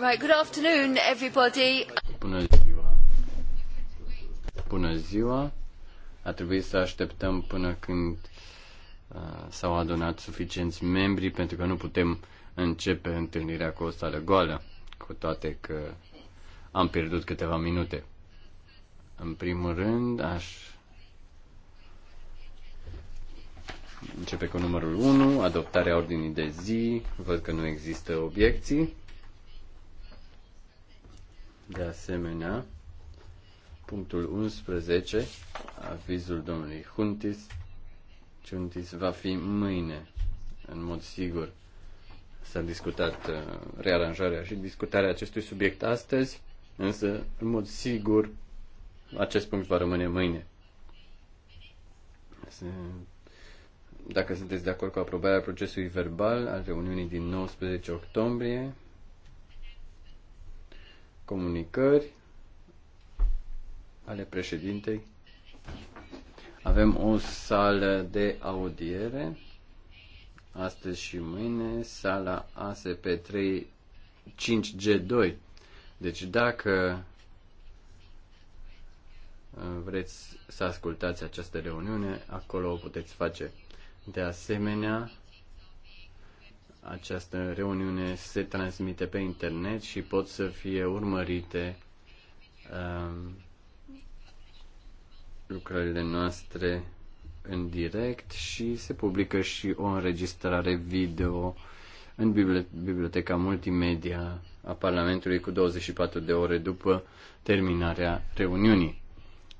Right, good afternoon, everybody. Bună ziua. Bună ziua. A trebuit să așteptăm până când uh, s-au adunat suficienți membri pentru că nu putem începe întâlnirea cu o sală goală, cu toate că am pierdut câteva minute. În primul rând, aș începe cu numărul 1, adoptarea ordinii de zi. Văd că nu există obiecții. De asemenea, punctul 11, avizul domnului Huntis, Huntis va fi mâine, în mod sigur. S-a discutat uh, rearanjarea și discutarea acestui subiect astăzi, însă, în mod sigur, acest punct va rămâne mâine. Dacă sunteți de acord cu aprobarea procesului verbal al reuniunii din 19 octombrie, comunicări ale președintei. Avem o sală de audiere astăzi și mâine, sala ASP3 5G2. Deci dacă uh, vreți să ascultați această reuniune, acolo o puteți face. De asemenea, această reuniune se transmite pe internet și pot să fie urmărite um, lucrările noastre în direct și se publică și o înregistrare video în biblioteca multimedia a Parlamentului cu 24 de ore după terminarea reuniunii.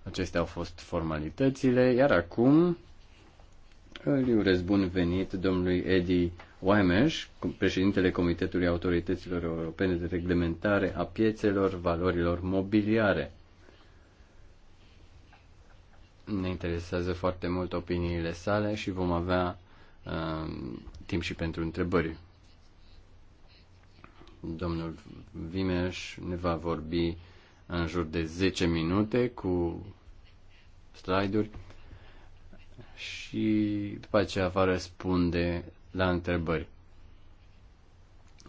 Acestea au fost formalitățile, iar acum îi urez bun venit domnului Edi Wamesh, președintele Comitetului Autorităților Europene de Reglementare a Piețelor Valorilor Mobiliare. Ne interesează foarte mult opiniile sale și vom avea uh, timp și pentru întrebări. Domnul Vimeș ne va vorbi în jur de 10 minute cu slide-uri și după aceea va răspunde la întrebări.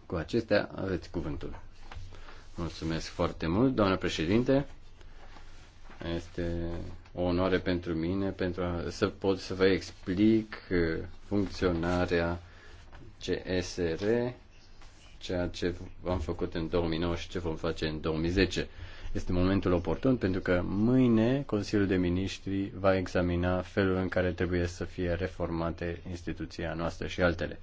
Cu acestea aveți cuvântul. Mulțumesc foarte mult, doamnă președinte. Este o onoare pentru mine pentru a, să pot să vă explic uh, funcționarea CSR, ceea ce am făcut în 2009 și ce vom face în 2010. Este momentul oportun pentru că mâine Consiliul de Ministri va examina felul în care trebuie să fie reformate instituția noastră și altele.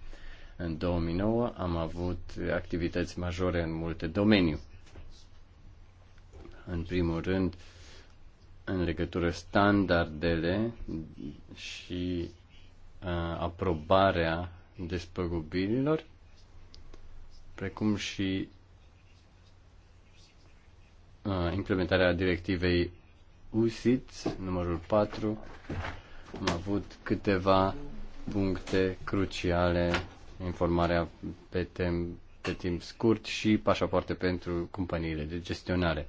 În 2009 am avut activități majore în multe domenii. În primul rând, în legătură standardele și uh, aprobarea despăgubirilor, precum și Uh, implementarea directivei USIT, numărul 4, am avut câteva puncte cruciale, informarea pe, tem- pe timp scurt și pașapoarte pentru companiile de gestionare.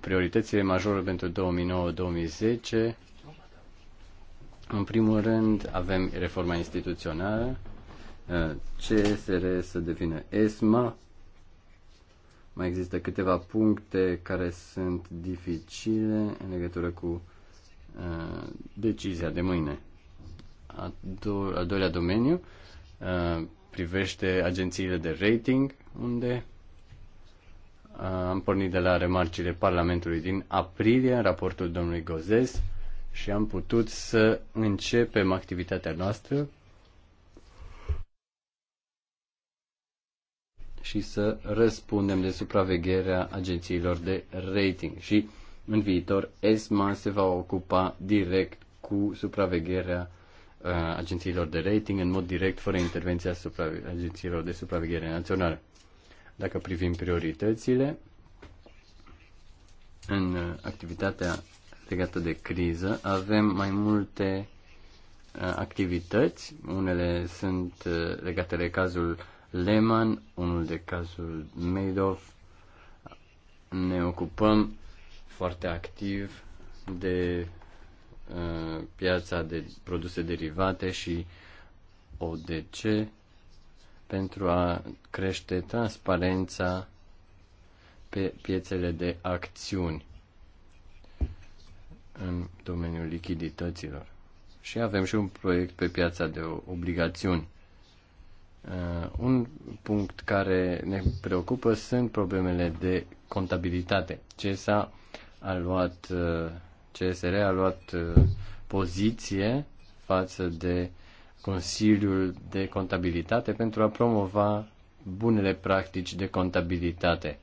Prioritățile majore pentru 2009-2010, în primul rând, avem reforma instituțională, uh, CSR să devină ESMA, mai există câteva puncte care sunt dificile în legătură cu uh, decizia de mâine. A do- al doilea domeniu uh, privește agențiile de rating, unde uh, am pornit de la remarcile Parlamentului din aprilie în raportul domnului Gozes și am putut să începem activitatea noastră și să răspundem de supravegherea agențiilor de rating. Și în viitor ESMA se va ocupa direct cu supravegherea uh, agențiilor de rating în mod direct, fără intervenția agențiilor de supraveghere națională. Dacă privim prioritățile, în uh, activitatea legată de criză avem mai multe uh, activități, unele sunt uh, legate de cazul Lehman, unul de cazul Madoff. Ne ocupăm foarte activ de uh, piața de produse derivate și ODC pentru a crește transparența pe piețele de acțiuni în domeniul lichidităților. Și avem și un proiect pe piața de obligațiuni. Uh, un punct care ne preocupă sunt problemele de contabilitate. CSA a luat, uh, CSR a luat uh, poziție față de Consiliul de Contabilitate pentru a promova bunele practici de contabilitate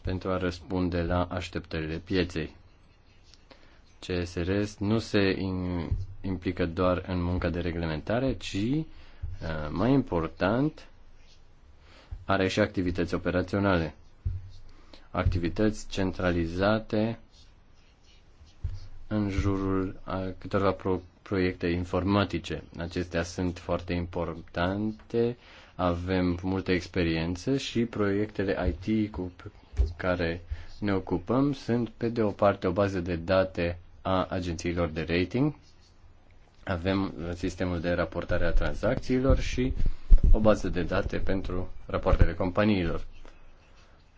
pentru a răspunde la așteptările pieței. CSRS nu se implică doar în munca de reglementare, ci, uh, mai important, are și activități operaționale, activități centralizate în jurul a câtorva pro- proiecte informatice. Acestea sunt foarte importante, avem multă experiență și proiectele IT cu care ne ocupăm sunt, pe de o parte, o bază de date a agențiilor de rating, avem sistemul de raportare a tranzacțiilor și o bază de date pentru rapoartele companiilor.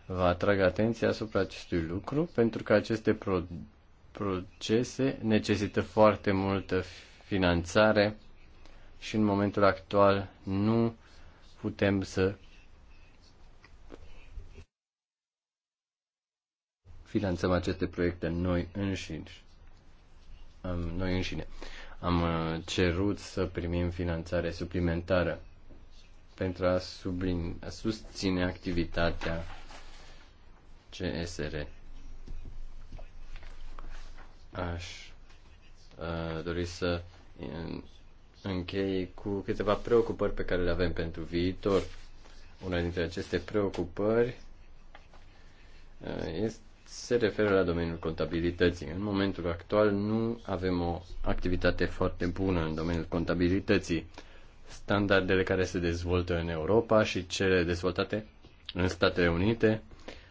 Vă atrag atenția asupra acestui lucru pentru că aceste pro- procese necesită foarte multă finanțare și în momentul actual nu putem să finanțăm aceste proiecte noi înșiși noi înșine. Am uh, cerut să primim finanțare suplimentară pentru a, sublin, a susține activitatea CSR. Aș uh, dori să închei cu câteva preocupări pe care le avem pentru viitor. Una dintre aceste preocupări uh, este se referă la domeniul contabilității. În momentul actual nu avem o activitate foarte bună în domeniul contabilității. Standardele care se dezvoltă în Europa și cele dezvoltate în Statele Unite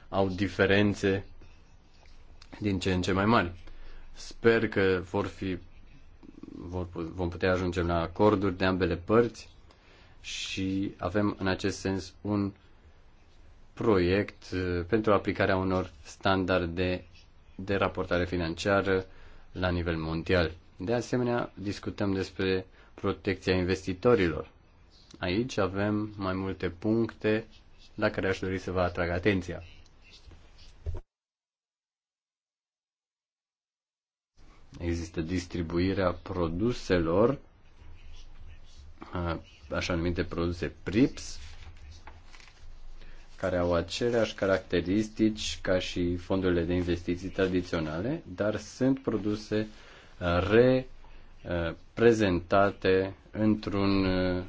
au diferențe din ce în ce mai mari. Sper că vor fi vor, vom putea ajunge la acorduri de ambele părți și avem în acest sens un proiect uh, pentru aplicarea unor standarde de raportare financiară la nivel mondial. De asemenea, discutăm despre protecția investitorilor. Aici avem mai multe puncte la care aș dori să vă atrag atenția. Există distribuirea produselor, uh, așa numite produse PRIPS, care au aceleași caracteristici ca și fondurile de investiții tradiționale, dar sunt produse uh, reprezentate uh, într-un uh,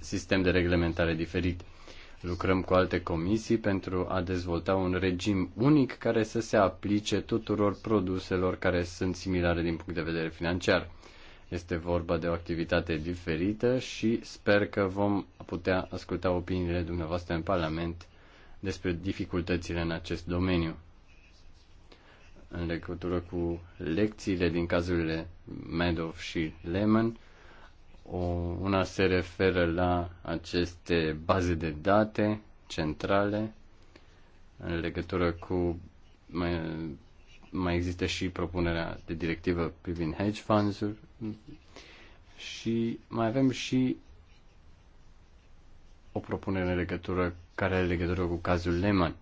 sistem de reglementare diferit. Lucrăm cu alte comisii pentru a dezvolta un regim unic care să se aplice tuturor produselor care sunt similare din punct de vedere financiar. Este vorba de o activitate diferită și sper că vom putea asculta opiniile dumneavoastră în Parlament despre dificultățile în acest domeniu. În legătură cu lecțiile din cazurile Madoff și Lehman, o, una se referă la aceste baze de date centrale în legătură cu mai, mai există și propunerea de directivă privind hedge funds și mai avem și o propunere în legătură, care are legătură cu cazul Lehman.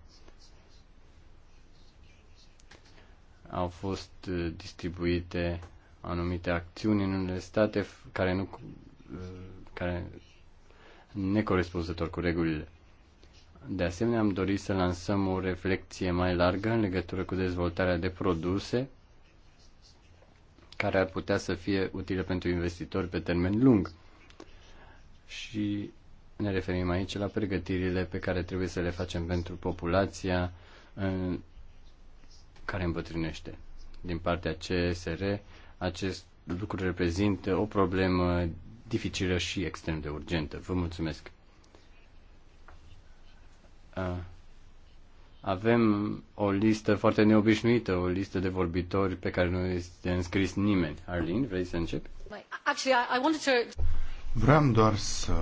Au fost uh, distribuite anumite acțiuni în unele state care nu uh, care necorespunzător cu regulile. De asemenea, am dorit să lansăm o reflexie mai largă în legătură cu dezvoltarea de produse care ar putea să fie utile pentru investitori pe termen lung. Și ne referim aici la pregătirile pe care trebuie să le facem pentru populația în care îmbătrânește. Din partea CSR, acest lucru reprezintă o problemă dificilă și extrem de urgentă. Vă mulțumesc. Avem o listă foarte neobișnuită, o listă de vorbitori pe care nu este înscris nimeni. Arlene, vrei să începi? Vreau doar să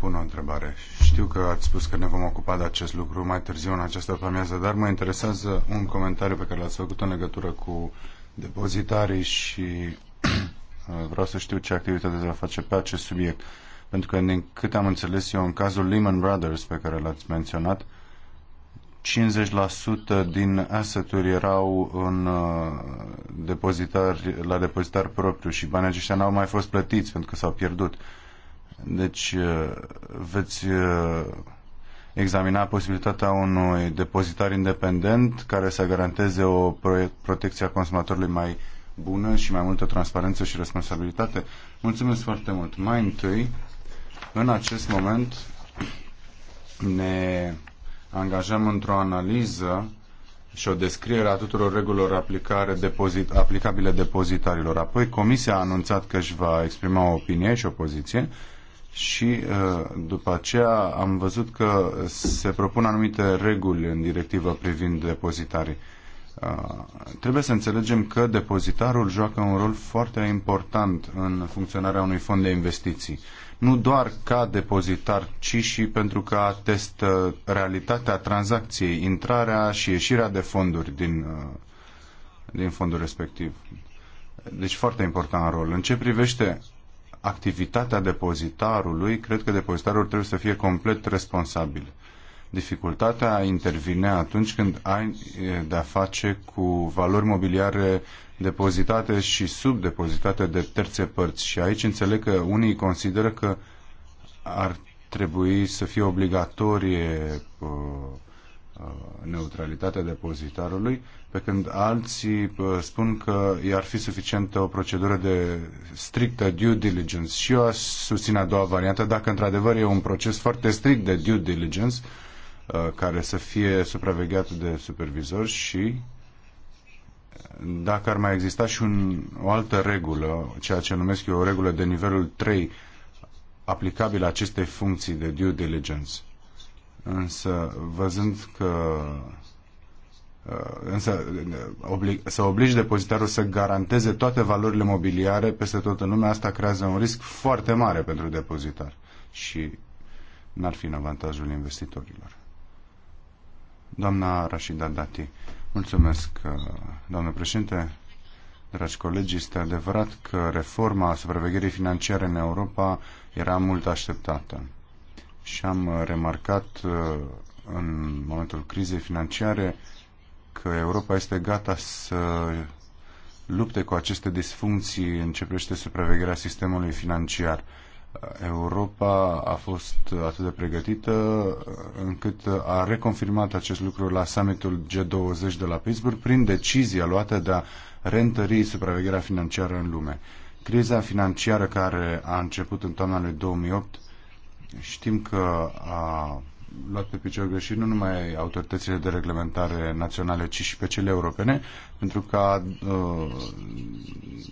pun o întrebare. Știu că ați spus că ne vom ocupa de acest lucru mai târziu în această pamiază, dar mă interesează un comentariu pe care l-ați făcut în legătură cu depozitarii și uh, vreau să știu ce activitate se va face pe acest subiect. Pentru că, din câte am înțeles eu, în cazul Lehman Brothers pe care l-ați menționat, 50% din asseturi erau în uh, depozitar, la depozitar propriu și banii aceștia n-au mai fost plătiți pentru că s-au pierdut. Deci uh, veți uh, examina posibilitatea unui depozitar independent care să garanteze o protecție a consumatorului mai bună și mai multă transparență și responsabilitate. Mulțumesc foarte mult. Mai întâi, în acest moment, ne angajăm într-o analiză și o descriere a tuturor regulilor aplicare depozit, aplicabile depozitarilor. Apoi Comisia a anunțat că își va exprima o opinie și o poziție și uh, după aceea am văzut că se propun anumite reguli în directivă privind depozitarii. Uh, trebuie să înțelegem că depozitarul joacă un rol foarte important în funcționarea unui fond de investiții. Nu doar ca depozitar, ci și pentru că atestă realitatea tranzacției, intrarea și ieșirea de fonduri din, uh, din fondul respectiv. Deci foarte important rol. În ce privește activitatea depozitarului, cred că depozitarul trebuie să fie complet responsabil. Dificultatea intervine atunci când ai de-a face cu valori mobiliare depozitate și subdepozitate de terțe părți. Și aici înțeleg că unii consideră că ar trebui să fie obligatorie uh, Uh, neutralitatea depozitarului, pe când alții uh, spun că i-ar fi suficientă o procedură de strictă due diligence. Și eu aș susține a doua variantă, dacă într-adevăr e un proces foarte strict de due diligence, uh, care să fie supravegheat de supervisor și dacă ar mai exista și un, o altă regulă, ceea ce numesc eu o regulă de nivelul 3, aplicabilă acestei funcții de due diligence Însă, văzând că uh, însă oblig, să obligi depozitarul să garanteze toate valorile mobiliare peste tot în lume, asta creează un risc foarte mare pentru depozitar și n-ar fi în avantajul investitorilor. Doamna Rashida Dati, mulțumesc, uh, doamnă președinte, dragi colegi, este adevărat că reforma supravegherii financiare în Europa era mult așteptată și am uh, remarcat uh, în momentul crizei financiare că Europa este gata să lupte cu aceste disfuncții în ce privește supravegherea sistemului financiar. Uh, Europa a fost atât de pregătită încât a reconfirmat acest lucru la summitul G20 de la Pittsburgh prin decizia luată de a reîntări supravegherea financiară în lume. Criza financiară care a început în toamna lui 2008 Știm că a luat pe picior greșit nu numai autoritățile de reglementare naționale, ci și pe cele europene, pentru că a uh,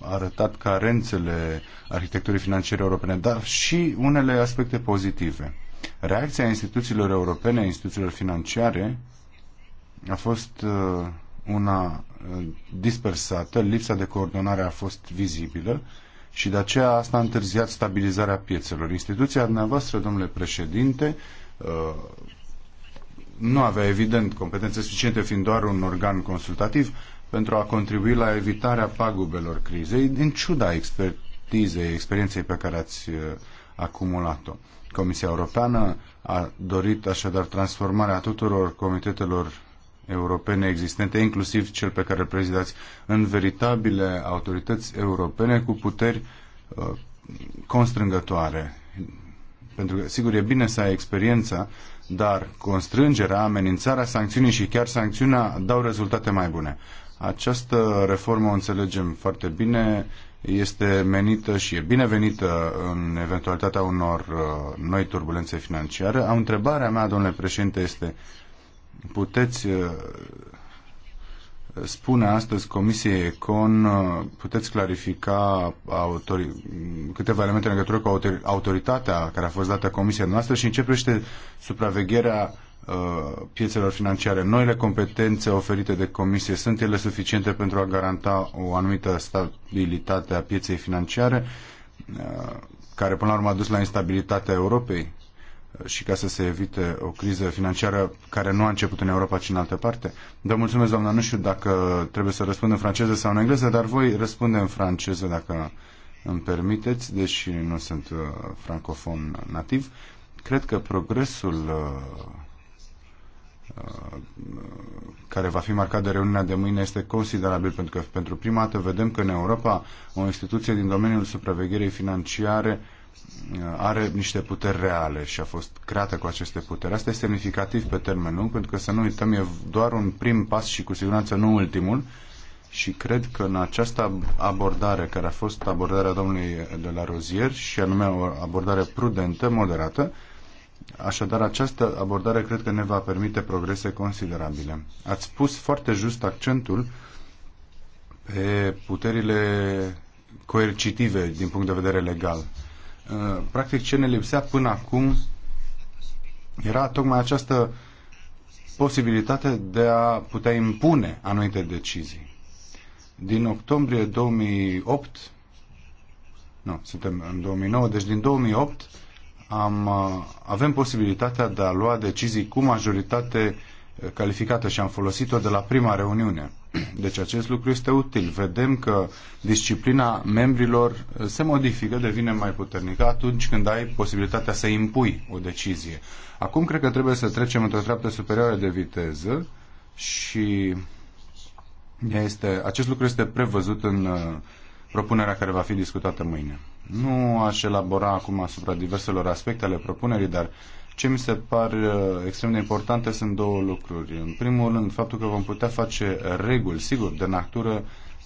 arătat carențele arhitecturii financiare europene, dar și unele aspecte pozitive. Reacția instituțiilor europene, instituțiilor financiare, a fost uh, una uh, dispersată, lipsa de coordonare a fost vizibilă și de aceea asta a întârziat stabilizarea piețelor. Instituția dumneavoastră, domnule președinte, uh, nu avea evident competențe suficiente fiind doar un organ consultativ pentru a contribui la evitarea pagubelor crizei, din ciuda expertizei, experienței pe care ați uh, acumulat-o. Comisia Europeană a dorit așadar transformarea tuturor comitetelor europene existente, inclusiv cel pe care îl prezidați, în veritabile autorități europene cu puteri uh, constrângătoare. Pentru că, sigur, e bine să ai experiența, dar constrângerea, amenințarea, sancțiunii și chiar sancțiunea dau rezultate mai bune. Această reformă o înțelegem foarte bine, este menită și e binevenită în eventualitatea unor uh, noi turbulențe financiare. Întrebarea mea, domnule președinte, este puteți uh, spune astăzi Comisiei Econ, uh, puteți clarifica autori, câteva elemente în legătură cu autoritatea care a fost dată Comisiei noastră și începește supravegherea uh, piețelor financiare. Noile competențe oferite de comisie sunt ele suficiente pentru a garanta o anumită stabilitate a pieței financiare care până la urmă a dus la instabilitatea Europei? și ca să se evite o criză financiară care nu a început în Europa, ci în altă parte? Vă mulțumesc, doamna, nu știu dacă trebuie să răspund în franceză sau în engleză, dar voi răspunde în franceză dacă îmi permiteți, deși nu sunt uh, francofon nativ. Cred că progresul uh, uh, care va fi marcat de reuniunea de mâine este considerabil pentru că pentru prima dată vedem că în Europa o instituție din domeniul supravegherii financiare are niște puteri reale și a fost creată cu aceste puteri. Asta este semnificativ pe termen lung, pentru că să nu uităm, e doar un prim pas și cu siguranță nu ultimul. Și cred că în această abordare, care a fost abordarea domnului de la Rozier, și anume o abordare prudentă, moderată, așadar această abordare cred că ne va permite progrese considerabile. Ați pus foarte just accentul pe puterile coercitive din punct de vedere legal Uh, practic ce ne lipsea până acum era tocmai această posibilitate de a putea impune anumite decizii. Din octombrie 2008, nu, suntem în 2009, deci din 2008 am, uh, avem posibilitatea de a lua decizii cu majoritate calificată și am folosit-o de la prima reuniune. Deci acest lucru este util. Vedem că disciplina membrilor se modifică, devine mai puternică atunci când ai posibilitatea să impui o decizie. Acum cred că trebuie să trecem într-o treaptă superioară de viteză și este, acest lucru este prevăzut în uh, propunerea care va fi discutată mâine. Nu aș elabora acum asupra diverselor aspecte ale propunerii, dar ce mi se par uh, extrem de importante sunt două lucruri. În primul rând, faptul că vom putea face reguli, sigur, de natură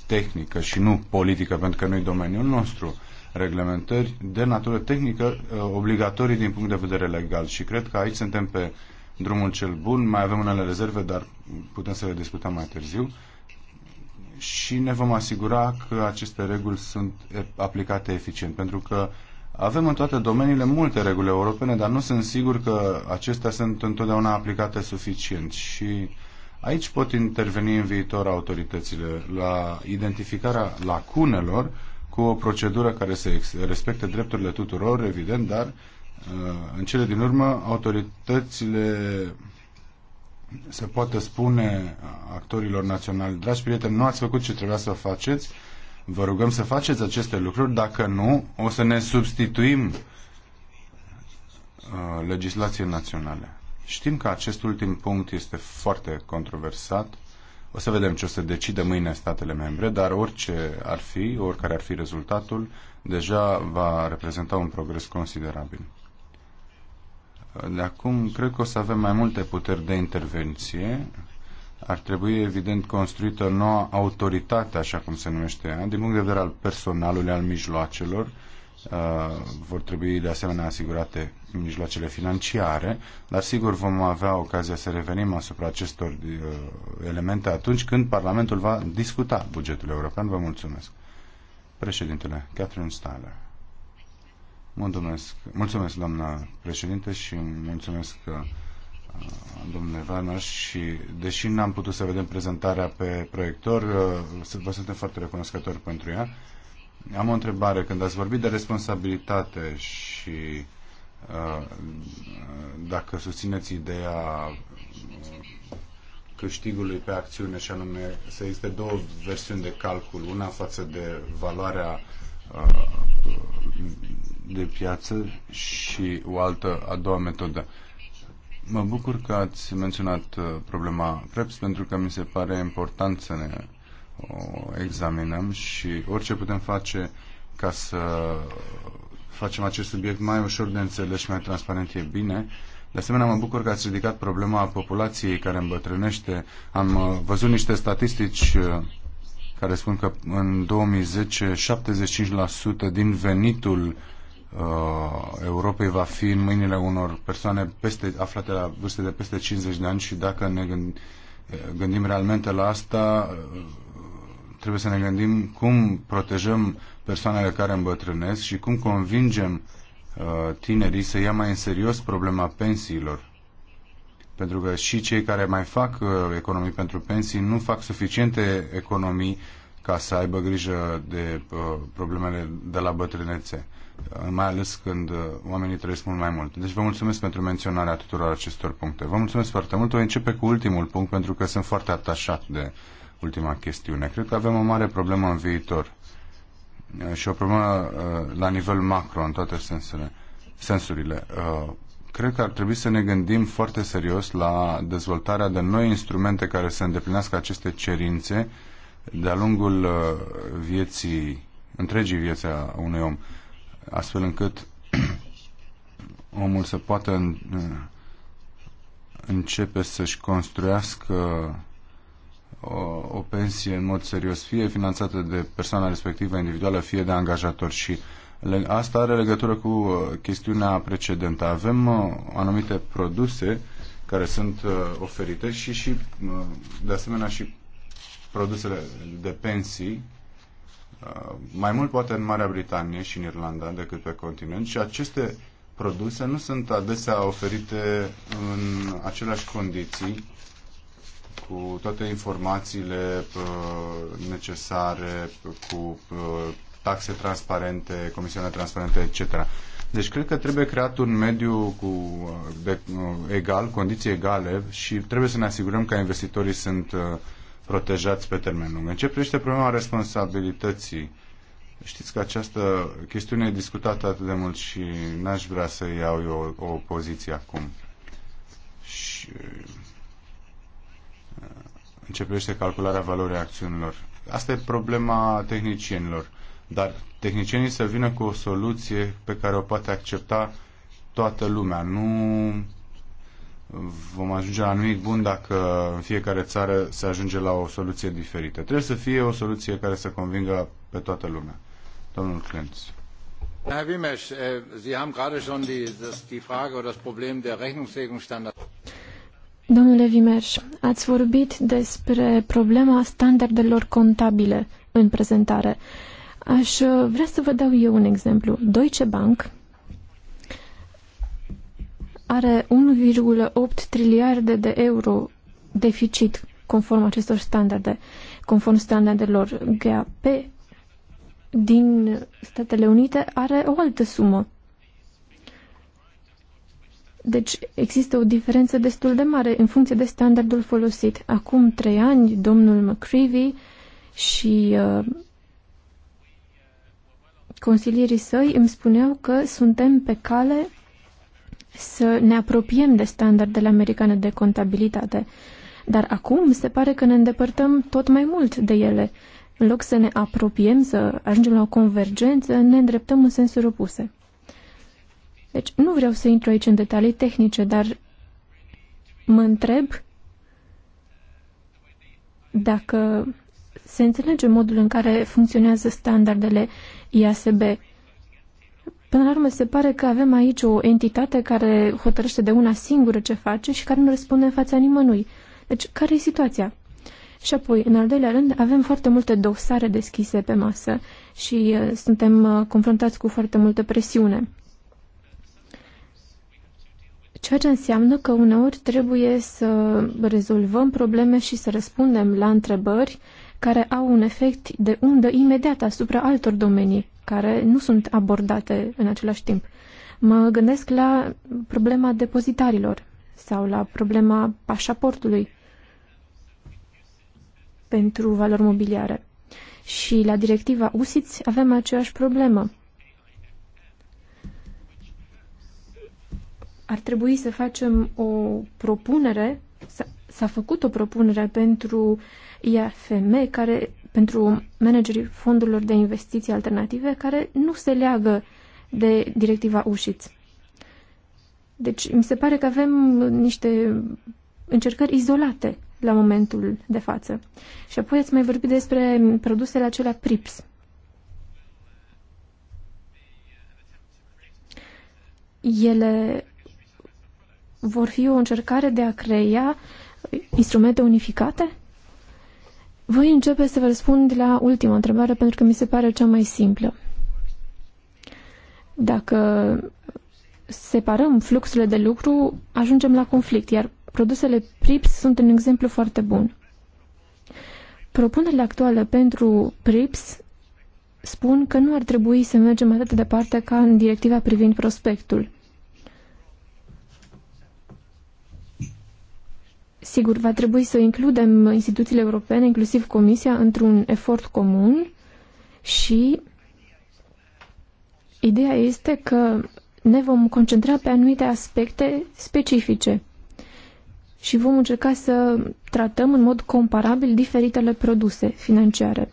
tehnică și nu politică, pentru că nu e domeniul nostru, reglementări de natură tehnică uh, obligatorii din punct de vedere legal. Și cred că aici suntem pe drumul cel bun, mai avem unele rezerve, dar putem să le discutăm mai târziu și ne vom asigura că aceste reguli sunt aplicate eficient, pentru că avem în toate domeniile multe reguli europene, dar nu sunt sigur că acestea sunt întotdeauna aplicate suficient și aici pot interveni în viitor autoritățile la identificarea lacunelor cu o procedură care să respecte drepturile tuturor, evident, dar uh, în cele din urmă autoritățile se poate spune actorilor naționali, dragi prieteni, nu ați făcut ce trebuia să faceți, Vă rugăm să faceți aceste lucruri, dacă nu, o să ne substituim uh, legislație naționale. Știm că acest ultim punct este foarte controversat. O să vedem ce o să decide mâine statele membre, dar orice ar fi, oricare ar fi rezultatul, deja va reprezenta un progres considerabil. De acum, cred că o să avem mai multe puteri de intervenție ar trebui, evident, construită noua autoritate, așa cum se numește ea, din punct de vedere al personalului, al mijloacelor. Uh, vor trebui, de asemenea, asigurate mijloacele financiare, dar sigur vom avea ocazia să revenim asupra acestor uh, elemente atunci când Parlamentul va discuta bugetul european. Vă mulțumesc. Președintele, Catherine Styler. Mulțumesc, mulțumesc doamna președinte, și mulțumesc că uh, domnule Vanaș, și deși n-am putut să vedem prezentarea pe proiector, uh, vă suntem foarte recunoscători pentru ea. Am o întrebare. Când ați vorbit de responsabilitate și uh, dacă susțineți ideea uh, câștigului pe acțiune și anume să existe două versiuni de calcul, una față de valoarea de piață și o altă, a doua metodă. Mă bucur că ați menționat uh, problema PREPS pentru că mi se pare important să ne o examinăm și orice putem face ca să facem acest subiect mai ușor de înțeles și mai transparent e bine. De asemenea, mă bucur că ați ridicat problema populației care îmbătrânește. Am uh, văzut niște statistici uh, care spun că în 2010 75% din venitul uh, uh, Europei va fi în mâinile unor persoane peste, aflate la vârste de peste 50 de ani și dacă ne gând, gândim realmente la asta, uh, trebuie să ne gândim cum protejăm persoanele care îmbătrânesc și cum convingem uh, tinerii să ia mai în serios problema pensiilor. Pentru că și cei care mai fac uh, economii pentru pensii nu fac suficiente economii ca să aibă grijă de uh, problemele de la bătrânețe mai ales când uh, oamenii trăiesc mult mai mult. Deci vă mulțumesc pentru menționarea tuturor acestor puncte. Vă mulțumesc foarte mult. O începe cu ultimul punct, pentru că sunt foarte atașat de ultima chestiune. Cred că avem o mare problemă în viitor uh, și o problemă uh, la nivel macro, în toate sensurile. sensurile. Cred că ar trebui să ne gândim foarte serios la dezvoltarea de noi instrumente care să îndeplinească aceste cerințe de-a lungul vieții, întregii vieți a unui om astfel încât omul să poată începe să-și construiască o, o pensie în mod serios, fie finanțată de persoana respectivă individuală, fie de angajator. Și asta are legătură cu uh, chestiunea precedentă. Avem uh, anumite produse care sunt uh, oferite și, și de asemenea și produsele de pensii Uh, mai mult poate în Marea Britanie și în Irlanda decât pe continent și aceste produse nu sunt adesea oferite în aceleași condiții cu toate informațiile uh, necesare, cu uh, taxe transparente, comisioane transparente, etc. Deci cred că trebuie creat un mediu cu, de, egal, condiții egale și trebuie să ne asigurăm că investitorii sunt uh, protejați pe termen lung. În ce privește problema responsabilității, știți că această chestiune e discutată atât de mult și n-aș vrea să iau eu o, o poziție acum. Și uh, în ce privește calcularea valorii acțiunilor. Asta e problema tehnicienilor. Dar tehnicienii să vină cu o soluție pe care o poate accepta toată lumea. Nu vom ajunge la nimic bun dacă în fiecare țară se ajunge la o soluție diferită. Trebuie să fie o soluție care să convingă pe toată lumea. Domnul Clenț. Herr Wimesch, eh, Sie haben gerade schon die, das, die Frage oder das Problem der Rechnungslegungsstandards. Domnule Vimerș, ați vorbit despre problema standardelor contabile în prezentare. Aș eh, vrea să vă dau eu un exemplu. Deutsche Bank are 1,8 triliarde de euro deficit conform acestor standarde, conform standardelor GAP din Statele Unite are o altă sumă. Deci există o diferență destul de mare în funcție de standardul folosit. Acum trei ani, domnul McCreevy și uh, consilierii săi îmi spuneau că suntem pe cale să ne apropiem de standardele americane de contabilitate. Dar acum se pare că ne îndepărtăm tot mai mult de ele. În loc să ne apropiem, să ajungem la o convergență, ne îndreptăm în sensuri opuse. Deci nu vreau să intru aici în detalii tehnice, dar mă întreb dacă se înțelege modul în care funcționează standardele IASB Până la urmă, se pare că avem aici o entitate care hotărăște de una singură ce face și care nu răspunde în fața nimănui. Deci, care e situația? Și apoi, în al doilea rând, avem foarte multe dosare deschise pe masă și uh, suntem uh, confruntați cu foarte multă presiune. Ceea ce înseamnă că uneori trebuie să rezolvăm probleme și să răspundem la întrebări care au un efect de undă imediat asupra altor domenii care nu sunt abordate în același timp. Mă gândesc la problema depozitarilor sau la problema pașaportului pentru valori mobiliare. Și la directiva USITS avem aceeași problemă. Ar trebui să facem o propunere, S-a făcut o propunere pentru IFM, care, pentru managerii fondurilor de investiții alternative, care nu se leagă de directiva USHIT. Deci, mi se pare că avem niște încercări izolate la momentul de față. Și apoi ați mai vorbit despre produsele acelea PRIPS. Ele vor fi o încercare de a crea instrumente unificate? Voi începe să vă răspund la ultima întrebare pentru că mi se pare cea mai simplă. Dacă separăm fluxurile de lucru, ajungem la conflict, iar produsele PRIPS sunt un exemplu foarte bun. Propunerile actuale pentru PRIPS spun că nu ar trebui să mergem atât de departe ca în directiva privind prospectul. Sigur, va trebui să includem instituțiile europene, inclusiv Comisia, într-un efort comun și ideea este că ne vom concentra pe anumite aspecte specifice și vom încerca să tratăm în mod comparabil diferitele produse financiare.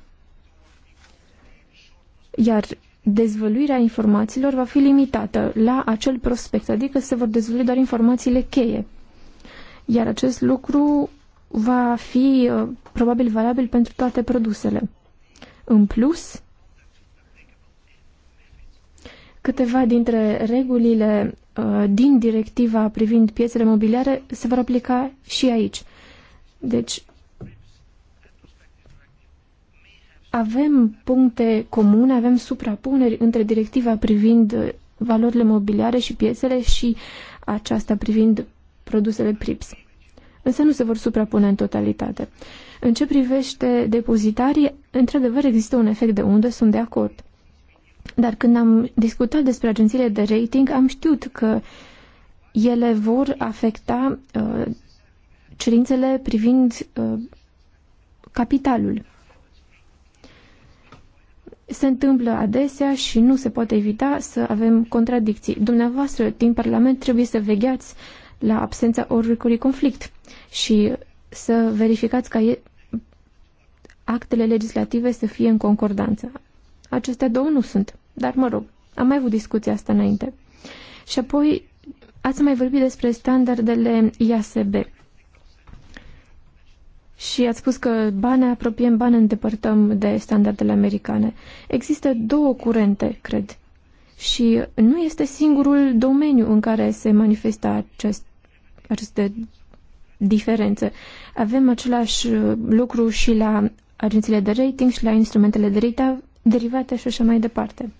Iar dezvăluirea informațiilor va fi limitată la acel prospect, adică se vor dezvălui doar informațiile cheie iar acest lucru va fi uh, probabil valabil pentru toate produsele. În plus, câteva dintre regulile uh, din directiva privind piețele mobiliare se vor aplica și aici. Deci, avem puncte comune, avem suprapuneri între directiva privind uh, valorile mobiliare și piețele și aceasta privind produsele PRIPS. Însă nu se vor suprapune în totalitate. În ce privește depozitarii, într-adevăr există un efect de undă, sunt de acord. Dar când am discutat despre agențiile de rating, am știut că ele vor afecta uh, cerințele privind uh, capitalul. Se întâmplă adesea și nu se poate evita să avem contradicții. Dumneavoastră, din Parlament, trebuie să vegheați uh, la absența oricului conflict și să verificați ca actele legislative să fie în concordanță. Acestea două nu sunt, dar mă rog, am mai avut discuția asta înainte. Și apoi ați mai vorbit despre standardele IASB. Și ați spus că bani apropiem, bani îndepărtăm de standardele americane. Există două curente, cred. Și nu este singurul domeniu în care se manifestă acest aceste diferențe. Avem același uh, lucru și la agențiile de rating și la instrumentele de rating derivate și așa mai departe.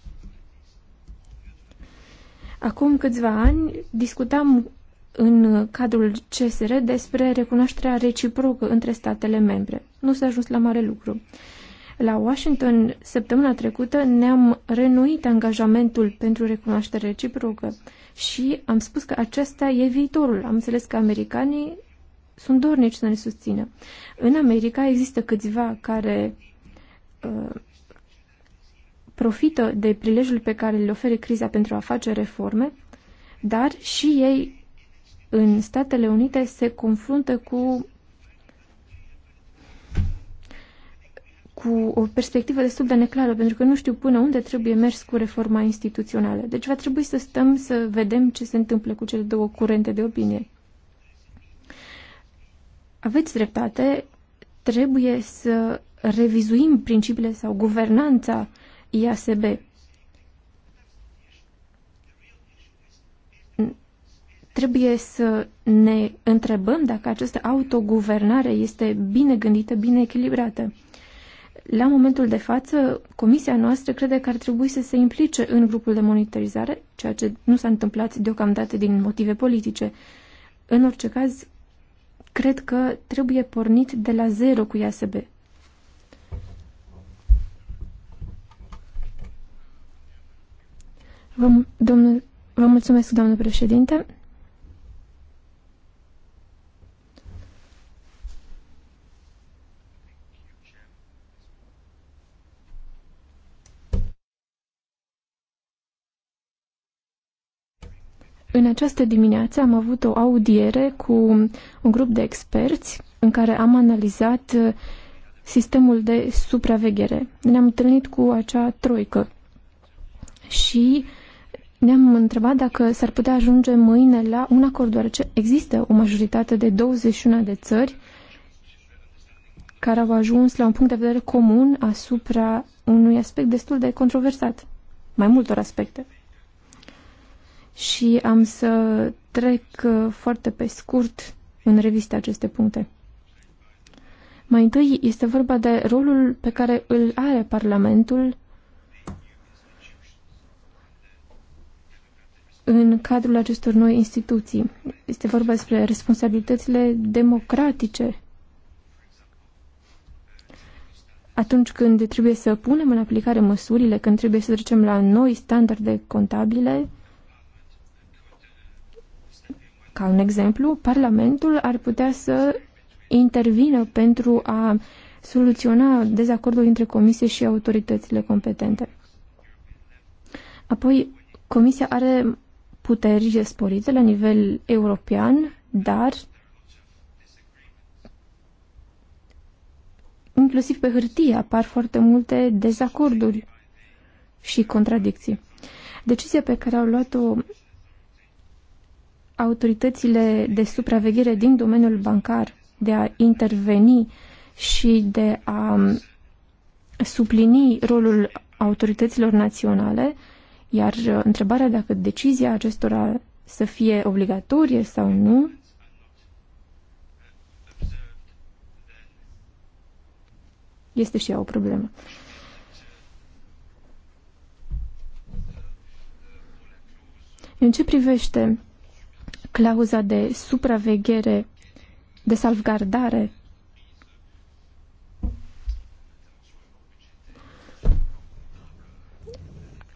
Acum câțiva ani discutam în cadrul CSR despre recunoașterea reciprocă între statele membre. Nu s-a ajuns la mare lucru. La Washington, săptămâna trecută, ne-am renuit angajamentul pentru recunoaștere reciprocă și am spus că acesta e viitorul. Am înțeles că americanii sunt dornici să ne susțină. În America există câțiva care uh, profită de prilejul pe care le oferă criza pentru a face reforme, dar și ei în Statele Unite se confruntă cu cu o perspectivă destul de neclară, pentru că nu știu până unde trebuie mers cu reforma instituțională. Deci va trebui să stăm să vedem ce se întâmplă cu cele două curente de opinie. Aveți dreptate, trebuie să revizuim principiile sau guvernanța IASB. Trebuie să ne întrebăm dacă această autoguvernare este bine gândită, bine echilibrată. La momentul de față, comisia noastră crede că ar trebui să se implice în grupul de monitorizare, ceea ce nu s-a întâmplat deocamdată din motive politice. În orice caz, cred că trebuie pornit de la zero cu IASB. Vă, domnul, vă mulțumesc, doamnă președinte. În această dimineață am avut o audiere cu un grup de experți în care am analizat uh, sistemul de supraveghere. Ne-am întâlnit cu acea troică și ne-am întrebat dacă s-ar putea ajunge mâine la un acord, deoarece există o majoritate de 21 de țări care au ajuns la un punct de vedere comun asupra unui aspect destul de controversat, mai multor aspecte și am să trec uh, foarte pe scurt în revistă aceste puncte. Mai întâi este vorba de rolul pe care îl are Parlamentul în cadrul acestor noi instituții. Este vorba despre responsabilitățile democratice. Atunci când trebuie să punem în aplicare măsurile, când trebuie să trecem la noi standarde contabile, ca un exemplu, Parlamentul ar putea să intervină pentru a soluționa dezacordul dintre comisie și autoritățile competente. Apoi, comisia are puteri sporite la nivel european, dar inclusiv pe hârtie apar foarte multe dezacorduri și contradicții. Decizia pe care au luat-o autoritățile de supraveghere din domeniul bancar de a interveni și de a um, suplini rolul autorităților naționale, iar uh, întrebarea dacă decizia acestora să fie obligatorie sau nu, este și ea o problemă. În ce privește clauza de supraveghere, de salvgardare.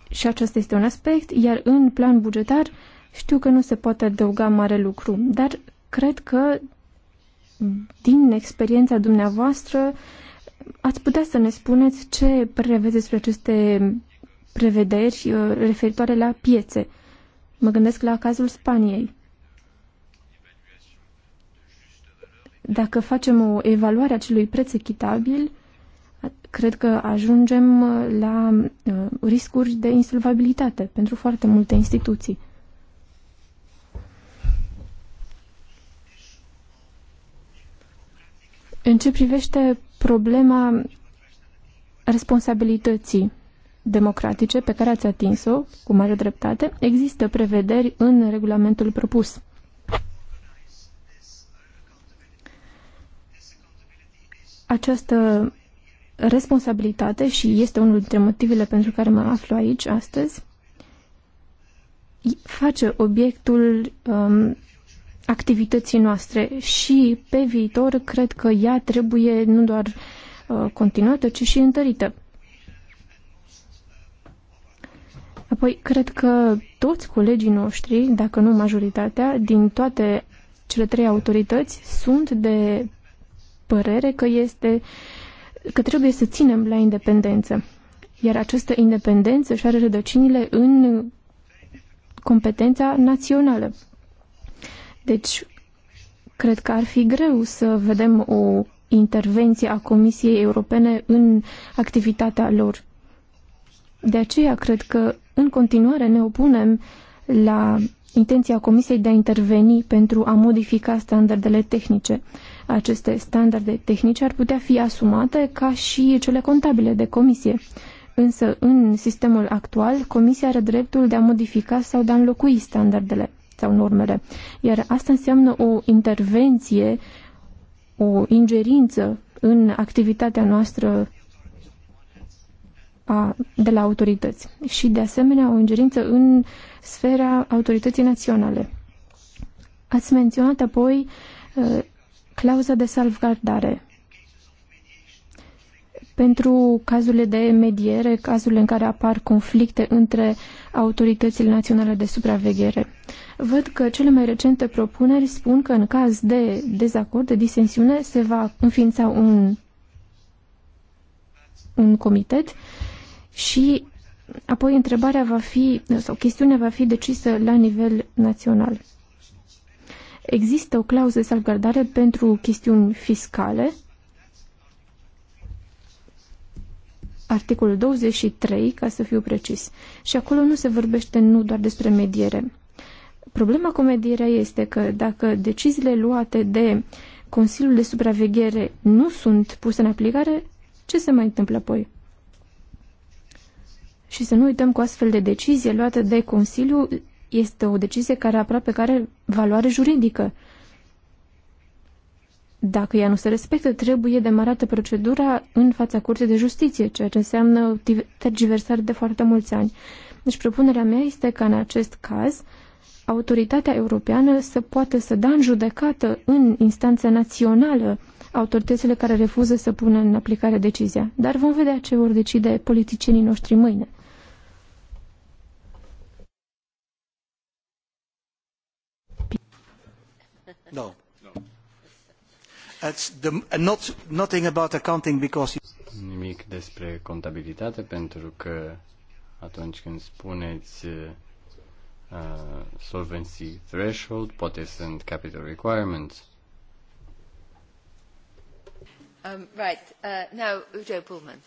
Și acesta este un aspect, iar în plan bugetar știu că nu se poate adăuga mare lucru, dar cred că din experiența dumneavoastră ați putea să ne spuneți ce prevedeți despre aceste prevederi uh, referitoare la piețe. Mă gândesc la cazul Spaniei. Dacă facem o evaluare a acelui preț echitabil, cred că ajungem la uh, riscuri de insolvabilitate pentru foarte multe instituții. În ce privește problema responsabilității democratice pe care ați atins-o, cu mare dreptate, există prevederi în regulamentul propus. această responsabilitate și este unul dintre motivele pentru care mă aflu aici astăzi, face obiectul um, activității noastre și pe viitor cred că ea trebuie nu doar uh, continuată, ci și întărită. Apoi, cred că toți colegii noștri, dacă nu majoritatea, din toate cele trei autorități sunt de părere că, este, că trebuie să ținem la independență. Iar această independență și are rădăcinile în competența națională. Deci, cred că ar fi greu să vedem o intervenție a Comisiei Europene în activitatea lor. De aceea, cred că în continuare ne opunem la intenția Comisiei de a interveni pentru a modifica standardele tehnice. Aceste standarde tehnice ar putea fi asumate ca și cele contabile de comisie. Însă, în sistemul actual, comisia are dreptul de a modifica sau de a înlocui standardele sau normele, iar asta înseamnă o intervenție, o ingerință în activitatea noastră a, de la autorități și, de asemenea, o ingerință în sfera autorității naționale. Ați menționat apoi Clauza de salvgardare. Pentru cazurile de mediere, cazurile în care apar conflicte între autoritățile naționale de supraveghere. Văd că cele mai recente propuneri spun că în caz de dezacord, de disensiune, se va înființa un, un comitet și apoi întrebarea va fi, sau chestiunea va fi decisă la nivel național. Există o clauză de salvgardare pentru chestiuni fiscale. Articolul 23, ca să fiu precis. Și acolo nu se vorbește nu doar despre mediere. Problema cu medierea este că dacă deciziile luate de Consiliul de Supraveghere nu sunt puse în aplicare, ce se mai întâmplă apoi? Și să nu uităm că astfel de decizie luată de Consiliu este o decizie care aproape care valoare juridică. Dacă ea nu se respectă, trebuie demarată procedura în fața Curții de Justiție, ceea ce înseamnă tergiversare de foarte mulți ani. Deci propunerea mea este ca în acest caz autoritatea europeană să poată să da în judecată în instanța națională autoritățile care refuză să pună în aplicare decizia. Dar vom vedea ce vor decide politicienii noștri mâine. No. That's the, not, nothing about accounting because you... Nimic despre contabilitate pentru că atunci când spuneți uh, solvency threshold, poate sunt capital requirements. Um, right. Uh, now, Udo Pullman.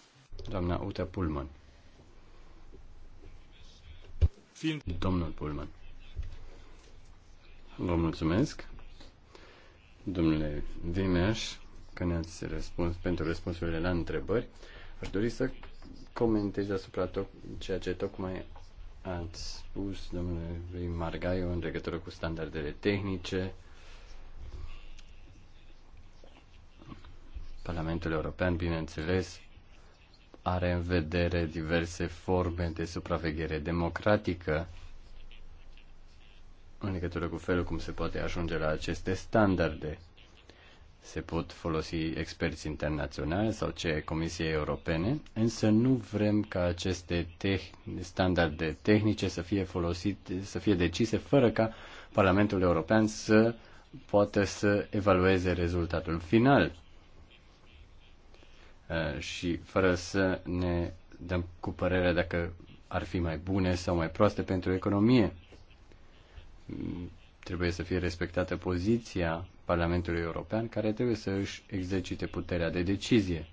Doamna Uta Pullman. Domnul Pullman. Vă mulțumesc domnule Vimeaș, că ne-ați răspuns pentru răspunsurile la întrebări. Aș dori să comentez asupra tot ceea ce tocmai ați spus, domnule Margaiu, în legătură cu standardele tehnice. Parlamentul European, bineînțeles, are în vedere diverse forme de supraveghere democratică în legătură cu felul cum se poate ajunge la aceste standarde. Se pot folosi experți internaționali sau ce comisie Europene, însă nu vrem ca aceste tehn- standarde tehnice să fie folosite, să fie decise fără ca Parlamentul European să poată să evalueze rezultatul final uh, și fără să ne dăm cu părerea dacă ar fi mai bune sau mai proaste pentru economie trebuie să fie respectată poziția Parlamentului European, care trebuie să își exercite puterea de decizie.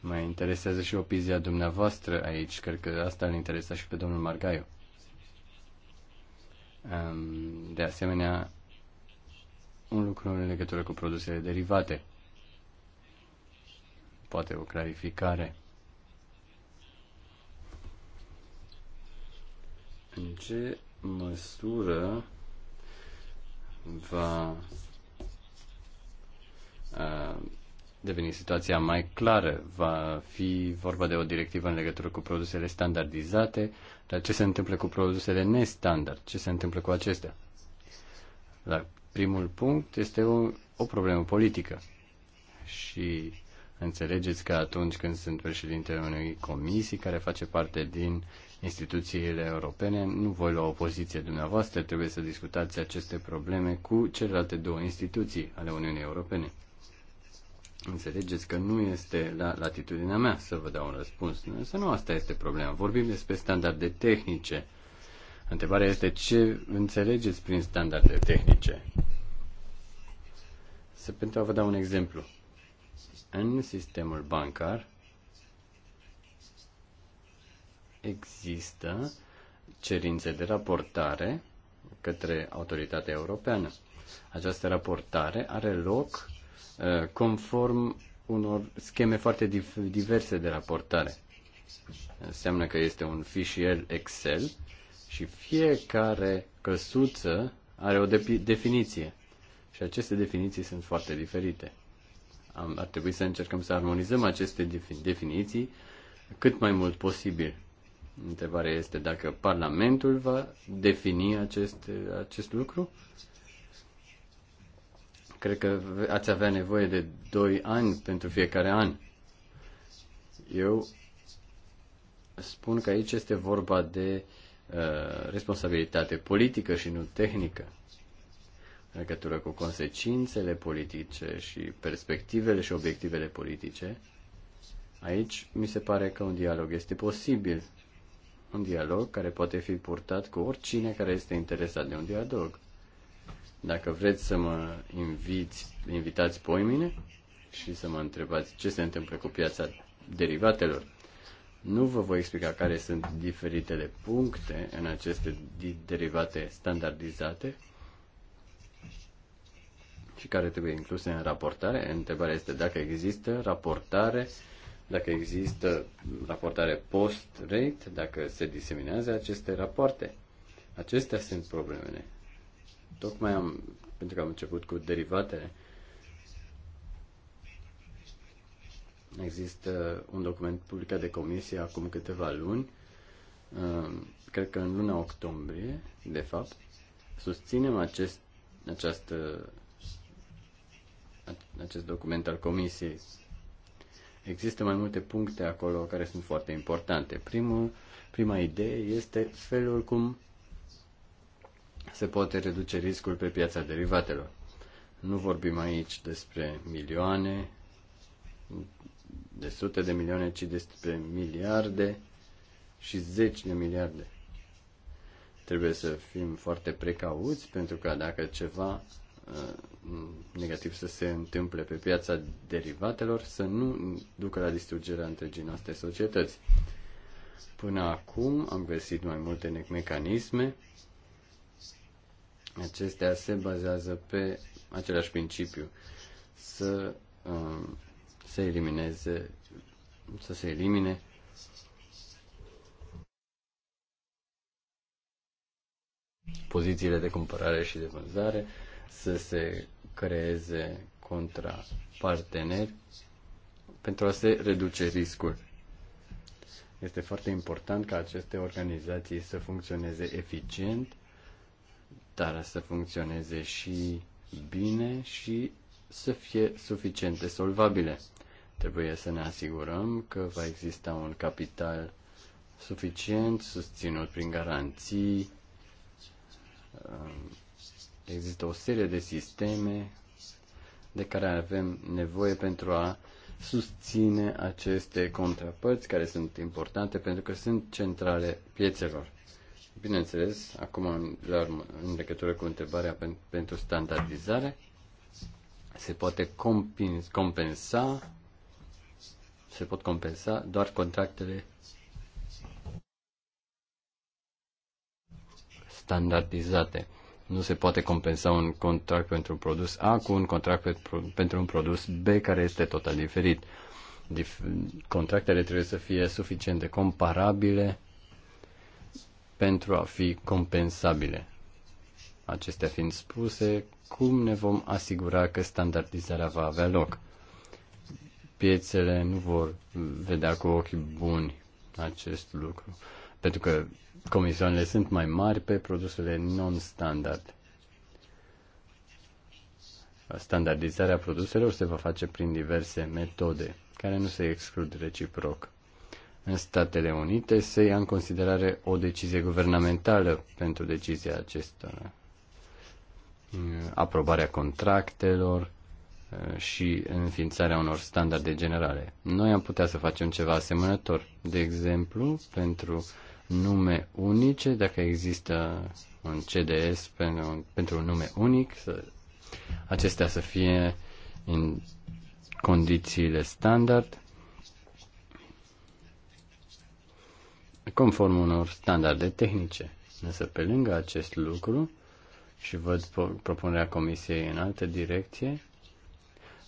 Mă interesează și opizia dumneavoastră aici. Cred că asta îl interesa și pe domnul Margaiu. De asemenea, un lucru în legătură cu produsele derivate. Poate o clarificare. În ce măsură va deveni situația mai clară. Va fi vorba de o directivă în legătură cu produsele standardizate, dar ce se întâmplă cu produsele nestandard? Ce se întâmplă cu acestea? La primul punct este o, o problemă politică. Și înțelegeți că atunci când sunt președintele unei comisii care face parte din instituțiile europene. Nu voi lua o poziție dumneavoastră, trebuie să discutați aceste probleme cu celelalte două instituții ale Uniunii Europene. Înțelegeți că nu este la latitudinea mea să vă dau un răspuns. să nu asta este problema. Vorbim despre standarde tehnice. Întrebarea este ce înțelegeți prin standarde tehnice. Să, pentru a vă da un exemplu. În sistemul bancar există cerințe de raportare către autoritatea europeană. Această raportare are loc uh, conform unor scheme foarte diverse de raportare. Înseamnă că este un fișier Excel și fiecare căsuță are o de- definiție. Și aceste definiții sunt foarte diferite. Am, ar trebui să încercăm să armonizăm aceste definiții cât mai mult posibil. Întrebarea este dacă Parlamentul va defini acest, acest lucru. Cred că ați avea nevoie de doi ani pentru fiecare an. Eu spun că aici este vorba de uh, responsabilitate politică și nu tehnică în legătură cu consecințele politice și perspectivele și obiectivele politice. Aici mi se pare că un dialog este posibil un dialog care poate fi purtat cu oricine care este interesat de un dialog. Dacă vreți să mă inviți, invitați mine și să mă întrebați ce se întâmplă cu piața derivatelor, nu vă voi explica care sunt diferitele puncte în aceste derivate standardizate și care trebuie incluse în raportare. Întrebarea este dacă există raportare uh, dacă există raportare post-rate, dacă se diseminează aceste rapoarte. Acestea sunt problemele. Tocmai am, pentru că am început cu derivatele, există un document publicat de comisie acum câteva luni, cred că în luna octombrie, de fapt, susținem acest, această, acest document al comisiei Există mai multe puncte acolo care sunt foarte importante. Primul, prima idee este felul cum se poate reduce riscul pe piața derivatelor. Nu vorbim aici despre milioane, de sute de milioane, ci despre miliarde și zeci de miliarde. Trebuie să fim foarte precauți pentru că dacă ceva Uh, negativ să se întâmple pe piața derivatelor, să nu ducă la distrugerea întregii noastre societăți. Până acum am găsit mai multe mecanisme. Acestea se bazează pe același principiu. Să um, se elimineze, să se elimine pozițiile de cumpărare și de vânzare, uh, să se creeze contra parteneri pentru a se reduce riscul. Este foarte important ca aceste organizații să funcționeze eficient, dar să funcționeze și bine și să fie suficiente solvabile. Trebuie să ne asigurăm că va exista un capital suficient, susținut prin garanții, um, Există o serie de sisteme de care avem nevoie pentru a susține aceste contrapărți care sunt importante pentru că sunt centrale piețelor. Bineînțeles, acum în legătură cu întrebarea pentru standardizare, se poate compensa, se pot compensa doar contractele standardizate. Nu se poate compensa un contract pentru un produs A cu un contract pentru un produs B care este total diferit. Dif- contractele trebuie să fie suficient de comparabile pentru a fi compensabile. Acestea fiind spuse, cum ne vom asigura că standardizarea va avea loc? Piețele nu vor vedea cu ochii buni acest lucru pentru că comisioanele sunt mai mari pe produsele non-standard. Standardizarea produselor se va face prin diverse metode, care nu se exclud reciproc. În Statele Unite se ia în considerare o decizie guvernamentală pentru decizia acestora. Aprobarea contractelor uh, și înființarea unor standarde generale. Noi am putea să facem ceva asemănător, de exemplu, pentru uh, nume unice, dacă există un CDS pentru, un, pentru un nume unic, să, acestea să fie în condițiile standard, conform unor standarde tehnice. Însă pe lângă acest lucru, și văd propunerea Comisiei în altă direcție,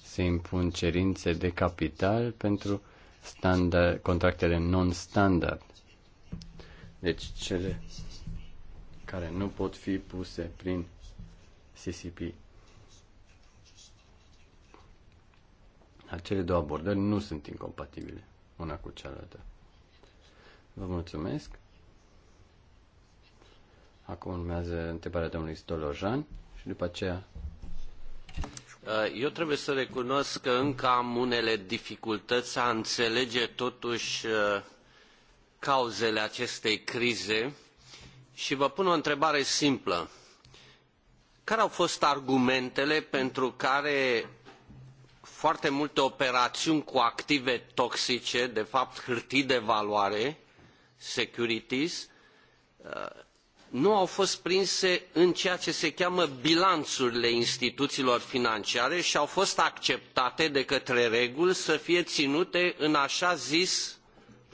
se impun cerințe de capital pentru standard, contractele non-standard. Deci cele care nu pot fi puse prin CCP. Acele două abordări nu sunt incompatibile una cu cealaltă. Vă mulțumesc. Acum urmează întrebarea domnului Stolojan și după aceea uh, eu trebuie să recunosc că încă am unele dificultăți să înțelege totuși uh, cauzele acestei crize și vă pun o întrebare simplă. Care au fost argumentele pentru care foarte multe operaiuni cu active toxice, de fapt hârtii de valoare, securities, uh, nu au fost prinse în ceea ce se cheamă bilanurile instituțiilor financiare și au fost acceptate de către reguli să fie ținute în așa zis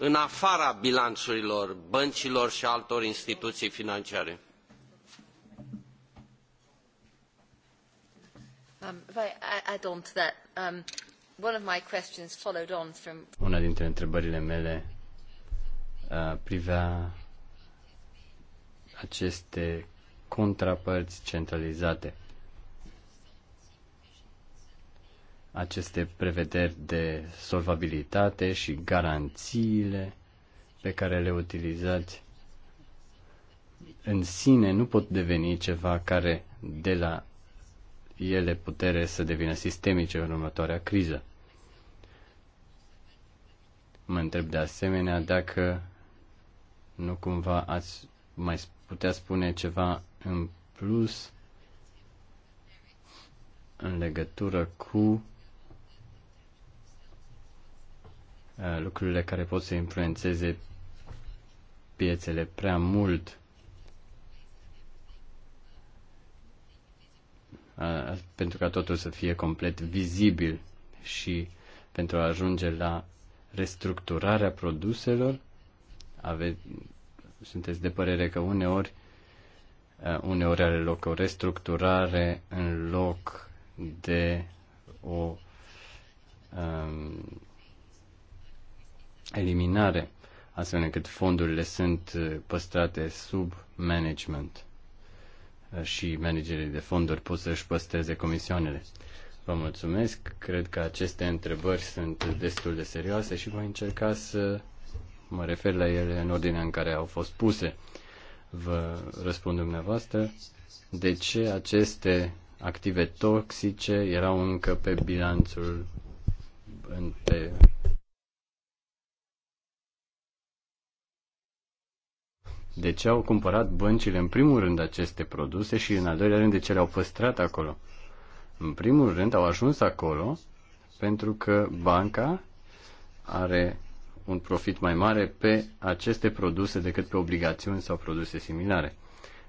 în afara bilanurilor băncilor și altor instituții financiare? Um, um, Una dintre întrebările mele uh, privea aceste contrapărți centralizate. aceste prevederi de solvabilitate și garanțiile pe care le utilizați în sine nu pot deveni ceva care de la ele putere să devină sistemice în următoarea criză. Mă întreb de asemenea dacă nu cumva ați mai putea spune ceva în plus în legătură cu Uh, lucrurile care pot să influențeze piețele prea mult. Uh, pentru ca totul să fie complet vizibil și pentru a ajunge la restructurarea produselor, ave, sunteți de părere că uneori, uh, uneori are loc o restructurare în loc de o um, eliminare, astfel încât fondurile sunt uh, păstrate sub management uh, și managerii de fonduri pot să-și păstreze comisioanele. Vă mulțumesc, cred că aceste întrebări sunt destul de serioase și voi încerca să mă refer la ele în ordinea în care au fost puse. Vă răspund dumneavoastră de ce aceste active toxice erau încă pe bilanțul pe de ce au cumpărat băncile în primul rând aceste produse și în al doilea rând de ce le-au păstrat acolo. În primul rând au ajuns acolo pentru că banca are un profit mai mare pe aceste produse decât pe obligațiuni sau produse similare.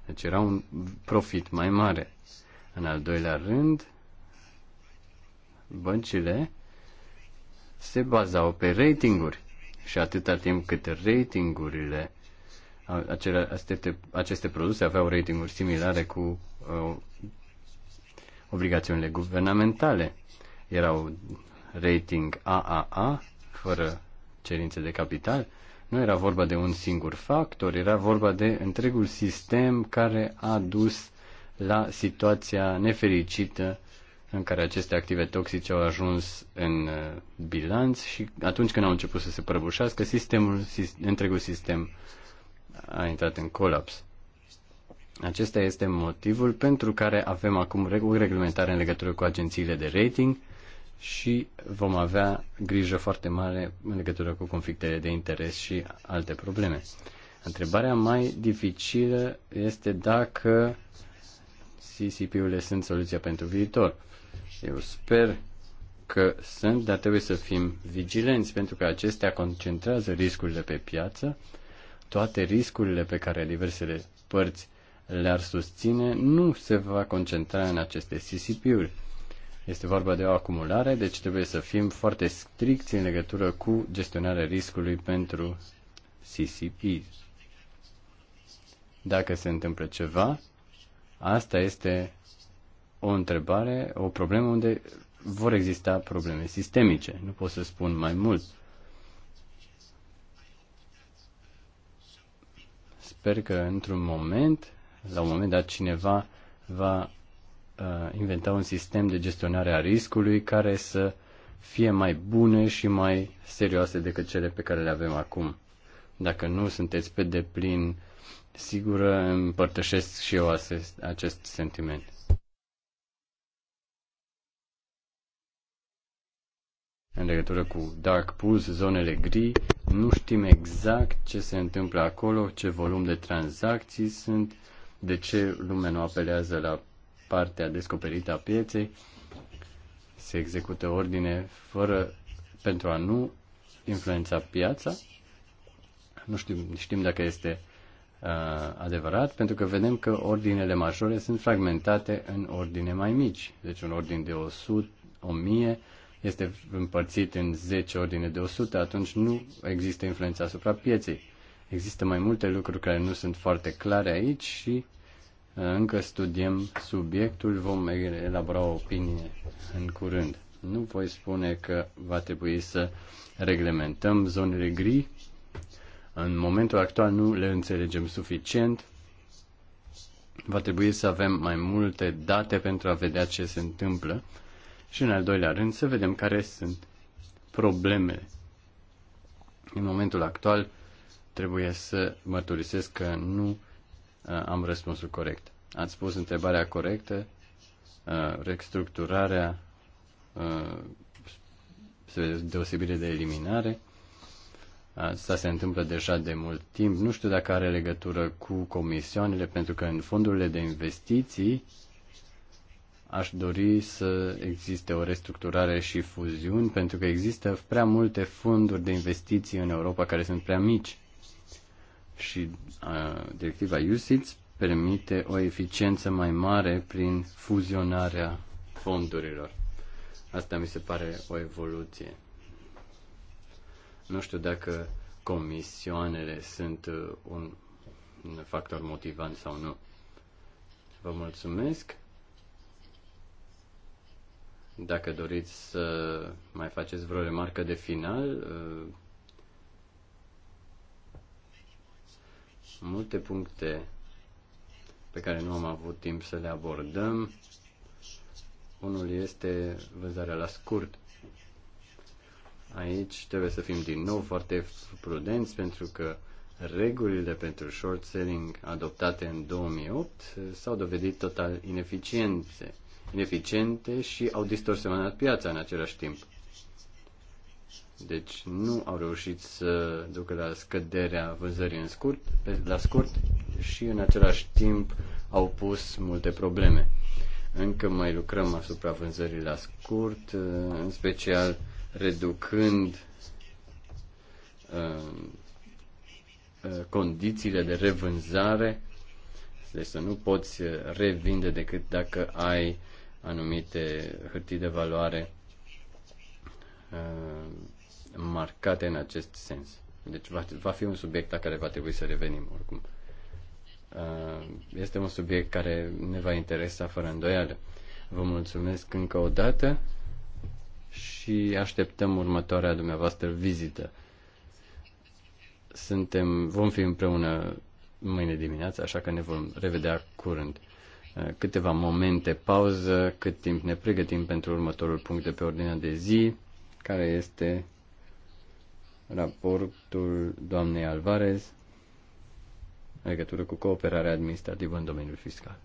Deci era un profit mai mare. În al doilea rând, băncile se bazau pe ratinguri și atâta timp cât ratingurile acele, aceste, aceste produse aveau ratinguri similare cu uh, obligațiunile guvernamentale. Erau rating AAA, fără cerințe de capital. Nu era vorba de un singur factor, era vorba de întregul sistem care a dus la situația nefericită în care aceste active toxice au ajuns în uh, bilanț și atunci când au început să se prăbușească, sistemul, întregul sistem a intrat în colaps. Acesta este motivul pentru care avem acum o reglementare în legătură cu agențiile de rating și vom avea grijă foarte mare în legătură cu conflictele de interes și alte probleme. Întrebarea mai dificilă este dacă CCP-urile sunt soluția pentru viitor. Eu sper că sunt, dar trebuie să fim vigilenți pentru că acestea concentrează riscurile pe piață toate riscurile pe care diversele părți le-ar susține, nu se va concentra în aceste CCP-uri. Este vorba de o acumulare, deci trebuie să fim foarte stricți în legătură cu gestionarea riscului pentru CCP. Dacă se întâmplă ceva, asta este o întrebare, o problemă unde vor exista probleme sistemice. Nu pot să spun mai mult. Sper că într-un moment, la un moment dat, cineva va uh, inventa un sistem de gestionare a riscului care să fie mai bune și mai serioase decât cele pe care le avem acum. Dacă nu sunteți pe deplin sigură, împărtășesc și eu acest, acest sentiment. în legătură cu dark pools, zonele gri. Nu știm exact ce se întâmplă acolo, ce volum de tranzacții sunt, de ce lumea nu apelează la partea descoperită a pieței. Se execută ordine fără pentru a nu influența piața. Nu știm, știm dacă este uh, adevărat, pentru că vedem că ordinele majore sunt fragmentate în ordine mai mici. Deci un ordin de 100, 1000, este împărțit în 10 ordine de 100, atunci nu există influența asupra pieței. Există mai multe lucruri care nu sunt foarte clare aici și uh, încă studiem subiectul, vom elabora o opinie în curând. Nu voi spune că va trebui să reglementăm zonele gri. În momentul actual nu le înțelegem suficient. Va trebui să avem mai multe date pentru a vedea ce se întâmplă și în al doilea rând să vedem care sunt problemele. În momentul actual trebuie să mărturisesc că nu uh, am răspunsul corect. Ați spus întrebarea corectă, uh, restructurarea uh, deosebire de eliminare. Asta se întâmplă deja de mult timp. Nu știu dacă are legătură cu comisioanele, pentru că în fondurile de investiții Aș dori să existe o restructurare și fuziuni, pentru că există prea multe fonduri de investiții în Europa care sunt prea mici. Și uh, directiva USITS permite o eficiență mai mare prin fuzionarea fondurilor. Asta mi se pare o evoluție. Nu știu dacă comisioanele sunt uh, un factor motivant sau nu. Vă mulțumesc. Dacă doriți să mai faceți vreo remarcă de final, uh, multe puncte pe care nu am avut timp să le abordăm. Unul este vânzarea la scurt. Aici trebuie să fim din nou foarte prudenți pentru că regulile pentru short selling adoptate în 2008 s-au dovedit total ineficiente ineficiente și au distorsionat piața în același timp. Deci nu au reușit să ducă la scăderea vânzării în scurt, la scurt și în același timp au pus multe probleme. Încă mai lucrăm asupra vânzării la scurt, în special reducând uh, uh, condițiile de revânzare, deci să nu poți revinde decât dacă ai anumite hârtii de valoare uh, marcate în acest sens. Deci va, va fi un subiect la care va trebui să revenim oricum. Uh, este un subiect care ne va interesa fără îndoială. Vă mulțumesc încă o dată și așteptăm următoarea dumneavoastră vizită. Suntem, vom fi împreună mâine dimineață, așa că ne vom revedea curând. Eh, câteva momente pauză, cât timp ne pregătim pentru următorul punct de pe ordinea de zi, care este raportul doamnei Alvarez în legătură cu cooperarea administrativă în domeniul fiscal.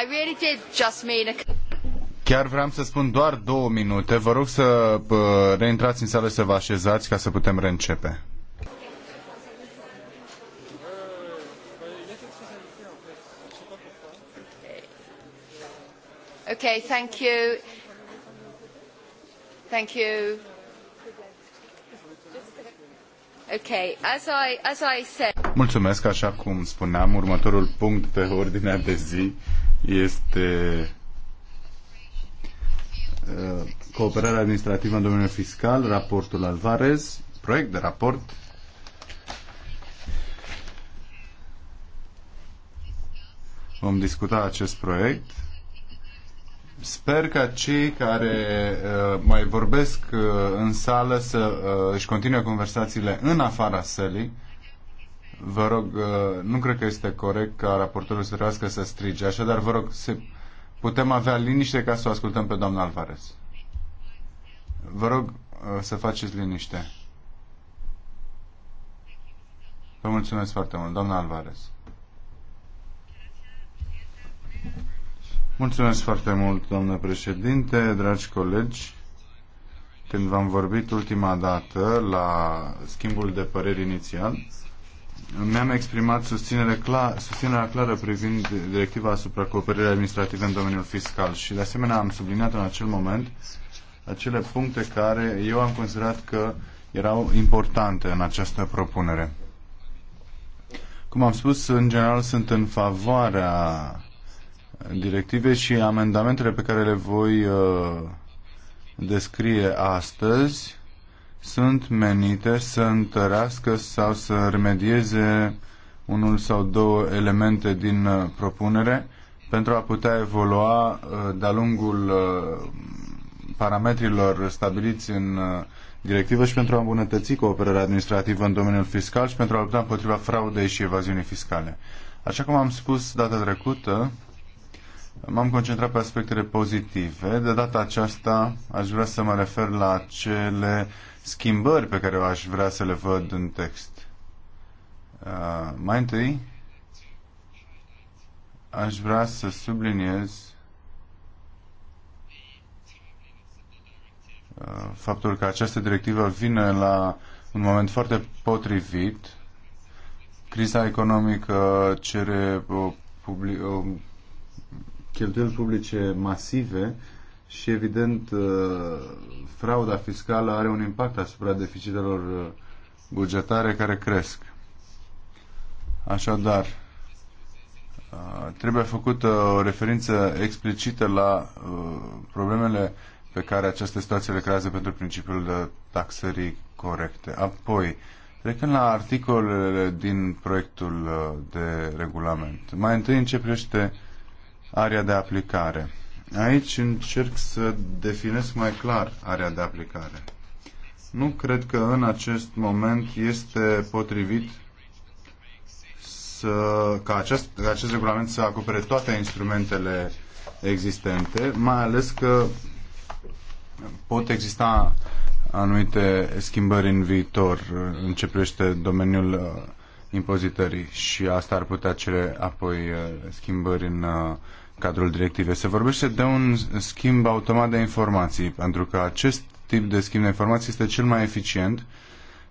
I really did just mean a... Chiar vreau să spun doar două minute. Vă rog să reintrați în sală să vă așezați ca să putem reîncepe. Okay, thank you. Thank you. Okay, as I, as I said... Mulțumesc, așa cum spuneam, următorul punct pe ordinea de zi este uh, cooperarea administrativă în domeniul fiscal, raportul Alvarez, proiect de raport vom discuta acest proiect. Sper ca cei care uh, mai vorbesc uh, în sală să uh, își continue conversațiile în afara sălii. Vă rog, uh, nu cred că este corect ca raportorul să trebuiască să strige, așadar vă rog, să putem avea liniște ca să o ascultăm pe doamna Alvarez. Vă rog uh, să faceți liniște. Vă mulțumesc foarte mult, doamna Alvarez. Mulțumesc foarte mult, doamnă președinte, dragi colegi. Când v-am vorbit ultima dată la schimbul de păreri inițial, mi-am exprimat susținere clar, susținerea clară privind directiva asupra cooperării administrative în domeniul fiscal și de asemenea am subliniat în acel moment acele puncte care eu am considerat că erau importante în această propunere. Cum am spus, în general sunt în favoarea directivei și amendamentele pe care le voi uh, descrie astăzi sunt menite să întărească sau să remedieze unul sau două elemente din uh, propunere pentru a putea evolua uh, de-a lungul uh, parametrilor stabiliți în directivă și pentru a îmbunătăți cooperarea administrativă în domeniul fiscal și pentru a lupta împotriva fraudei și evaziunii fiscale. Așa cum am spus data trecută, m-am concentrat pe aspectele pozitive. De data aceasta aș vrea să mă refer la cele uh, schimbări pe care aș vrea să le văd în text. Uh, mai întâi, aș vrea să subliniez uh, faptul că această directivă vine la un moment foarte potrivit. Criza economică cere o public, o cheltuieli publice masive și evident uh, frauda fiscală are un impact asupra deficitelor uh, bugetare care cresc. Așadar, uh, trebuie făcută o referință explicită la problemele pe care această situație le creează pentru principiul de taxării corecte. Apoi, trecând la articolele din proiectul de regulament. Mai întâi începește aria de aplicare. Aici încerc să definesc mai clar area de aplicare. Nu cred că în acest moment este potrivit să, ca, acest, ca acest regulament să acopere toate instrumentele existente, mai ales că pot exista anumite schimbări în viitor în ce privește domeniul uh, impozitării și asta ar putea cere apoi uh, schimbări în uh, cadrul directivei. Se vorbește de un schimb automat de informații, pentru că acest tip de schimb de informații este cel mai eficient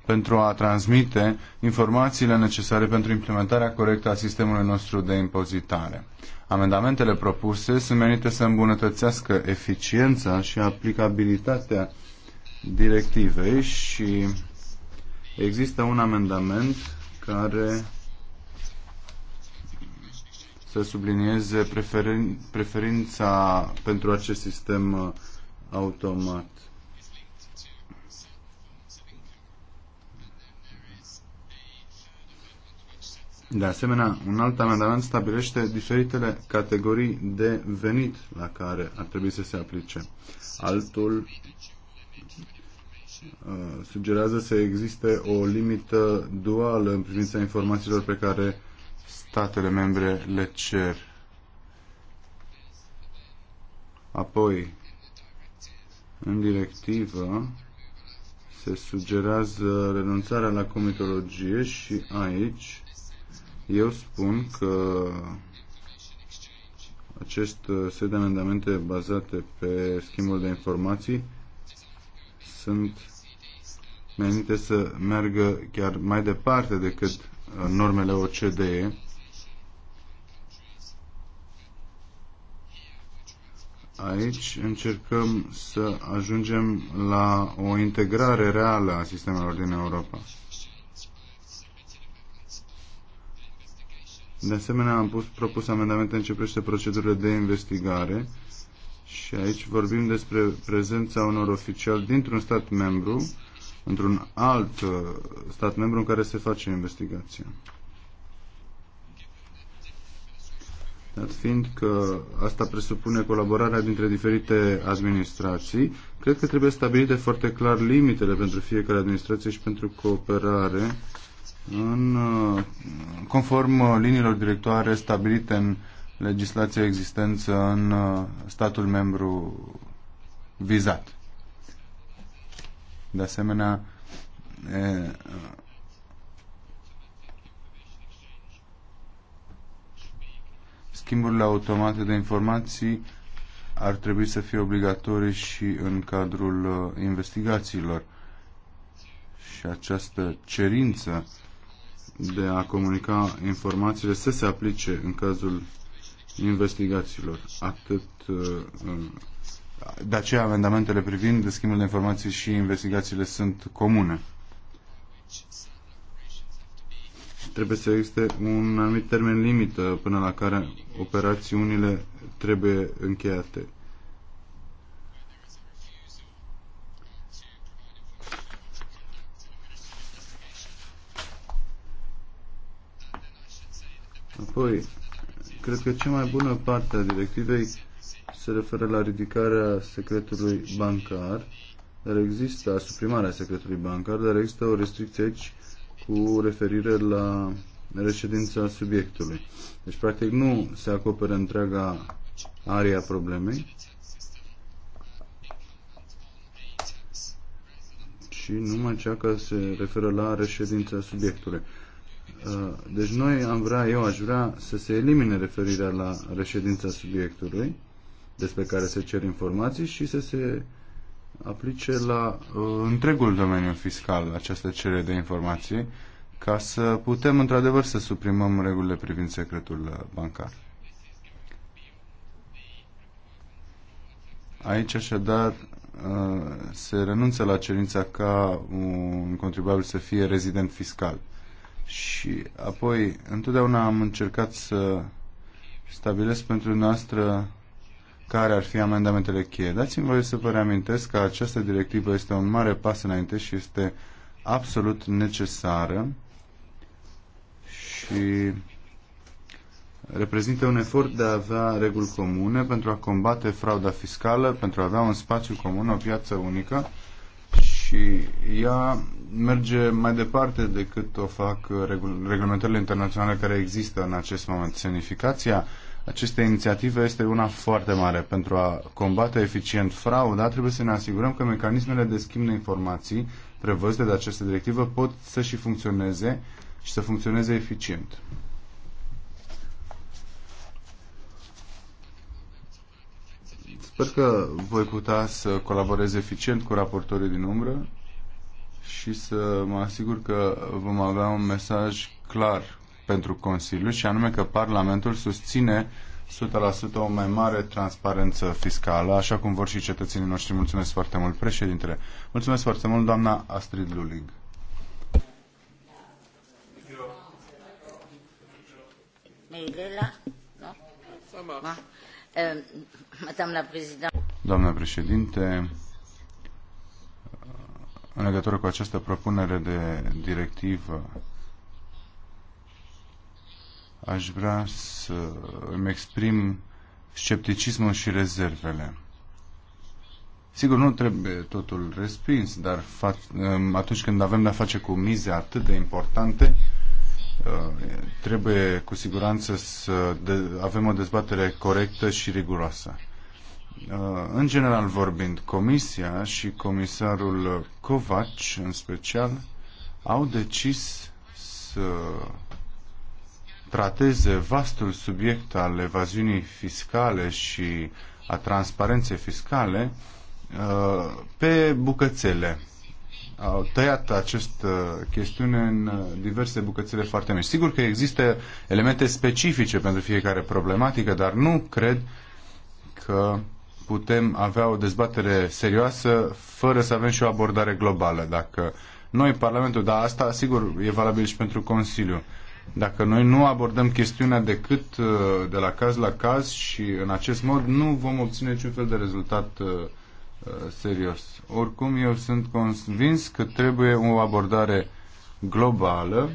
pentru a transmite informațiile necesare pentru implementarea corectă a sistemului nostru de impozitare. Amendamentele propuse sunt menite să îmbunătățească eficiența și aplicabilitatea directivei și există un amendament care să sublinieze preferin, preferința pentru acest sistem uh, automat. De asemenea, un alt amendament stabilește diferitele categorii de venit la care ar trebui să se aplice. Altul uh, sugerează să existe o limită duală în privința informațiilor pe care statele membre le cer. Apoi, în directivă se sugerează renunțarea la comitologie și aici eu spun că acest set de amendamente bazate pe schimbul de informații sunt menite să meargă chiar mai departe decât uh, normele OCDE Aici încercăm să ajungem la o integrare reală a sistemelor din Europa. De asemenea, am pus, propus amendamente în ce privește procedurile de investigare și aici vorbim despre prezența unor oficiali dintr-un stat membru într-un alt uh, stat membru în care se face investigația. dat fiind că asta presupune colaborarea dintre diferite administrații, cred că trebuie stabilite foarte clar limitele pentru fiecare administrație și pentru cooperare în, conform liniilor directoare stabilite în legislația existență în statul membru vizat. De asemenea, schimburile automate de informații ar trebui să fie obligatorii și în cadrul uh, investigațiilor. Și această cerință de a comunica informațiile să se aplice în cazul investigațiilor. Atât uh, de aceea amendamentele privind schimbul de informații și investigațiile sunt comune. trebuie să existe un anumit termen limită până la care operațiunile trebuie încheiate. Apoi, cred că cea mai bună parte a directivei se referă la ridicarea secretului bancar, dar există, suprimarea secretului bancar, dar există o restricție aici cu referire la reședința subiectului. Deci, practic, nu se acoperă întreaga aria problemei și numai cea care se referă la reședința subiectului. Uh, deci noi am vrea, eu aș vrea să se elimine referirea la reședința subiectului despre care se cer informații și să se aplice la uh, întregul domeniu fiscal această cerere de informații ca să putem într-adevăr să suprimăm regulile privind secretul uh, bancar. Aici așadar uh, se renunță la cerința ca un contribuabil să fie rezident fiscal. Și apoi, întotdeauna am încercat să stabilesc pentru noastră care ar fi amendamentele cheie. Dați-mi voie să vă reamintesc că această directivă este un mare pas înainte și este absolut necesară și reprezintă un efort de a avea reguli comune pentru a combate frauda fiscală, pentru a avea un spațiu comun, o piață unică și ea merge mai departe decât o fac regul- reglementările internaționale care există în acest moment. Semnificația aceste inițiative este una foarte mare. Pentru a combate eficient frauda, trebuie să ne asigurăm că mecanismele de schimb de informații prevăzute de această directivă pot să și funcționeze și să funcționeze eficient. Sper că voi putea să colaborez eficient cu raportorii din umbră și să mă asigur că vom avea un mesaj clar pentru Consiliu și anume că Parlamentul susține 100% o mai mare transparență fiscală, așa cum vor și cetățenii noștri. Mulțumesc foarte mult, președintele. Mulțumesc foarte mult, doamna Astrid Lulig. Da. Doamna președinte, în legătură cu această propunere de directivă aș vrea să îmi exprim scepticismul și rezervele. Sigur, nu trebuie totul respins, dar atunci când avem de-a face cu mize atât de importante, uh, trebuie cu siguranță să avem o dezbatere corectă și riguroasă. Uh, în general vorbind, Comisia și comisarul Covaci, în special, au decis să trateze vastul subiect al evaziunii fiscale și a transparenței fiscale uh, pe bucățele. Au tăiat această chestiune în uh, diverse bucățele foarte mici. Sigur că există elemente specifice pentru fiecare problematică, dar nu cred că putem avea o dezbatere serioasă fără să avem și o abordare globală. Dacă noi, Parlamentul, dar asta sigur e valabil și pentru Consiliu, dacă noi nu abordăm chestiunea decât uh, de la caz la caz și în acest mod nu vom obține niciun fel de rezultat uh, uh, serios. Oricum, eu sunt convins că trebuie o abordare globală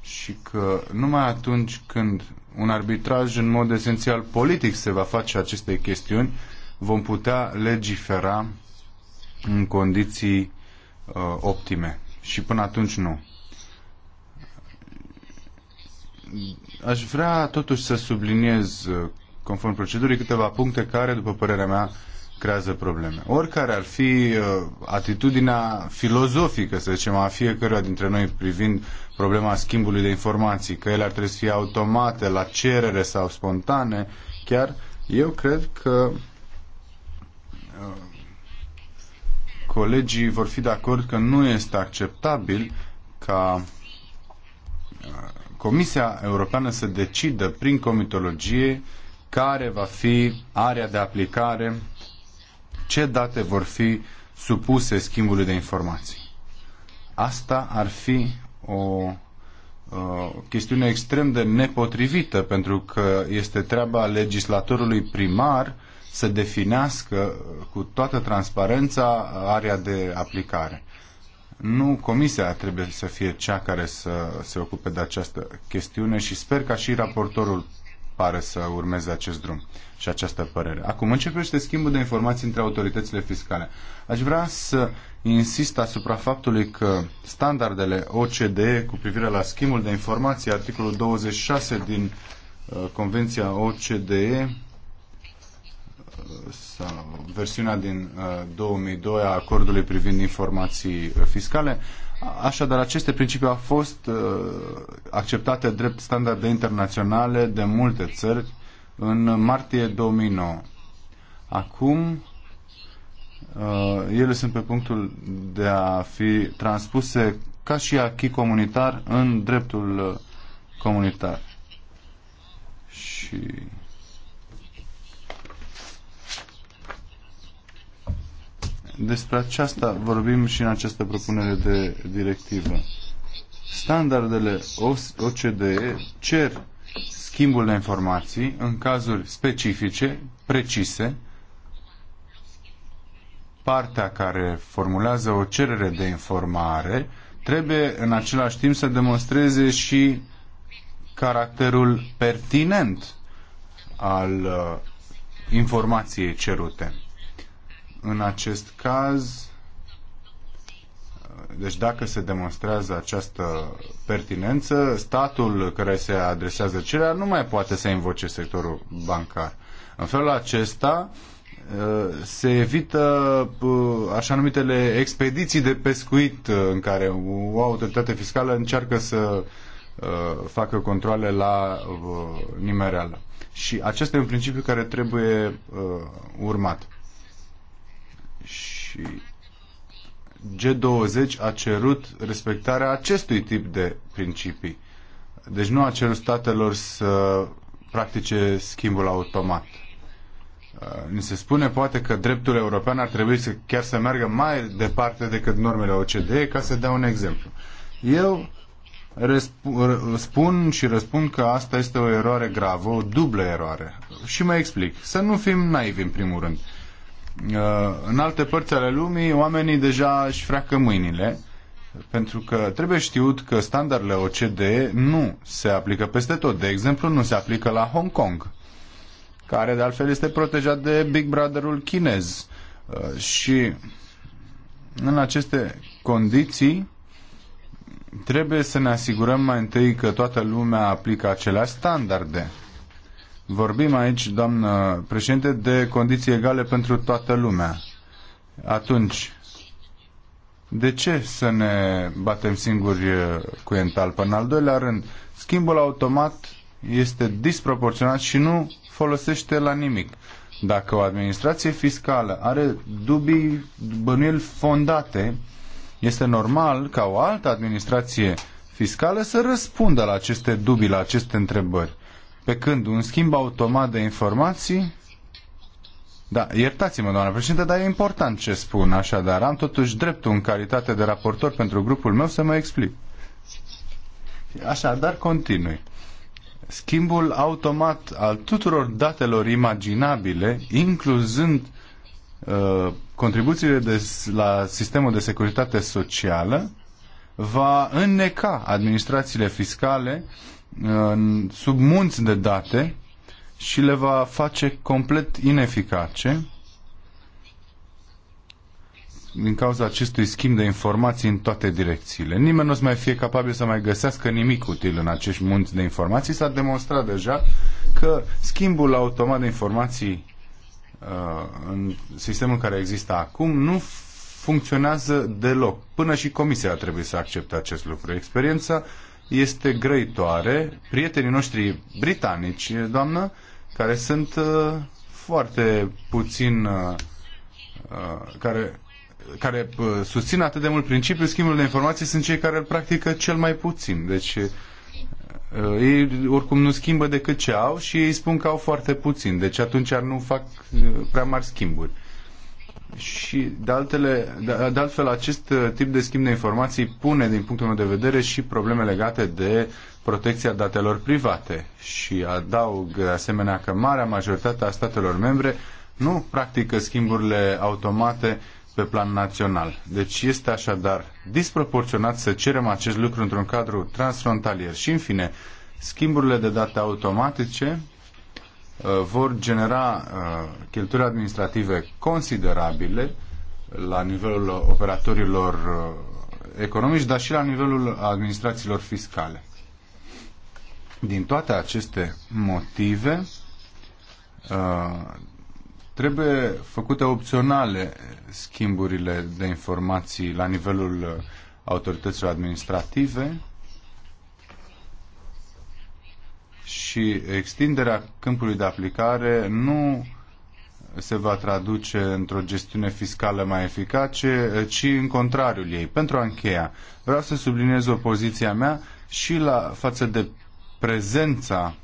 și că numai atunci când un arbitraj în mod esențial politic se va face aceste chestiuni, vom putea legifera în condiții uh, optime. Și până atunci nu. Aș vrea totuși să subliniez, uh, conform procedurii, câteva puncte care, după părerea mea, creează probleme. Oricare ar fi uh, atitudinea filozofică, să zicem, a fiecăruia dintre noi privind problema schimbului de informații, că ele ar trebui să fie automate, la cerere sau spontane, chiar eu cred că uh, colegii vor fi de acord că nu este acceptabil ca Comisia Europeană să decidă prin comitologie care va fi area de aplicare, ce date vor fi supuse schimbului de informații. Asta ar fi o o chestiune extrem de nepotrivită, pentru că este treaba legislatorului primar să definească cu toată transparența area de aplicare. Nu comisia trebuie să fie cea care să se ocupe de această chestiune și sper ca și raportorul pare să urmeze acest drum și această părere. Acum, începește schimbul de informații între autoritățile fiscale. Aș vrea să insist asupra faptului că standardele OCDE cu privire la schimbul de informații, articolul 26 din uh, Convenția OCDE, sau versiunea din 2002 uh, a acordului privind informații fiscale. Așadar, aceste principii au fost uh, acceptate drept standarde internaționale de multe țări în martie 2009. Acum, uh, ele sunt pe punctul de a fi transpuse ca și acquis comunitar în dreptul comunitar. Și Despre aceasta vorbim și în această propunere de directivă. Standardele OCDE cer schimbul de informații în cazuri specifice, precise, partea care formulează o cerere de informare trebuie în același timp să demonstreze și caracterul pertinent al uh, informației cerute. În acest caz, deci dacă se demonstrează această pertinență, statul care se adresează cererea nu mai poate să invoce sectorul bancar. În felul acesta se evită uh, așa numitele expediții de pescuit uh, în care o autoritate fiscală încearcă să uh, facă controle la nimereală. Și acesta e un principiu care trebuie urmat. Și G20 a cerut respectarea acestui tip de principii. Deci nu a cerut statelor să practice schimbul automat. Uh, ni se spune poate că dreptul european ar trebui să chiar să meargă mai departe decât normele OCDE, ca să dau un exemplu. Eu spun și răspund că asta este o eroare gravă, o dublă eroare. Și mă explic. Să nu fim naivi, în primul rând. Uh, Uh, în alte părți ale lumii oamenii deja își freacă mâinile pentru că trebuie știut că standardele OCDE nu se aplică peste tot. De exemplu, nu se aplică la Hong Kong, care de altfel este protejat de Big Brother-ul chinez. Uh, și în aceste condiții trebuie să ne asigurăm mai întâi că toată lumea aplică aceleași standarde Vorbim aici, doamnă președinte, de condiții egale pentru toată lumea. Atunci, de ce să ne batem singuri cu entalpă? În al doilea rând, schimbul automat este disproporționat și nu folosește la nimic. Dacă o administrație fiscală are dubii, bănuieli fondate, este normal ca o altă administrație fiscală să răspundă la aceste dubii, la aceste întrebări. Pe când un schimb automat de informații da, iertați-mă, doamna președinte, dar e important ce spun, așadar. Am totuși dreptul în calitate de raportor pentru grupul meu să mă explic. Așadar, continui. Schimbul automat al tuturor datelor imaginabile, incluzând uh, contribuțiile de, la sistemul de securitate socială, va înneca administrațiile fiscale sub munți de date și le va face complet ineficace din cauza acestui schimb de informații în toate direcțiile. Nimeni nu o să mai fie capabil să mai găsească nimic util în acești munți de informații. S-a demonstrat deja că schimbul automat de informații uh, în sistemul care există acum nu funcționează deloc. Până și comisia trebuie să accepte acest lucru. Experiența uh, este grăitoare. Prietenii noștri britanici, doamnă, care sunt uh, foarte puțin uh, uh care care uh, susțin atât de mult principiul schimbului de informații sunt cei care îl practică cel mai puțin. Deci uh, ei oricum nu schimbă decât ce au și ei spun că au foarte puțin. Deci atunci ar nu fac prea mari schimburi și de, altele, de, de altfel acest uh, tip de schimb de informații pune din punctul meu de vedere și probleme legate de protecția datelor private și adaug de asemenea că marea majoritate a statelor membre nu practică schimburile automate pe plan național. Deci este așadar disproporționat să cerem acest lucru într-un cadru transfrontalier și în fine schimburile de date automatice Uh, vor genera uh, cheltuieli administrative considerabile la nivelul operatorilor uh, economici, dar și la nivelul administrațiilor fiscale. Din toate aceste motive, trebuie făcute opționale schimburile de informații la nivelul autorităților administrative și extinderea câmpului de aplicare nu se va traduce într-o gestiune fiscală mai eficace, ci în contrariul ei. Pentru a încheia, vreau să subliniez opoziția mea și la față de prezența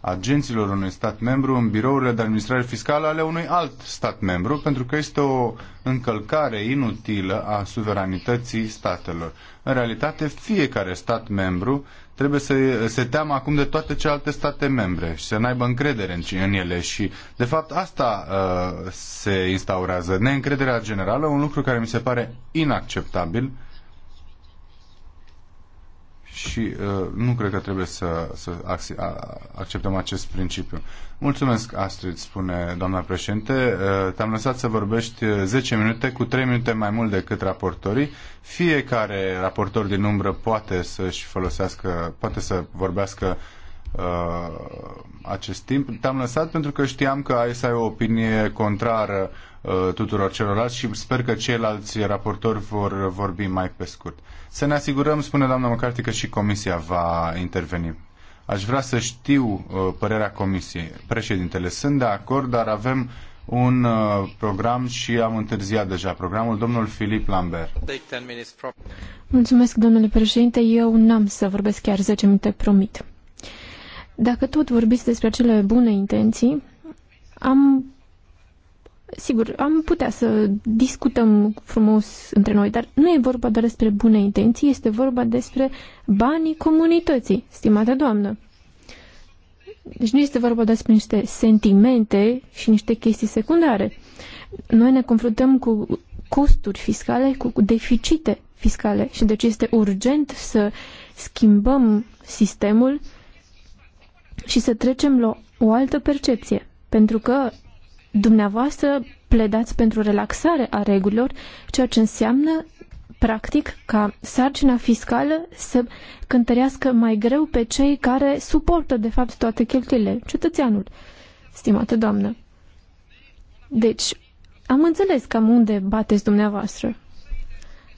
agenților unui stat membru în birourile de administrare fiscală ale unui alt stat membru, pentru că este o încălcare inutilă a suveranității statelor. În realitate, fiecare stat membru trebuie să se teamă acum de toate celelalte state membre și să n-aibă încredere în, în ele și de fapt asta uh, se instaurează, neîncrederea generală, un lucru care mi se pare inacceptabil și uh, nu cred că trebuie să, să acceptăm acest principiu. Mulțumesc, Astrid, spune doamna președinte. Uh, te-am lăsat să vorbești 10 uh, minute cu 3 minute mai mult decât raportorii. Fiecare raportor din umbră poate să-și folosească, poate să vorbească uh, acest timp. Te-am lăsat pentru că știam că ai să ai o opinie contrară uh, tuturor celorlalți și sper că ceilalți raportori vor vorbi mai pe scurt. Să ne asigurăm, spune doamna McCarthy, că și Comisia va interveni. Aș vrea să știu uh, părerea Comisiei. Președintele, sunt de acord, dar avem un uh, program și am întârziat deja programul. Domnul Filip Lambert. Mulțumesc, domnule președinte. Eu n-am să vorbesc chiar 10 minute, promit. Dacă tot vorbiți despre cele bune intenții, am Sigur, am putea să discutăm frumos între noi, dar nu e vorba doar despre bune intenții, este vorba despre banii comunității, stimată doamnă. Deci nu este vorba despre niște sentimente și niște chestii secundare. Noi ne confruntăm cu costuri fiscale, cu deficite fiscale și deci este urgent să schimbăm sistemul și să trecem la o altă percepție. Pentru că Dumneavoastră pledați pentru relaxare a regulilor, ceea ce înseamnă practic ca sarcina fiscală să cântărească mai greu pe cei care suportă de fapt toate cheltuielile, cetățeanul, stimată doamnă. Deci, am înțeles cam unde bateți dumneavoastră.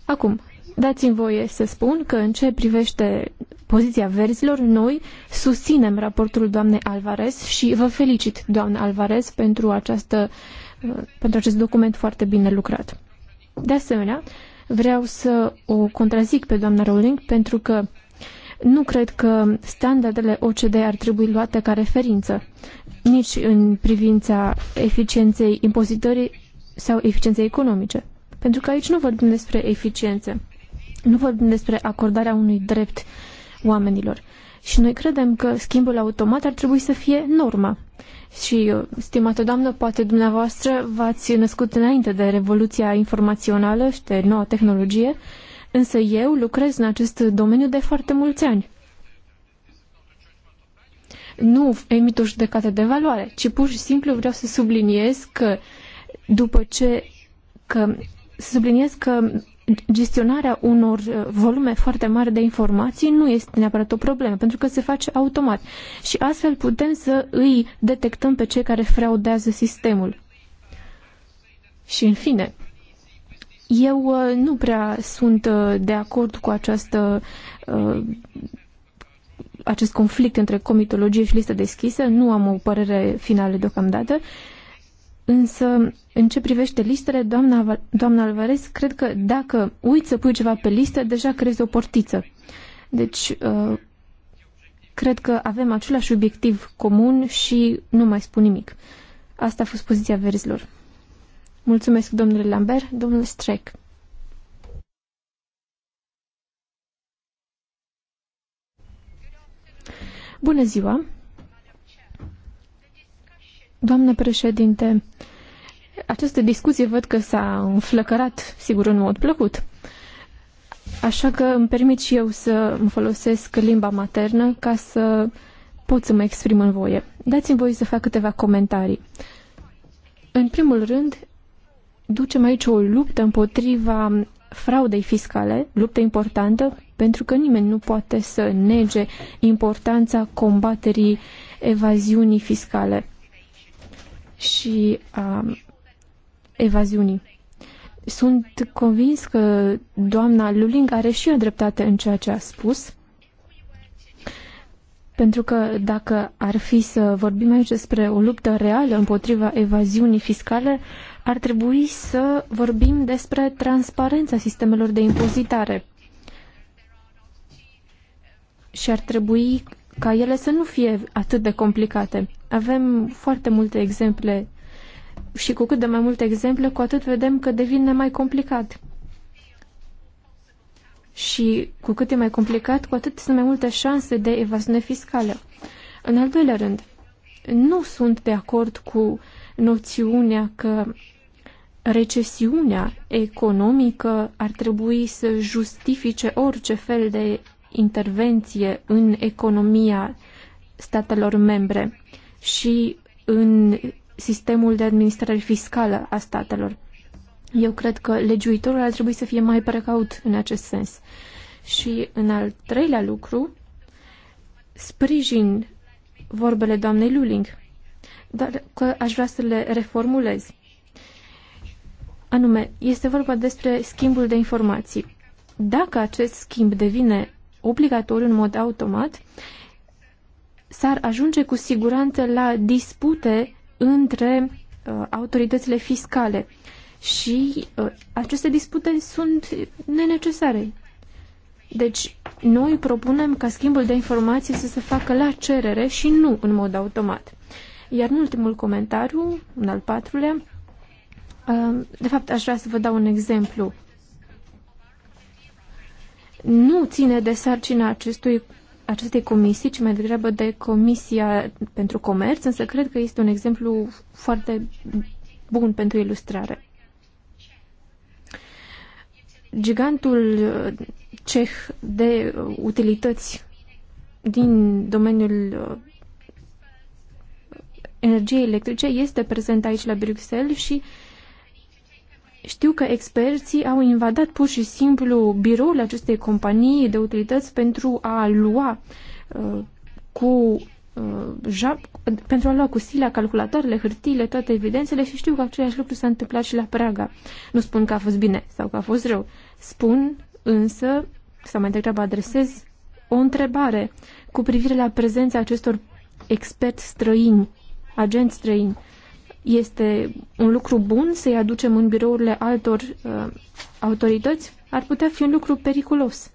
Acum, dați-mi voie să spun că în ce privește poziția verzilor, noi susținem raportul doamnei Alvarez și vă felicit, doamna Alvarez, pentru, această, uh, pentru acest document foarte bine lucrat. De asemenea, vreau să o contrazic pe doamna Rowling pentru că nu cred că standardele OCD ar trebui luate ca referință, nici în privința eficienței impozitării sau eficienței economice. Pentru că aici nu vorbim despre eficiență, nu vorbim despre acordarea unui drept uh, oamenilor. Și noi credem că schimbul automat ar trebui să fie norma. Și, uh, stimată doamnă, poate dumneavoastră v-ați născut înainte de revoluția informațională și de noua tehnologie, însă eu lucrez în acest domeniu de foarte mulți ani. Nu emit o judecată de valoare, ci pur și simplu vreau să subliniez că după ce că subliniez că gestionarea unor uh, volume foarte mari de informații nu este neapărat o problemă, pentru că se face automat. Și astfel putem să îi detectăm pe cei care fraudează sistemul. Și în fine, eu uh, nu prea sunt uh, de acord cu această acest conflict între comitologie și listă deschisă, nu am o părere finală deocamdată Însă, în ce privește listele, doamna, doamna Alvarez, cred că dacă uiți să pui ceva pe listă, deja crezi o portiță. Deci, uh, cred că avem același obiectiv comun și nu mai spun nimic. Asta a fost poziția verzilor. Mulțumesc, domnule Lambert. Domnul Streck. Bună ziua! Doamnă președinte, această discuție văd că s-a înflăcărat, sigur, în mod plăcut. Așa că îmi permit și eu să îmi folosesc limba maternă ca să pot să mă exprim în voie. Dați-mi voie să fac câteva comentarii. În primul rând, ducem aici o luptă împotriva fraudei fiscale, luptă importantă, pentru că nimeni nu poate să nege importanța combaterii evaziunii fiscale și a evaziunii. Sunt convins că doamna Luling are și o dreptate în ceea ce a spus, pentru că dacă ar fi să vorbim aici despre o luptă reală împotriva evaziunii fiscale, ar trebui să vorbim despre transparența sistemelor de impozitare. Și ar trebui ca ele să nu fie atât de complicate. Avem foarte multe exemple și cu cât de mai multe exemple, cu atât vedem că devine mai complicat. Și cu cât e mai complicat, cu atât sunt mai multe șanse de evaziune fiscală. În al doilea rând, nu sunt de acord cu noțiunea că recesiunea economică ar trebui să justifice orice fel de intervenție în economia statelor membre și în sistemul de administrare fiscală a statelor. Eu cred că legiuitorul ar trebui să fie mai precaut în acest sens. Și în al treilea lucru, sprijin vorbele doamnei Luling, dar că aș vrea să le reformulez. Anume, este vorba despre schimbul de informații. Dacă acest schimb devine obligatoriu în mod automat, s-ar ajunge cu siguranță la dispute între uh, autoritățile fiscale și uh, aceste dispute sunt nenecesare. Deci, noi propunem ca schimbul de informații să se facă la cerere și nu în mod automat. Iar în ultimul comentariu, în al patrulea, uh, de fapt, aș vrea să vă dau un exemplu. Nu ține de sarcina acestui acestei comisii, ci mai degrabă de Comisia pentru Comerț, însă cred că este un exemplu foarte bun pentru ilustrare. Gigantul uh, ceh de uh, utilități din domeniul uh, energiei electrice este prezent aici la Bruxelles și știu că experții au invadat pur și simplu biroul acestei companii de utilități pentru a lua uh, cu uh, jab, pentru a lua cu silea calculatoarele, hârtiile, toate evidențele și știu că același lucru s-a întâmplat și la Praga. Nu spun că a fost bine sau că a fost rău. Spun însă, sau mai degrabă adresez, o întrebare cu privire la prezența acestor experți străini, agenți străini. Uh, este un lucru bun să-i aducem în birourile altor uh, autorități? Ar putea fi un lucru periculos.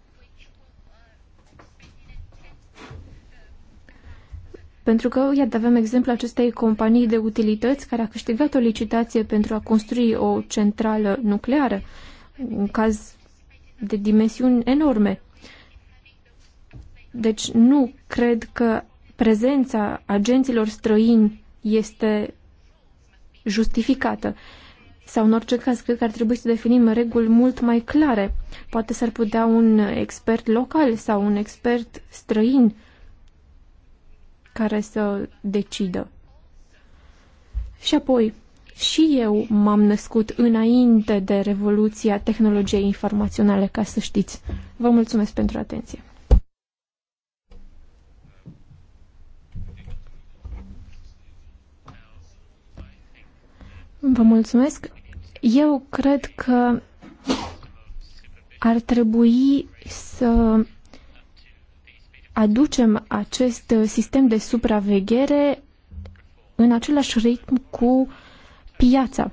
Pentru că, iată, avem exemplu acestei companii de utilități care a câștigat o licitație pentru a construi o centrală nucleară, un caz de dimensiuni enorme. Deci nu cred că prezența agenților străini este justificată. Sau în orice caz, cred că ar trebui să definim reguli mult mai clare. Poate s-ar putea un expert local sau un expert străin care să decidă. Și apoi, și eu m-am născut înainte de revoluția tehnologiei informaționale, ca să știți. Vă mulțumesc pentru atenție. Vă mulțumesc. Eu cred că ar trebui să aducem acest sistem de supraveghere în același ritm cu piața.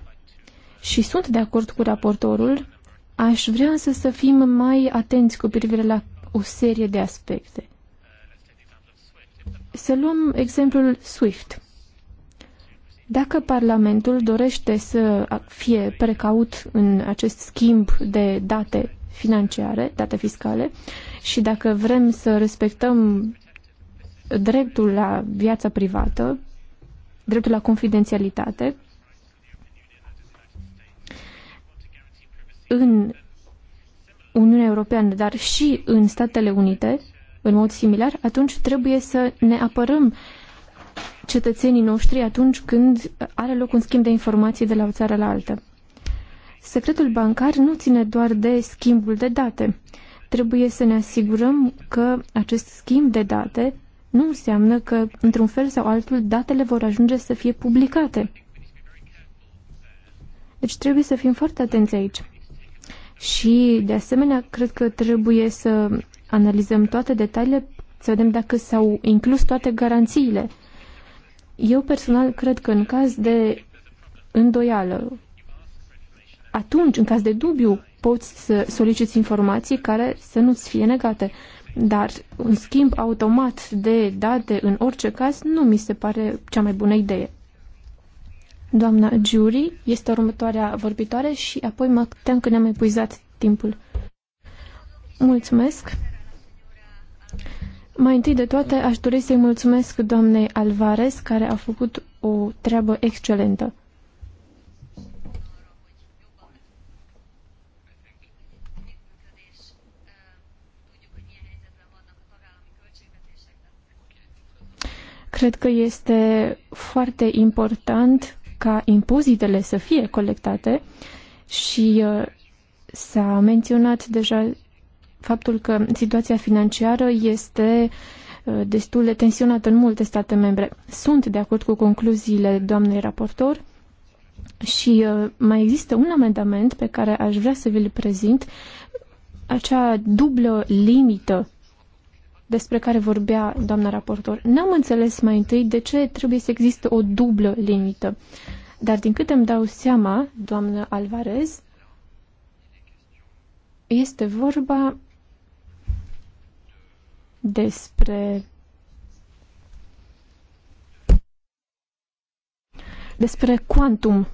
Și sunt de acord cu raportorul, aș vrea însă să fim mai atenți cu privire la o serie de aspecte. Să luăm exemplul SWIFT. Dacă Parlamentul dorește să fie precaut în acest schimb de date financiare, date fiscale, și dacă vrem să respectăm dreptul la viața privată, dreptul la confidențialitate, în Uniunea Europeană, dar și în Statele Unite, în mod similar, atunci trebuie să ne apărăm uh, cetățenii noștri atunci când are loc un schimb de informații de la o țară la alta. Secretul bancar nu ține doar de schimbul de date. Trebuie să ne asigurăm că acest schimb de date nu înseamnă că, într-un fel sau altul, datele vor ajunge să fie publicate. Deci trebuie să fim foarte atenți aici. Și, de asemenea, cred că trebuie să analizăm toate detaliile, să vedem dacă s-au inclus toate garanțiile eu personal cred că în caz de îndoială, atunci, în caz de dubiu, poți să soliciți informații care să nu-ți fie negate. Dar un schimb automat de date, în orice caz, nu mi se pare cea mai bună idee. Doamna Jury este următoarea vorbitoare și apoi mă tem că ne-am epuizat timpul. Mulțumesc! Mai întâi de toate, aș dori să-i mulțumesc doamnei Alvarez, care a făcut o treabă excelentă. Cred că este foarte important ca impozitele să fie colectate și uh, s-a menționat deja faptul că situația financiară este uh, destul de tensionată în multe state membre. Sunt de acord cu concluziile doamnei raportor și uh, mai există un amendament pe care aș vrea să vi-l prezint, acea dublă limită despre care vorbea doamna raportor. N-am înțeles mai întâi de ce trebuie să existe o dublă limită. Dar din câte îmi dau seama, doamnă Alvarez, este vorba despre despre quantum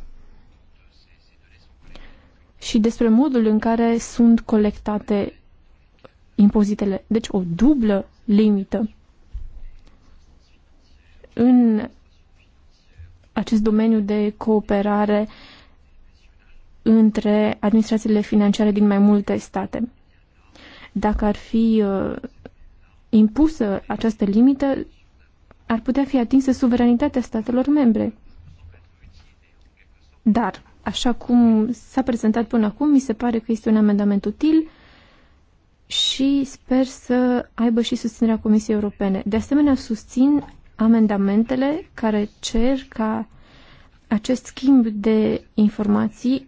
și despre modul în care sunt colectate impozitele. Deci o dublă limită în acest domeniu de cooperare între administrațiile financiare din mai multe state. Dacă ar fi uh, impusă această limită, ar putea fi atinsă suveranitatea statelor membre. Dar, așa cum s-a prezentat până acum, mi se pare că este un amendament util și sper să aibă și susținerea Comisiei Europene. De asemenea, susțin amendamentele care cer ca acest schimb de informații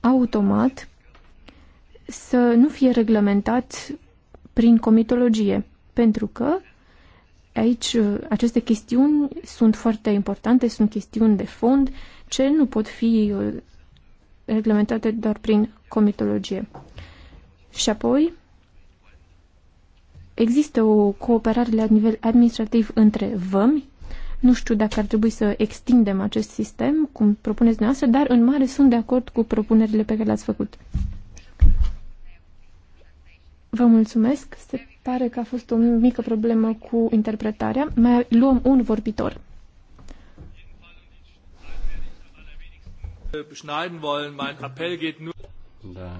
automat să nu fie reglementat prin comitologie pentru că aici uh, aceste chestiuni sunt foarte importante, sunt chestiuni de fond ce nu pot fi uh, reglementate doar prin comitologie. Și apoi există o cooperare la nivel administrativ între vămi. Nu știu dacă ar trebui să extindem acest sistem, cum propuneți dumneavoastră, dar în mare sunt de acord cu propunerile pe care le-ați făcut. Vă mulțumesc pare că a fost o mică problemă cu interpretarea. Mai luăm un vorbitor. Äh, da.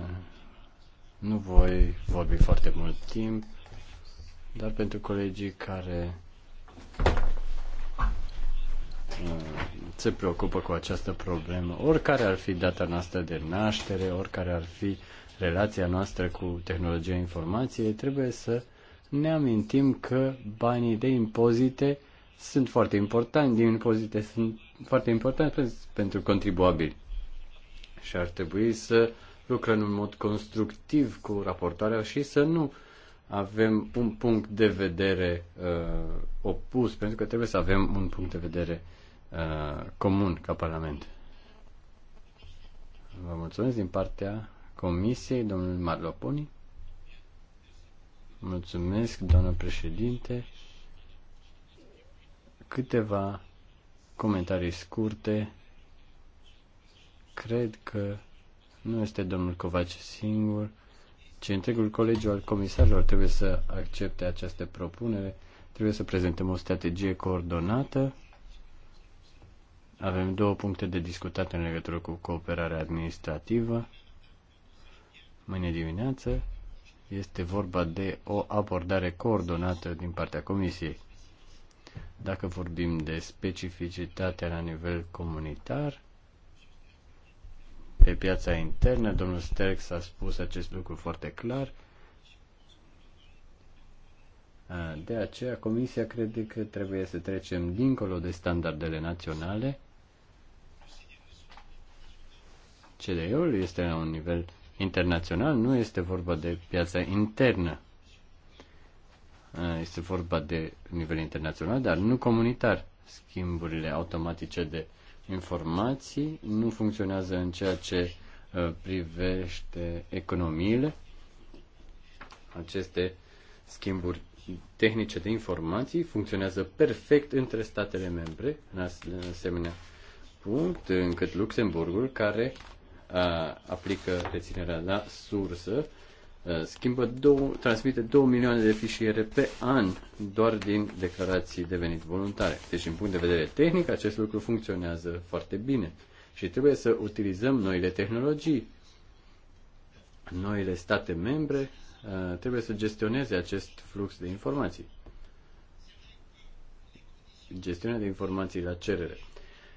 Nu voi vorbi foarte mult timp, dar pentru colegii care uh, se preocupă cu această problemă, oricare ar fi data noastră de naștere, oricare ar fi relația noastră cu tehnologia informației, trebuie să ne amintim că banii de impozite sunt foarte importanti, din impozite sunt foarte importanti pentru contribuabili. Și ar trebui să lucrăm în mod constructiv cu raportarea și să nu avem un punct de vedere uh, opus, pentru că trebuie să avem un punct de vedere uh, comun ca Parlament. Vă mulțumesc din partea Comisiei, domnul Marloponi. Mulțumesc, doamnă președinte. Câteva comentarii scurte. Cred că nu este domnul Covaci singur, ci întregul colegiu al comisarilor trebuie să accepte această propunere. Trebuie să prezentăm o strategie coordonată. Avem două puncte de discutat în legătură cu cooperarea administrativă. Mâine dimineață este vorba de o abordare coordonată din partea Comisiei. Dacă vorbim de specificitatea la nivel comunitar, pe piața internă, domnul Sterx a spus acest lucru foarte clar, de aceea, Comisia crede că trebuie să trecem dincolo de standardele naționale. CDE-ul este la un nivel internațional, nu este vorba de piața internă. Este vorba de nivel internațional, dar nu comunitar. Schimburile automatice de informații nu funcționează în ceea ce privește economiile. Aceste schimburi tehnice de informații funcționează perfect între statele membre, în asemenea punct, încât Luxemburgul, care aplică reținerea la sursă, schimbă două, transmite 2 milioane de fișiere pe an doar din declarații de venit voluntare. Deci, din punct de vedere tehnic, acest lucru funcționează foarte bine și trebuie să utilizăm noile tehnologii. Noile state membre trebuie să gestioneze acest flux de informații. Gestiunea de informații la cerere.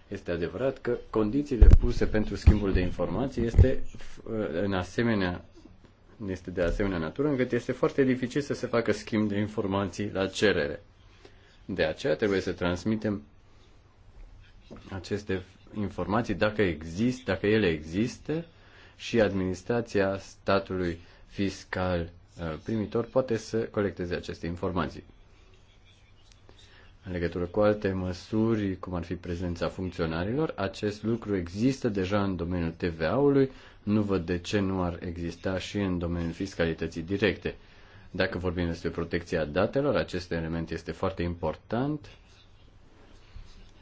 Este adevărat că condițiile puse pentru schimbul de informații este uh, în asemenea este de asemenea natură încât este foarte dificil să se facă schimb de informații la cerere. De aceea trebuie să transmitem aceste informații dacă există, dacă ele există și administrația statului fiscal uh, primitor poate să colecteze aceste informații. În legătură cu alte măsuri, cum ar fi prezența funcționarilor, acest lucru există deja în domeniul TVA-ului, nu văd de ce nu ar exista și în domeniul fiscalității directe. Dacă vorbim despre protecția datelor, acest element este foarte important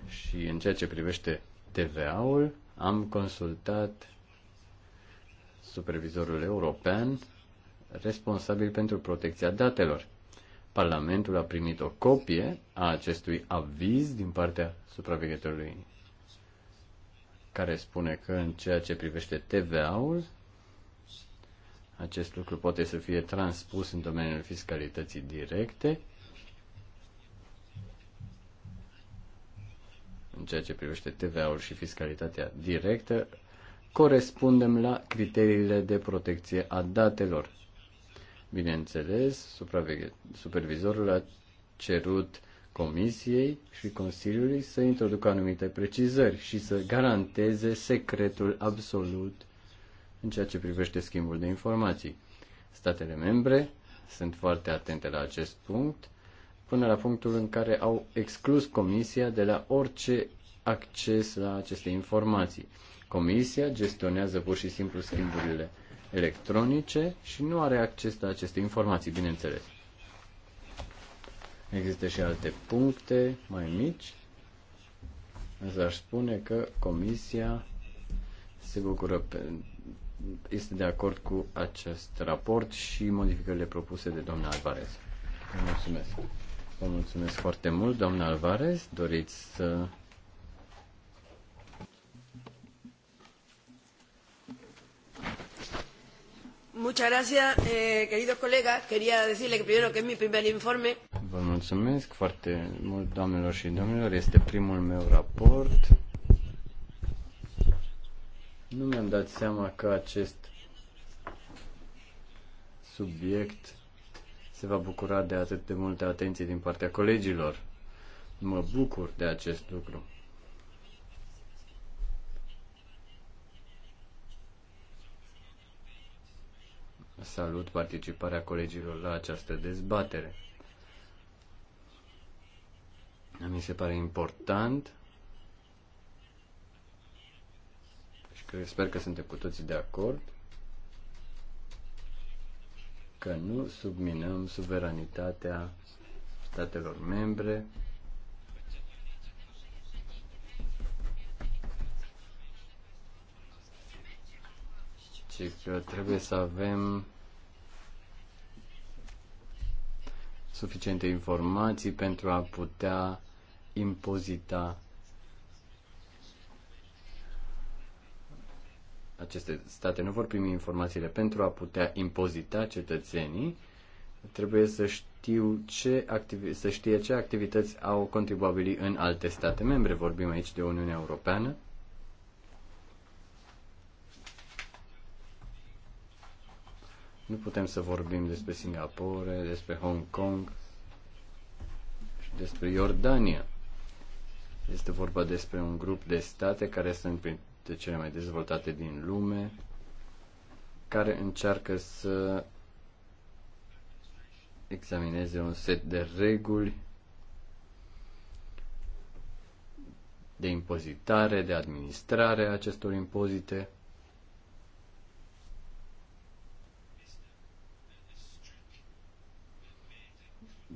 și în ceea ce privește TVA-ul, am consultat supervizorul european responsabil pentru protecția datelor. Parlamentul a primit o copie a acestui aviz din partea supraveghetorului care spune că în ceea ce privește TVA-ul, acest lucru poate să fie transpus în domeniul fiscalității directe, în ceea ce privește TVA-ul și fiscalitatea directă, corespundem la criteriile de protecție a datelor. Bineînțeles, supervizorul a cerut Comisiei și Consiliului să introducă anumite precizări și să garanteze secretul absolut în ceea ce privește schimbul de informații. Statele membre sunt foarte atente la acest punct, până la punctul în care au exclus Comisia de la orice acces la aceste informații. Comisia gestionează pur și simplu schimburile electronice și nu are acces la aceste informații, bineînțeles. Există și alte puncte mai mici, însă aș spune că Comisia se bucură pe, este de acord cu acest raport și modificările propuse de doamna Alvarez. Vă mulțumesc. Vă mulțumesc foarte mult, doamna Alvarez. Doriți să Muchas gracias, eh, queridos colegas. Quería decirle que primero que es mi primer informe. Vă mulțumesc foarte mult, doamnelor și domnilor. Este primul meu raport. Nu mi-am dat seama că acest subiect se va bucura de atât de multă atenție din partea colegilor. Mă bucur de acest lucru. Salut participarea colegilor la această dezbatere. Mi se pare important și că sper că suntem cu toții de acord că nu subminăm suveranitatea statelor membre zice că trebuie să avem suficiente informații pentru a putea impozita aceste state nu vor primi informațiile pentru a putea impozita cetățenii, trebuie să știu ce activi- să știe ce activități au contribuabilii în alte state membre. Vorbim aici de Uniunea Europeană Nu putem să vorbim despre Singapore, despre Hong Kong și despre Iordania. Este vorba despre un grup de state care sunt printre cele mai dezvoltate din lume, care încearcă să examineze un set de reguli de impozitare, de administrare a acestor impozite.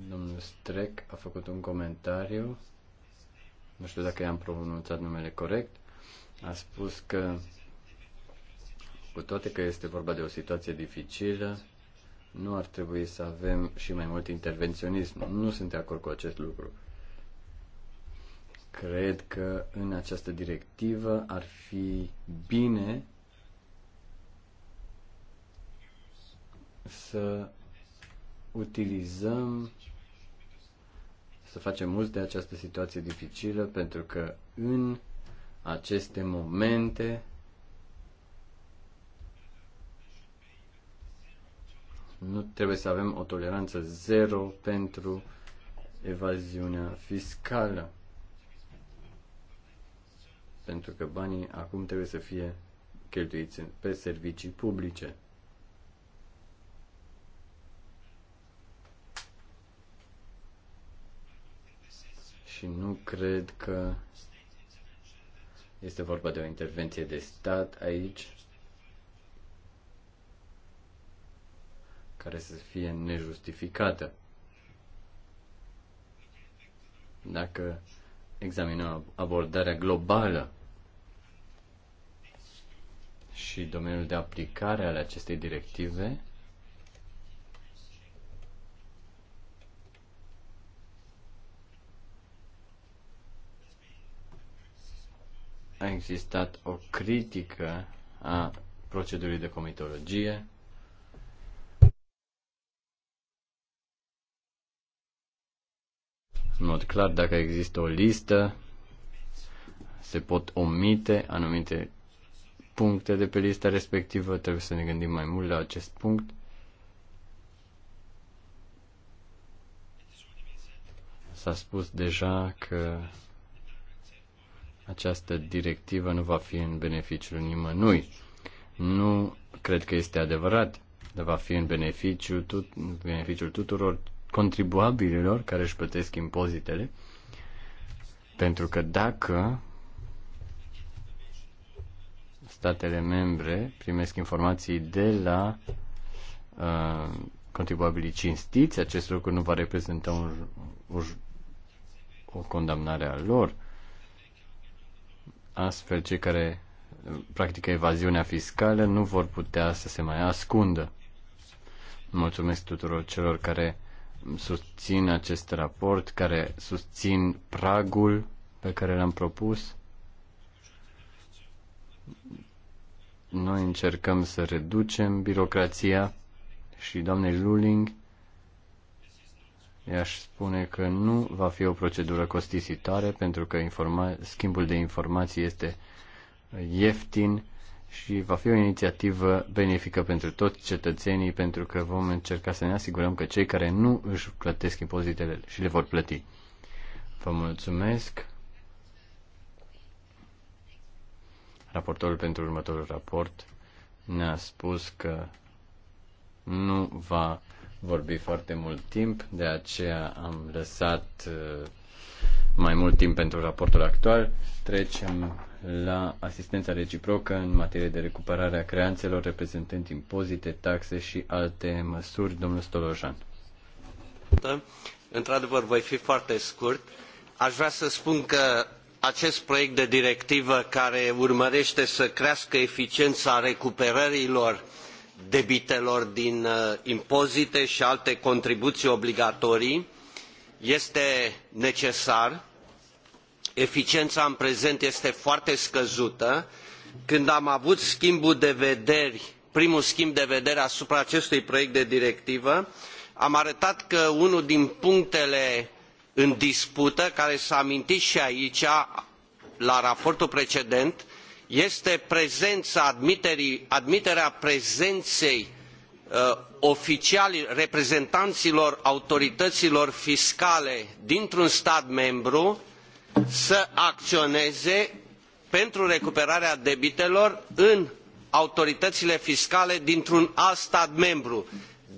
Domnul Strec a făcut un comentariu, nu știu dacă i-am pronunțat numele corect, a spus că, cu toate că este vorba de o situație dificilă, nu ar trebui să avem și mai mult intervenționism. Nu sunt de acord cu acest lucru. Cred că în această directivă ar fi bine să utilizăm să facem multe această situație dificilă, pentru că în aceste momente nu trebuie să avem o toleranță zero pentru evaziunea fiscală. Pentru că banii acum trebuie să fie cheltuiți pe servicii publice. și nu cred că este vorba de o intervenție de stat aici care să fie nejustificată. Dacă examinăm abordarea globală și domeniul de aplicare al acestei directive, a existat o critică a procedurii de comitologie. În mod clar, dacă există o listă, se pot omite anumite puncte de pe lista respectivă, trebuie să ne gândim mai mult la acest punct. S-a spus deja că această directivă nu va fi în beneficiul nimănui. Nu cred că este adevărat, dar va fi în beneficiul, tut, beneficiul tuturor contribuabililor care își plătesc impozitele, pentru că dacă statele membre primesc informații de la uh, contribuabilii cinstiți, acest lucru nu va reprezenta un, o, o condamnare a lor. Uh, Astfel, cei care practică evaziunea fiscală nu vor putea să se mai ascundă. Mulțumesc tuturor celor care susțin acest raport, care susțin pragul pe care l-am propus. Noi încercăm să reducem birocrația și doamnei Luling I-aș spune că nu va fi o procedură costisitoare pentru că informa- schimbul de informații este ieftin și va fi o inițiativă benefică pentru toți cetățenii pentru că vom încerca să ne asigurăm că cei care nu își plătesc impozitele și le vor plăti. Vă mulțumesc. Raportorul pentru următorul raport ne-a spus că nu va vorbi foarte mult timp, de aceea am lăsat uh, mai mult timp pentru raportul actual. Trecem la asistența reciprocă în materie de recuperare a creanțelor reprezentând impozite, taxe și alte măsuri. Domnul Stolojan. Într-adevăr, voi fi foarte scurt. Aș vrea să spun că acest proiect de directivă care urmărește să crească eficiența recuperărilor uh, debitelor din uh, impozite și alte contribuții obligatorii este necesar. Eficiența în prezent este foarte scăzută. Când am avut schimbul de vederi, primul schimb de vedere asupra acestui proiect de directivă, am arătat că unul din punctele în dispută, care s-a amintit i aici la raportul precedent, este prezența, admiterii, admiterea prezenței uh, oficiali reprezentanților autorităților fiscale dintr-un stat membru să acționeze pentru recuperarea debitelor în autoritățile fiscale dintr-un alt stat membru.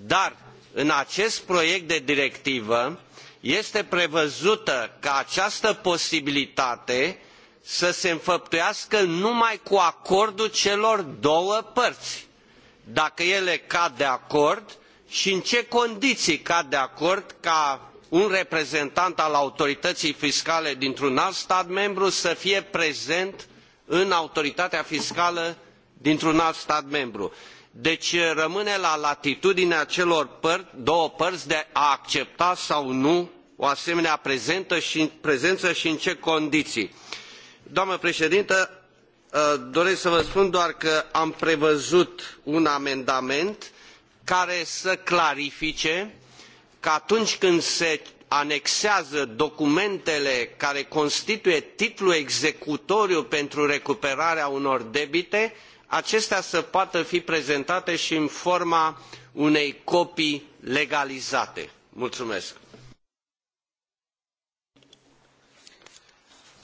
Dar în acest proiect de directivă este prevăzută ca această posibilitate să se înfăptuiască numai cu acordul celor două părți. Dacă ele cad de acord și în ce condiții cad de acord ca un reprezentant al autorității fiscale dintr-un alt stat membru să fie prezent în autoritatea fiscală dintr-un alt stat membru. Deci eh, rămâne la latitudinea celor păr două părți de a accepta sau nu o asemenea prezentă și, prezență și în ce condiții doamnă preedintă ă, doresc să vă spun doar că am prevăzut un amendament care să clarifice că atunci când se anexează documentele care constituie titlul executoriu pentru recuperarea unor debite acestea să poată fi prezentate i în forma unei copii legalizate. Mulțumesc.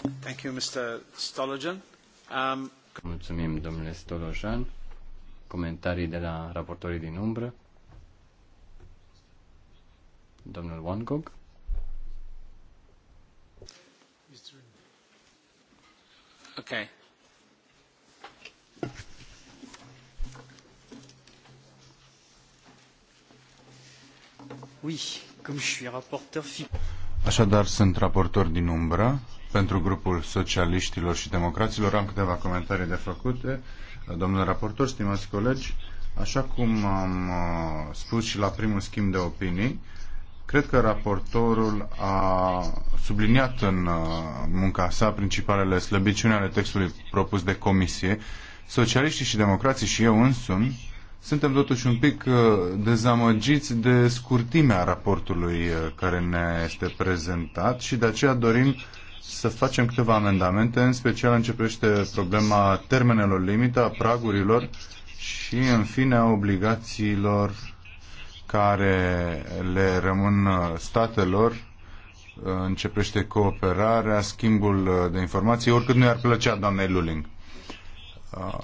Um, Mulțumim, domnule Stolojan. Comentarii de la raportorii din umbră. Domnul Wangog. Okay. Oui, comme je suis rapporteur Așadar, sunt raportor din umbră pentru grupul socialiștilor și democraților. Am câteva comentarii de făcute. Eh, domnule raportor, stimați colegi, așa cum am eh, spus și la primul schimb de opinii, cred că raportorul a subliniat în eh, munca sa principalele slăbiciuni ale textului propus de comisie. Socialiștii și democrații și eu însumi suntem totuși un pic dezamăgiți de scurtimea raportului care ne este prezentat și de aceea dorim să facem câteva amendamente, în special începește problema termenelor limită, a pragurilor și, în fine, a obligațiilor care le rămân statelor începește cooperarea, schimbul de informații, oricât nu i-ar plăcea doamnei Luling. Uh,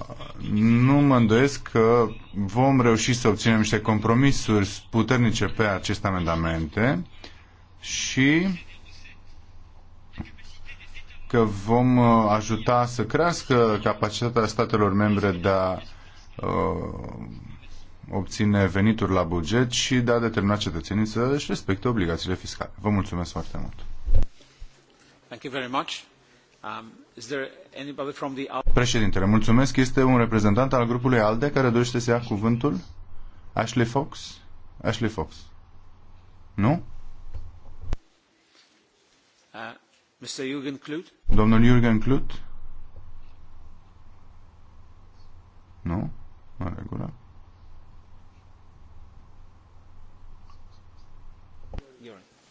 nu mă îndoiesc că vom reuși să obținem niște compromisuri puternice pe aceste amendamente și că vom uh, ajuta să crească capacitatea statelor membre de a uh, obține venituri la buget și de a determina cetățenii să își respecte obligațiile fiscale. Vă mulțumesc foarte mult. Thank you very much. Um, is there anybody from the... Președintele, mulțumesc. Este un reprezentant al grupului ALDE care dorește să ia cuvântul? Ashley Fox? Ashley Fox. Nu? Mr. Jürgen Klut? Domnul Jürgen Klut? Nu? În regulă.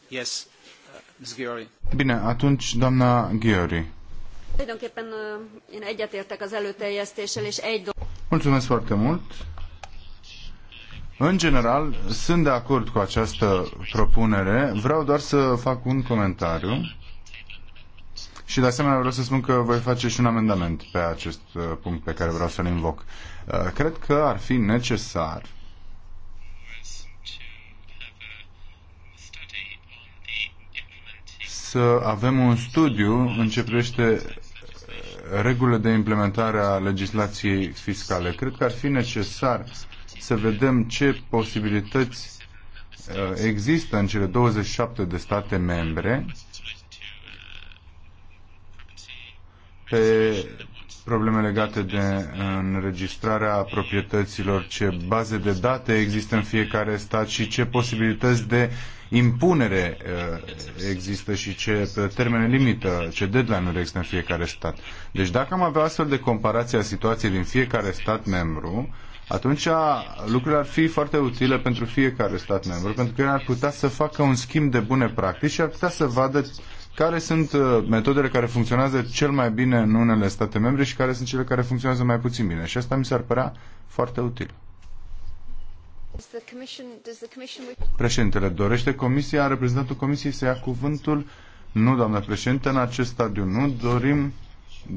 Yes, uh, Ms. Giori. Bine, atunci doamna Giori. Tulajdonképpen uh, én egyetértek az előterjesztéssel, és egy dolog. Mulțumesc foarte mult. În general, sunt de acord cu această propunere. Vreau doar să fac un comentariu și de asemenea vreau să spun că voi face și un amendament pe acest uh, punct pe care vreau să-l invoc. Uh, cred că ar fi necesar să avem un studiu în ce privește uh, regulile de implementare a legislației fiscale. Cred că ar fi necesar să vedem ce posibilități există în cele 27 de state membre pe probleme legate de înregistrarea proprietăților, ce baze de date există în fiecare stat și ce posibilități de impunere uh, există și ce termene limită, ce deadline-uri există în fiecare stat. Deci dacă am avea astfel de comparație a situației din fiecare stat membru, atunci lucrurile ar fi foarte utile pentru fiecare stat membru, pentru că el ar putea să facă un schimb de bune practici și ar putea să vadă care sunt uh, metodele care funcționează cel mai bine în unele state membre și care sunt cele care funcționează mai puțin bine. Și asta mi s-ar părea foarte util. Președintele, dorește Comisia, reprezentantul Comisiei să ia cuvântul? Nu, doamnă președinte, în acest stadiu nu. Dorim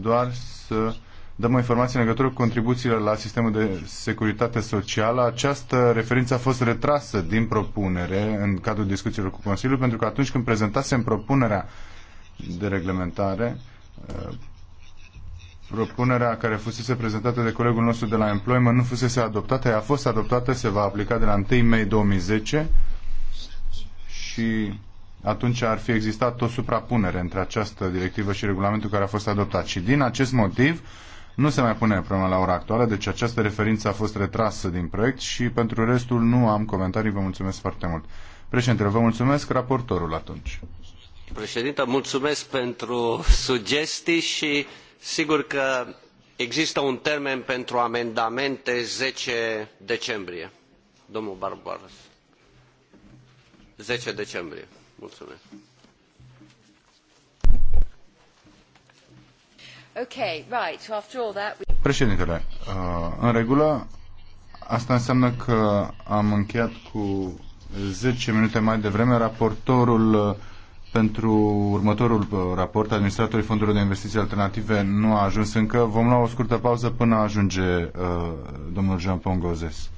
doar să dăm o informație în legătură cu contribuțiile la sistemul de securitate socială. Această referință a fost retrasă din propunere în cadrul discuțiilor cu Consiliul, pentru că atunci când prezentasem propunerea de reglementare, eh, propunerea care fusese prezentată de colegul nostru de la Employment nu fusese adoptată, ea a fost adoptată, se va aplica de la 1 mai 2010 și atunci ar fi existat o suprapunere între această directivă și regulamentul care a fost adoptat. Și din acest motiv, nu se mai pune problema la ora actuală, deci această referință a fost retrasă din proiect și pentru restul nu am comentarii. Vă mulțumesc foarte mult. Președintele, vă mulțumesc. Raportorul atunci. Președinte, mulțumesc pentru sugestii și sigur că există un termen pentru amendamente 10 decembrie. Domnul Barbaros. 10 decembrie. Mulțumesc. Okay, Președintele, uh, în regulă, asta înseamnă că am încheiat cu 10 minute mai devreme raportorul uh, pentru următorul uh, raport, administratorul fondurilor de investiții alternative nu a ajuns încă. Vom lua o scurtă pauză până ajunge domnul Jean Pongozes.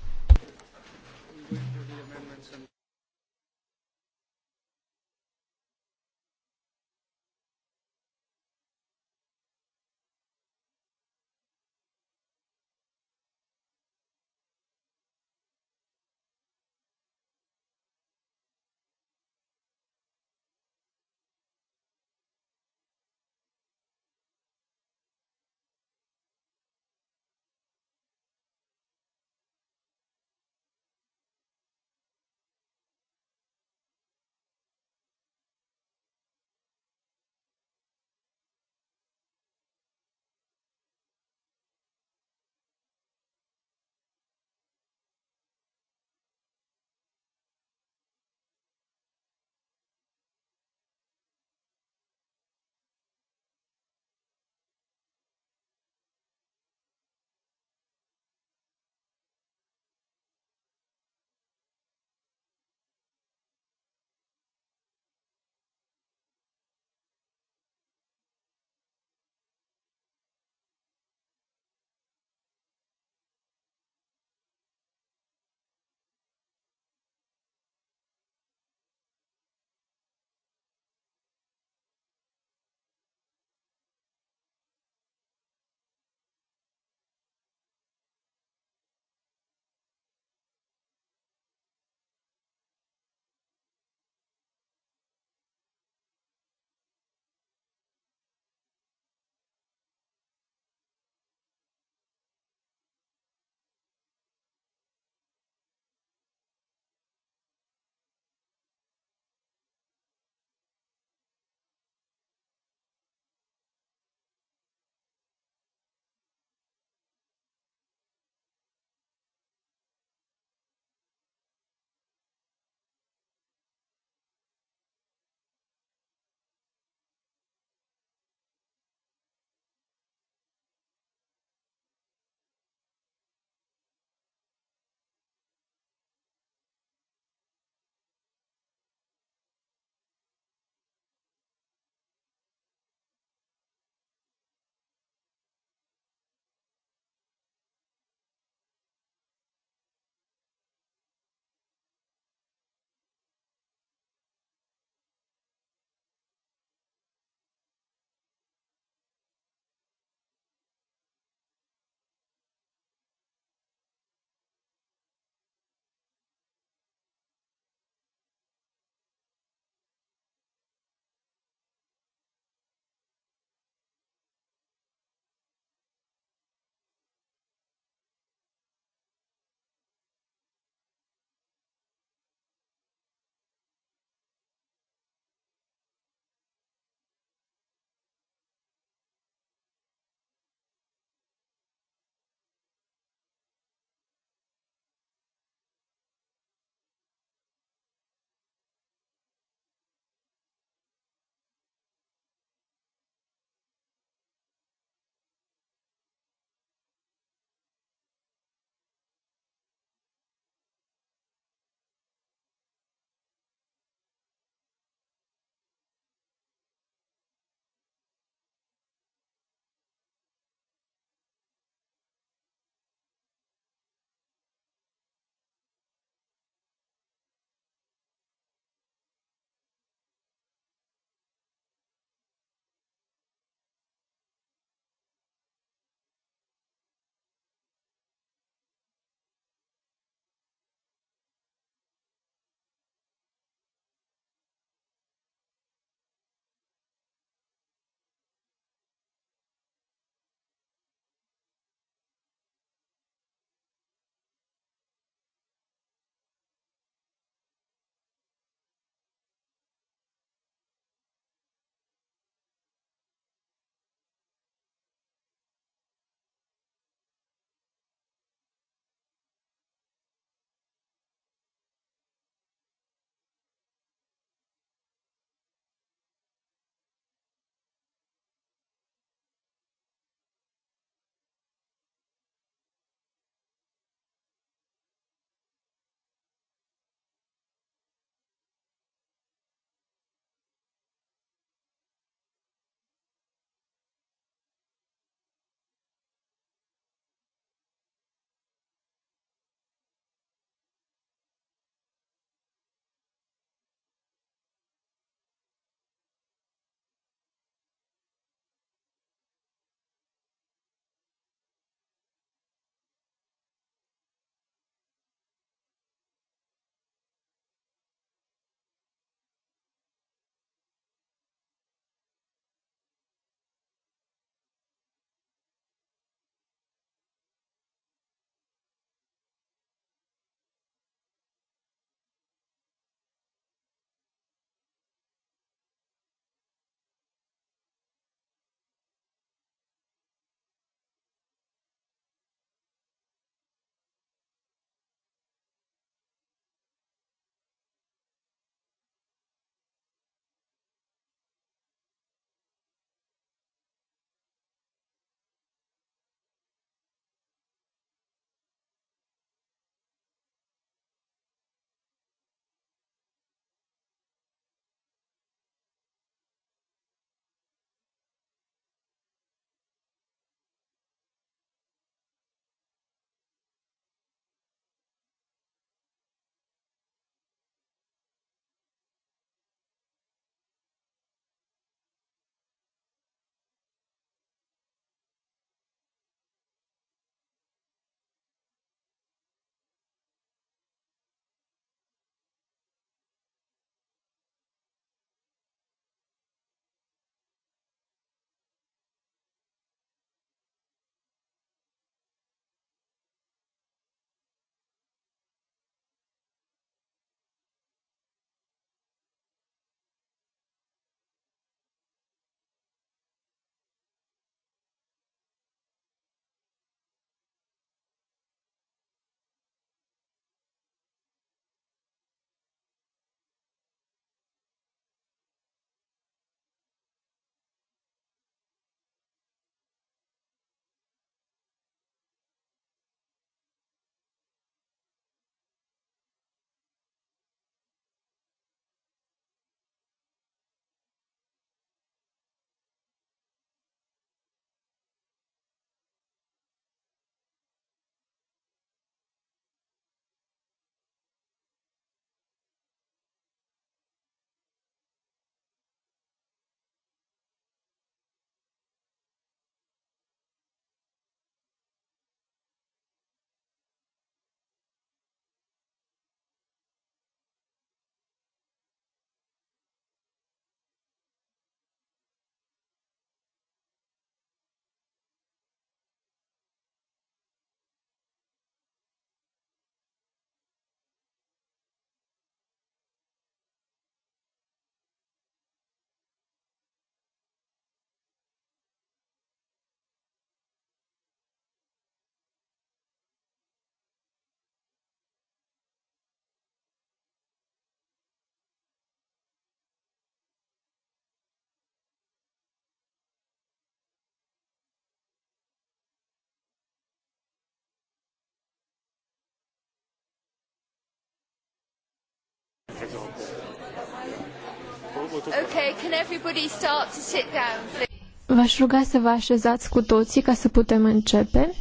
Okay, can everybody start to sit down, please? V-aș ruga să vă așezați cu toții ca să putem începe.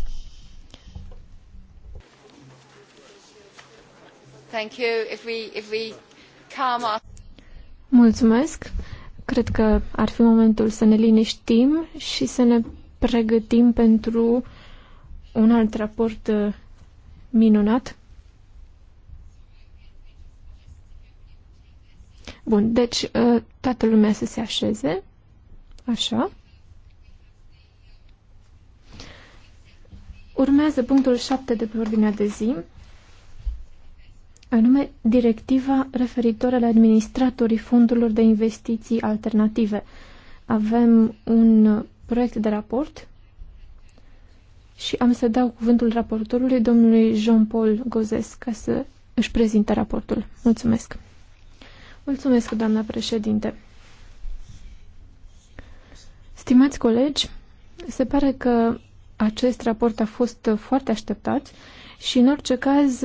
Thank you. If we, if we calm our... Mulțumesc. Cred că ar fi momentul să ne liniștim și să ne pregătim pentru un alt raport uh, minunat. Bun, deci ă, toată lumea să se așeze. Așa. Urmează punctul 7 de pe ordinea de zi, anume directiva referitoare la administratorii fondurilor de investiții alternative. Avem un proiect de raport și am să dau cuvântul raportorului, domnului Jean-Paul Gozes, ca să își prezinte raportul. Mulțumesc! Mulțumesc, doamna președinte. Stimați colegi, se pare că acest raport a fost foarte așteptat și, în orice caz,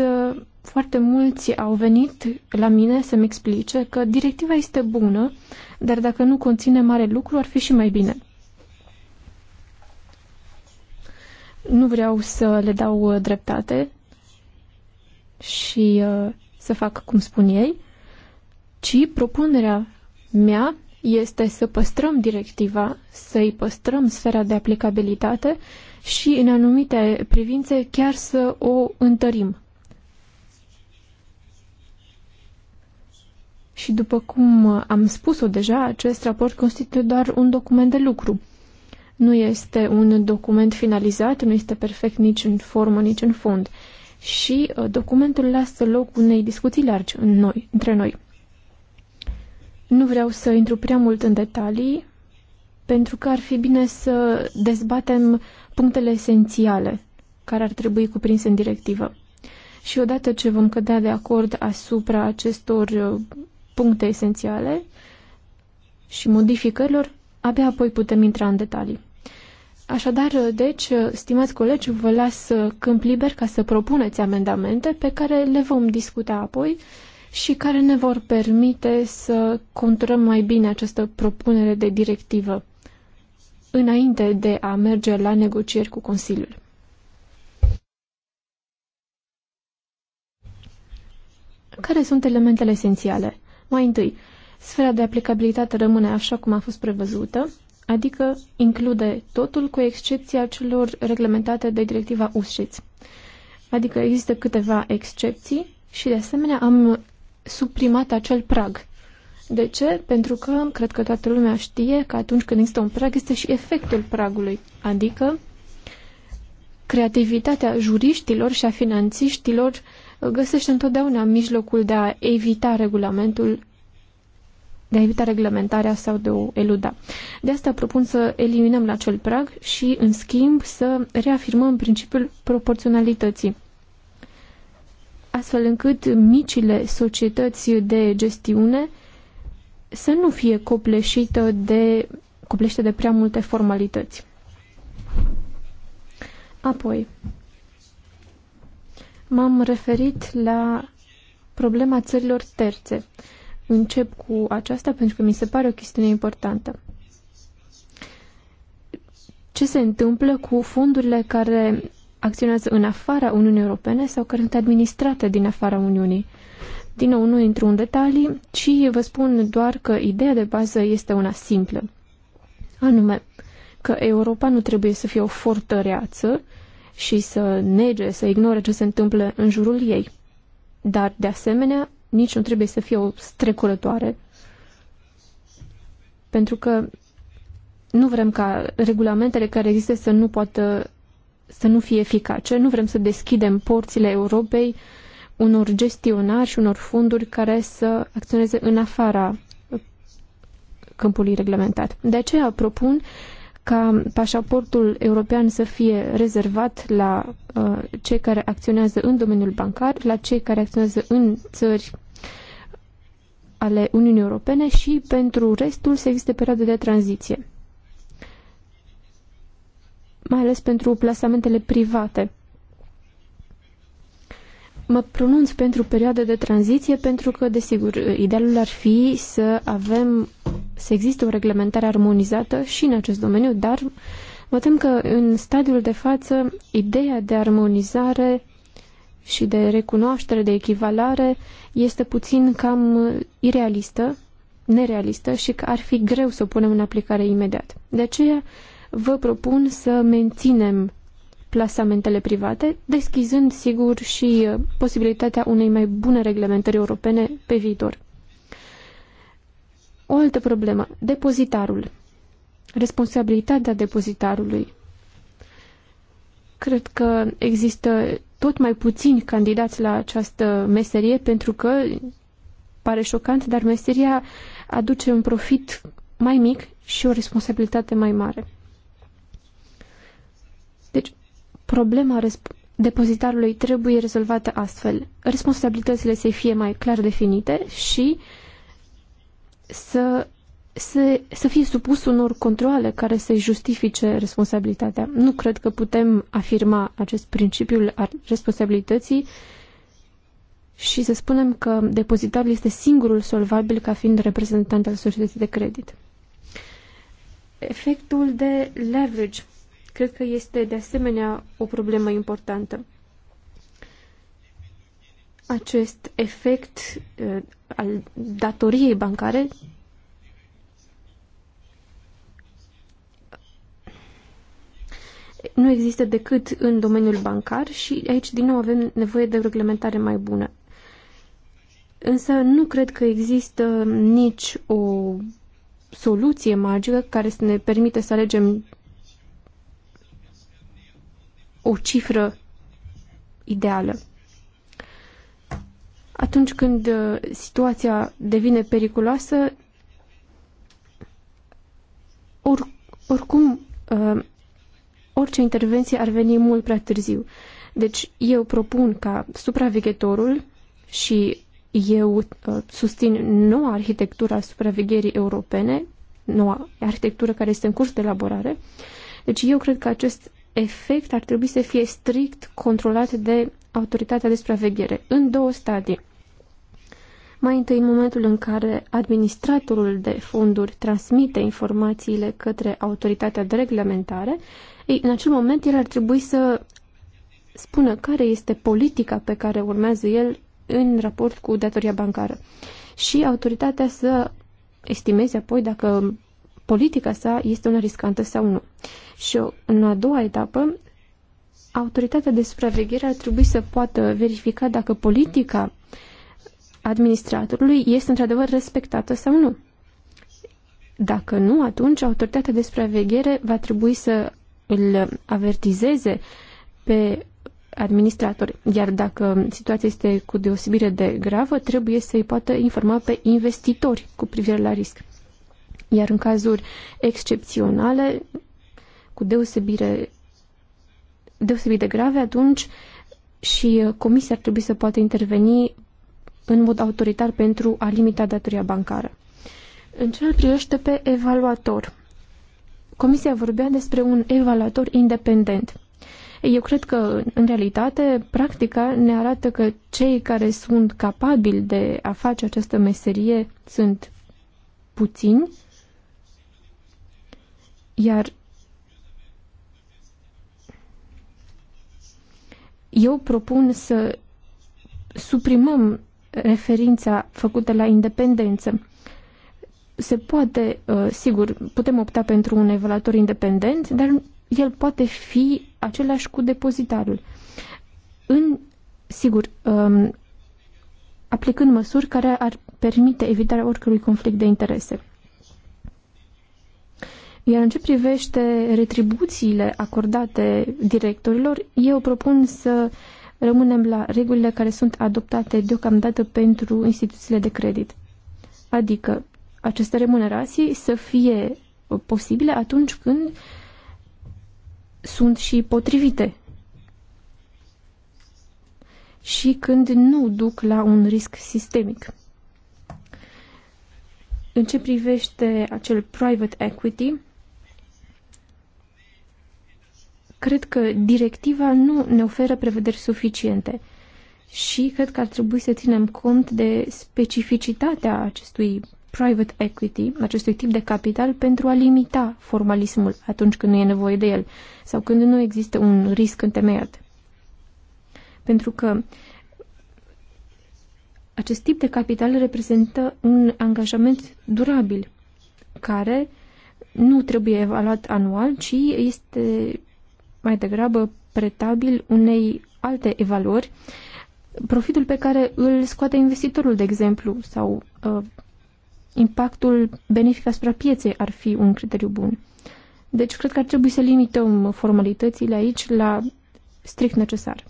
foarte mulți au venit la mine să-mi explice că directiva este bună, dar dacă nu conține mare lucru, ar fi și mai bine. Nu vreau să le dau dreptate și uh, să fac cum spun ei, ci propunerea mea este să păstrăm directiva, să-i păstrăm sfera de aplicabilitate și în anumite privințe chiar să o întărim. Și după cum am spus-o deja, acest raport constituie doar un document de lucru. Nu este un document finalizat, nu este perfect nici în formă, nici în fond. Și uh, documentul lasă loc unei discuții largi în noi, între noi. Nu vreau să intru prea mult în detalii, pentru că ar fi bine să dezbatem punctele esențiale care ar trebui cuprinse în directivă. Și odată ce vom cădea de acord asupra acestor uh, puncte esențiale și modificărilor, abia apoi putem intra în detalii. Așadar, uh, deci, uh, stimați colegi, vă las câmp liber ca să propuneți amendamente pe care le vom discuta apoi și care ne vor permite să controlăm mai bine această propunere de directivă înainte de a merge la negocieri cu Consiliul. Care sunt elementele esențiale? Mai întâi, sfera de aplicabilitate rămâne așa cum a fost prevăzută, adică include totul cu excepția celor reglementate de directiva USCIT. Adică există câteva excepții și de asemenea am suprimat acel prag. De ce? Pentru că cred că toată lumea știe că atunci când există un prag este și efectul pragului, adică creativitatea juriștilor și a finanțiștilor uh, găsește întotdeauna mijlocul de a evita regulamentul de a evita reglementarea sau de o eluda. De asta propun să eliminăm la acel prag și, în schimb, să reafirmăm principiul proporționalității astfel încât micile societăți de gestiune să nu fie copleșită de, copleșită de prea multe formalități. Apoi, m-am referit la problema țărilor terțe. Încep cu aceasta pentru că mi se pare o chestiune importantă. Ce se întâmplă cu fondurile care acționează în afara Uniunii Europene sau care sunt administrate din afara Uniunii. Din nou, nu intru în detalii, ci vă spun doar că ideea de bază este una simplă. Anume, că Europa nu trebuie să fie o fortăreață și să nege, să ignore ce se întâmplă în jurul ei. Dar, de asemenea, nici nu trebuie să fie o strecurătoare. Pentru că nu vrem ca regulamentele care există să nu poată să nu fie eficace. Nu vrem să deschidem porțile Europei unor gestionari și unor fonduri care să acționeze în afara câmpului reglementat. De aceea propun ca pașaportul european să fie rezervat la uh, cei care acționează în domeniul bancar, la cei care acționează în țări ale Uniunii Europene și pentru restul să existe perioade de tranziție mai ales pentru plasamentele private. Mă pronunț pentru perioada de tranziție pentru că, desigur, idealul ar fi să avem, să existe o reglementare armonizată și în acest domeniu, dar mă tem că în stadiul de față ideea de armonizare și de recunoaștere, de echivalare este puțin cam irealistă, nerealistă și că ar fi greu să o punem în aplicare imediat. De aceea vă propun să menținem plasamentele private, deschizând, sigur, și uh, posibilitatea unei mai bune reglementări europene pe viitor. O altă problemă, depozitarul. Responsabilitatea depozitarului. Cred că există tot mai puțini candidați la această meserie pentru că pare șocant, dar meseria aduce un profit mai mic și o responsabilitate mai mare. Deci, problema depozitarului trebuie rezolvată astfel. Responsabilitățile să fie mai clar definite și să, să, să fie supus unor controle care să-i justifice responsabilitatea. Nu cred că putem afirma acest principiu al responsabilității și să spunem că depozitarul este singurul solvabil ca fiind reprezentant al societății de credit. Efectul de leverage Cred că este de asemenea o problemă importantă. Acest efect uh, al datoriei bancare nu există decât în domeniul bancar și aici din nou avem nevoie de o reglementare mai bună. Însă nu cred că există nici o soluție magică care să ne permite să alegem o cifră ideală. Atunci când uh, situația devine periculoasă, oricum uh, orice intervenție ar veni mult prea târziu. Deci eu propun ca supraveghetorul și eu uh, susțin noua arhitectură a supravegherii europene, noua arhitectură care este în curs de elaborare. Deci eu cred că acest efect ar trebui să fie strict controlat de autoritatea de supraveghere, în două stadii. Mai întâi, în momentul în care administratorul de fonduri transmite informațiile către autoritatea de reglementare, ei, în acel moment el ar trebui să spună care este politica pe care urmează el în raport cu datoria bancară. Și autoritatea să estimeze apoi dacă politica sa este una riscantă sau nu. Și în a doua etapă, autoritatea de supraveghere ar trebui să poată verifica dacă politica administratorului este într-adevăr respectată sau nu. Dacă nu, atunci autoritatea de supraveghere va trebui să îl avertizeze pe administrator. Iar dacă situația este cu deosebire de gravă, trebuie să-i poată informa pe investitori cu privire la risc. Iar în cazuri excepționale, cu deosebire, deosebit de grave, atunci și uh, comisia ar trebui să poată interveni în mod autoritar pentru a limita datoria bancară. În ce îl privește pe evaluator, comisia vorbea despre un evaluator independent. Eu cred că, în realitate, practica ne arată că cei care sunt capabili de a face această meserie sunt puțini iar eu propun să suprimăm referința făcută la independență. Se poate, uh, sigur, putem opta pentru un evaluator independent, dar el poate fi același cu depozitarul. În, sigur, um, aplicând măsuri care ar permite evitarea oricărui conflict de interese. Iar în ce privește retribuțiile acordate directorilor, eu propun să rămânem la regulile care sunt adoptate deocamdată pentru instituțiile de credit. Adică aceste remunerații să fie posibile atunci când sunt și potrivite și când nu duc la un risc sistemic. În ce privește acel private equity, cred că directiva nu ne oferă prevederi suficiente și cred că ar trebui să ținem cont de specificitatea acestui private equity, acestui tip de capital, pentru a limita formalismul atunci când nu e nevoie de el sau când nu există un risc întemeiat. Pentru că acest tip de capital reprezintă un angajament durabil care nu trebuie evaluat anual, ci este mai degrabă pretabil unei alte evaluări, profitul pe care îl scoate investitorul, de exemplu, sau uh, impactul benefic asupra pieței ar fi un criteriu bun. Deci cred că ar trebui să limităm formalitățile aici la strict necesar.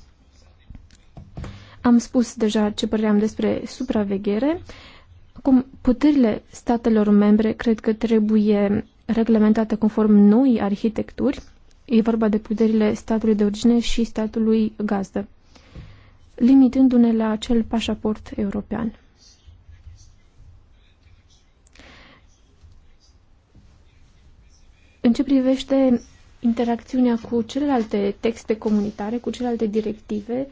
Am spus deja ce părere am despre supraveghere. Acum, puterile statelor membre cred că trebuie reglementate conform noi arhitecturi, E vorba de puterile statului de origine și statului gazdă, limitându-ne la acel pașaport european. În ce privește interacțiunea cu celelalte texte comunitare, cu celelalte directive,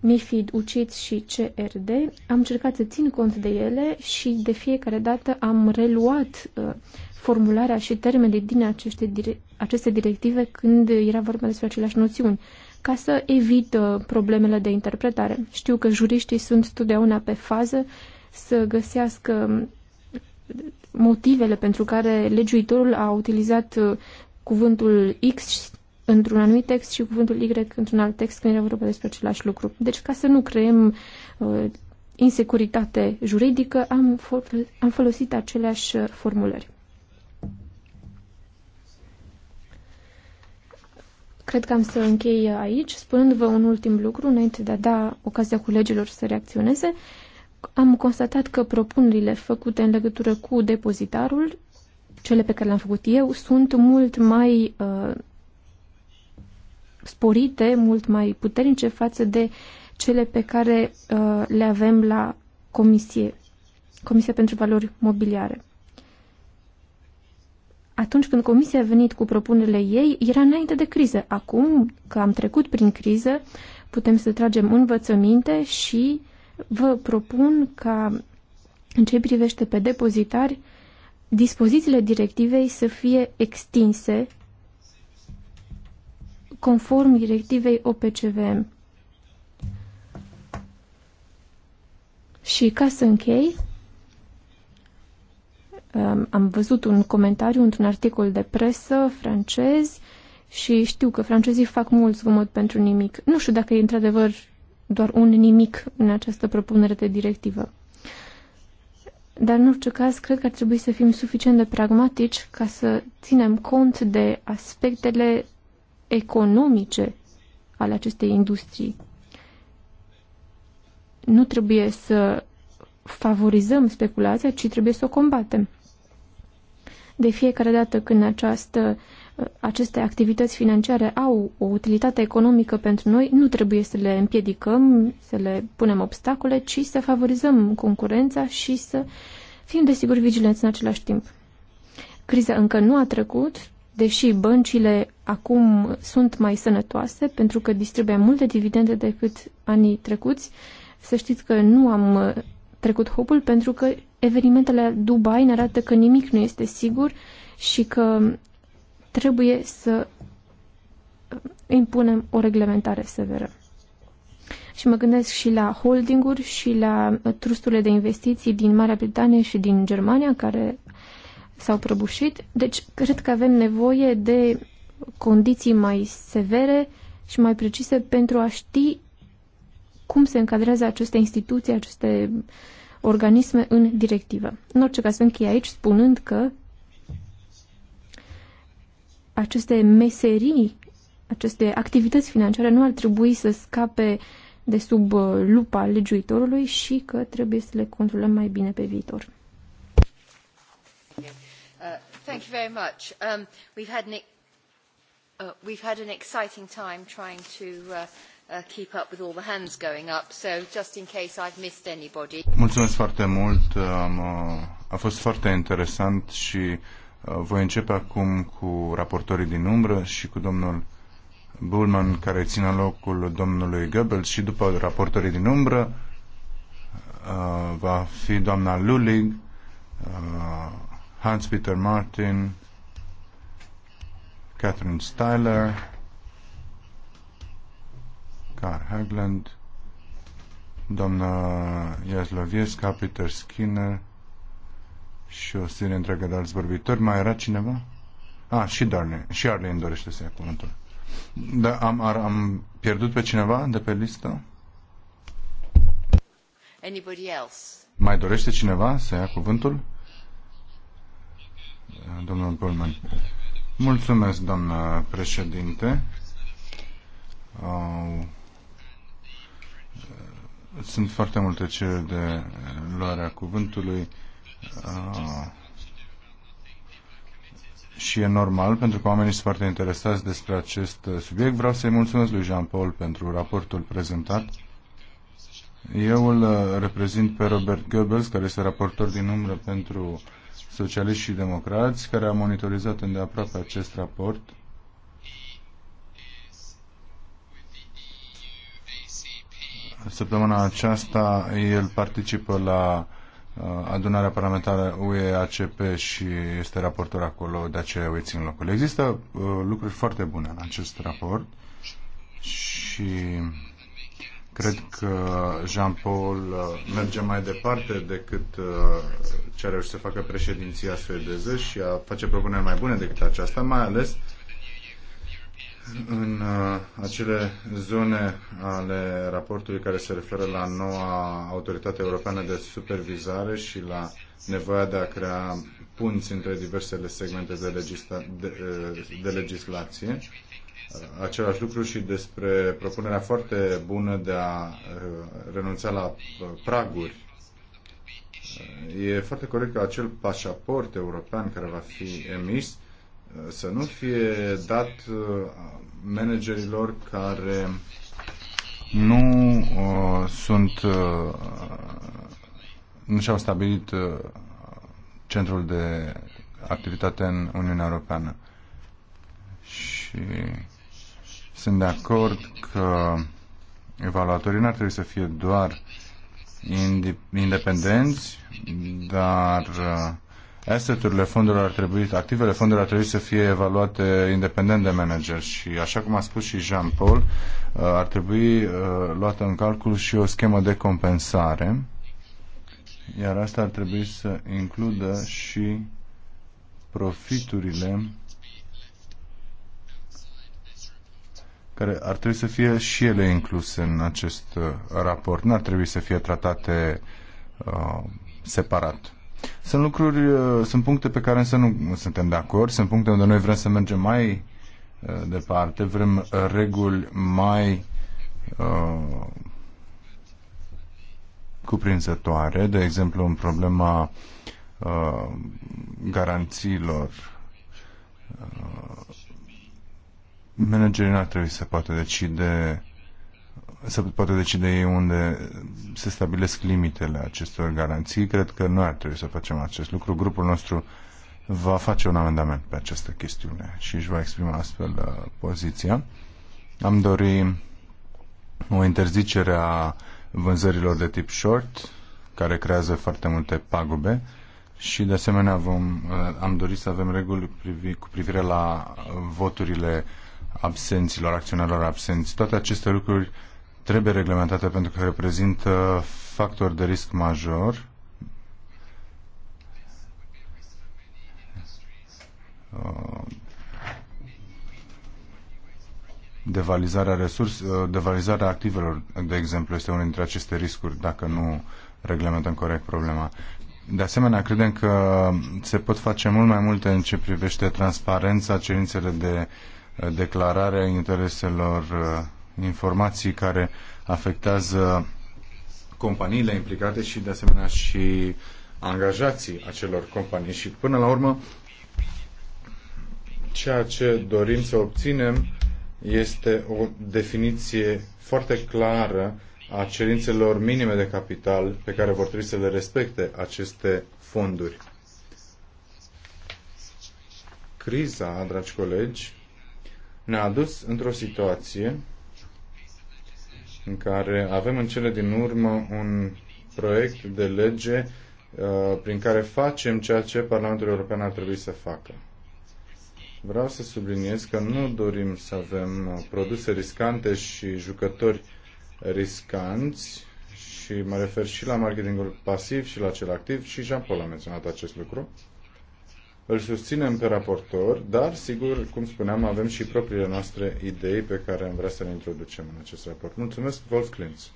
MIFID, UCIT și CRD, am încercat să țin cont de ele și de fiecare dată am reluat uh, formularea și termenii din aceste, dire aceste directive când era vorba despre aceleași noțiuni, ca să evită uh, problemele de interpretare. Știu că juriștii sunt totdeauna pe fază să găsească um, motivele pentru care legiuitorul a utilizat uh, cuvântul X într-un anumit text și cuvântul Y într-un alt text când era vorba despre același lucru. Deci, ca să nu creăm uh, insecuritate juridică, am, fol- am folosit aceleași uh, formulări. Cred că am să închei aici, spunându-vă un ultim lucru, înainte de a da ocazia colegilor să reacționeze. Am constatat că propunerile făcute în legătură cu depozitarul, cele pe care le-am făcut eu, sunt mult mai uh, sporite, mult mai puternice față de cele pe care uh, le avem la comisie, Comisia pentru Valori Mobiliare atunci când Comisia a venit cu propunerile ei, era înainte de criză. Acum că am trecut prin criză, putem să tragem învățăminte și vă propun ca, în ce privește pe depozitari, dispozițiile directivei să fie extinse conform directivei OPCVM. Și ca să închei, am văzut un comentariu într-un articol de presă francez și știu că francezii fac mult zgomot pentru nimic. Nu știu dacă e într-adevăr doar un nimic în această propunere de directivă. Dar în orice caz, cred că ar trebui să fim suficient de pragmatici ca să ținem cont de aspectele economice ale acestei industrii. Nu trebuie să favorizăm speculația, ci trebuie să o combatem. De fiecare dată când această, aceste activități financiare au o utilitate economică pentru noi, nu trebuie să le împiedicăm, să le punem obstacole, ci să favorizăm concurența și să fim desigur vigilenți în același timp. Criza încă nu a trecut, deși băncile acum sunt mai sănătoase pentru că distribuie multe dividende decât anii trecuți, să știți că nu am trecut hopul pentru că evenimentele Dubai ne arată că nimic nu este sigur și că trebuie să uh, impunem o reglementare severă. Și mă gândesc și la holdinguri și la uh, trusturile de investiții din Marea Britanie și din Germania care s-au prăbușit. Deci, cred că avem nevoie de condiții mai severe și mai precise pentru a ști cum se încadrează aceste instituții, aceste uh, organisme în directivă. În orice caz, închei aici spunând că aceste meserii, aceste activități financiare nu ar trebui să scape de sub uh, lupa legiuitorului și că trebuie să le controlăm mai bine pe viitor. Uh, thank you very much. Um, we've had an, uh, we've had an exciting time trying to uh, Uh, keep up with all the hands going up, so just in case I've missed anybody. Mulțumesc foarte mult, uh, a fost foarte interesant și uh, voi începe acum cu raportorii din umbră și cu domnul Bullman care ține locul domnului Goebbels și după raportorii din umbră va fi doamna Lulig, Hans-Peter Martin, Catherine Styler, Car Hagland, doamna Iazlovieska, Peter Skinner și o serie întreagă de alți vorbitori. Mai era cineva? Ah, și Darlene. Și Arlene dorește să ia cuvântul. Da, am, ar, am pierdut pe cineva de pe listă? Anybody else? Mai dorește cineva să ia cuvântul? Domnul Pullman. Mulțumesc, doamnă președinte. Uh, sunt foarte multe cereri de luarea cuvântului uh, și e normal pentru că oamenii sunt foarte interesați despre acest subiect. Vreau să-i mulțumesc lui Jean-Paul pentru raportul prezentat. Eu îl uh, reprezint pe Robert Goebbels, care este raportor din umbră pentru socialiști și democrați, care a monitorizat îndeaproape acest raport Săptămâna aceasta el participă la uh, adunarea parlamentară UE-ACP și este raportor acolo, de aceea îi țin locul. Există uh, lucruri foarte bune în acest raport și cred că Jean-Paul uh, merge mai departe decât uh, ce a reușit să facă președinția suedeză și a face propuneri mai bune decât aceasta, mai ales uh, în uh, acele zone ale raportului care se referă la noua autoritate europeană de supervizare și la nevoia de a crea punți între diversele segmente de, legisla- de, uh, de legislație. Uh, același lucru și despre propunerea foarte bună de a renunța la praguri. E foarte corect că acel pașaport european care va fi emis să nu fie dat uh, managerilor care nu uh, sunt uh, uh, nu și-au stabilit uh, centrul de activitate în Uniunea Europeană. Și sunt de acord că evaluatorii n-ar trebui să fie doar independenți, dar uh, Asset-urile fondurilor ar trebui, activele fondurilor ar trebui să fie evaluate independent de manager și așa cum a spus și Jean-Paul, uh, ar trebui uh, luată în calcul și o schemă de compensare iar asta ar trebui să includă și profiturile care ar trebui să fie și ele incluse în acest uh, raport. Nu ar trebui să fie tratate uh, separat. Sunt lucruri, uh, sunt puncte pe care însă nu suntem de acord, sunt puncte unde noi vrem să mergem mai uh, departe, vrem reguli mai uh, cuprinzătoare, de exemplu în problema garanțiilor managerii n-ar trebui să poată decide să poate decide ei unde se stabilesc limitele acestor garanții. Cred că noi ar trebui să facem acest lucru. Grupul nostru va face un amendament pe această chestiune și își va exprima astfel uh, poziția. Am dorit o interzicere a vânzărilor de tip short, care creează foarte multe pagube și de asemenea vom, uh, am dorit să avem reguli privi, cu privire la voturile absenților, acționarilor absenți. Toate aceste lucruri trebuie reglementată pentru că reprezintă factor de risc major. Devalizarea, resurs, devalizarea activelor, de exemplu, este unul dintre aceste riscuri, dacă nu reglementăm corect problema. De asemenea, credem că se pot face mult mai multe în ce privește transparența, cerințele de declarare a intereselor informații care afectează companiile implicate și de asemenea și angajații acelor companii. Și până la urmă, ceea ce dorim să obținem este o definiție foarte clară a cerințelor minime de capital pe care vor trebui să le respecte aceste fonduri. Criza, dragi colegi, ne-a adus într-o situație în care avem în cele din urmă un proiect de lege uh, prin care facem ceea ce Parlamentul European ar trebui să facă. Vreau să subliniez că nu dorim să avem uh, produse riscante și jucători riscanți și mă refer și la marketingul pasiv și la cel activ și Jean-Paul a menționat acest lucru. Uh, îl susținem pe raportor, dar, sigur, cum spuneam, avem și propriile noastre idei pe care am vrea să le introducem în acest raport. Mulțumesc, Wolf Klintz.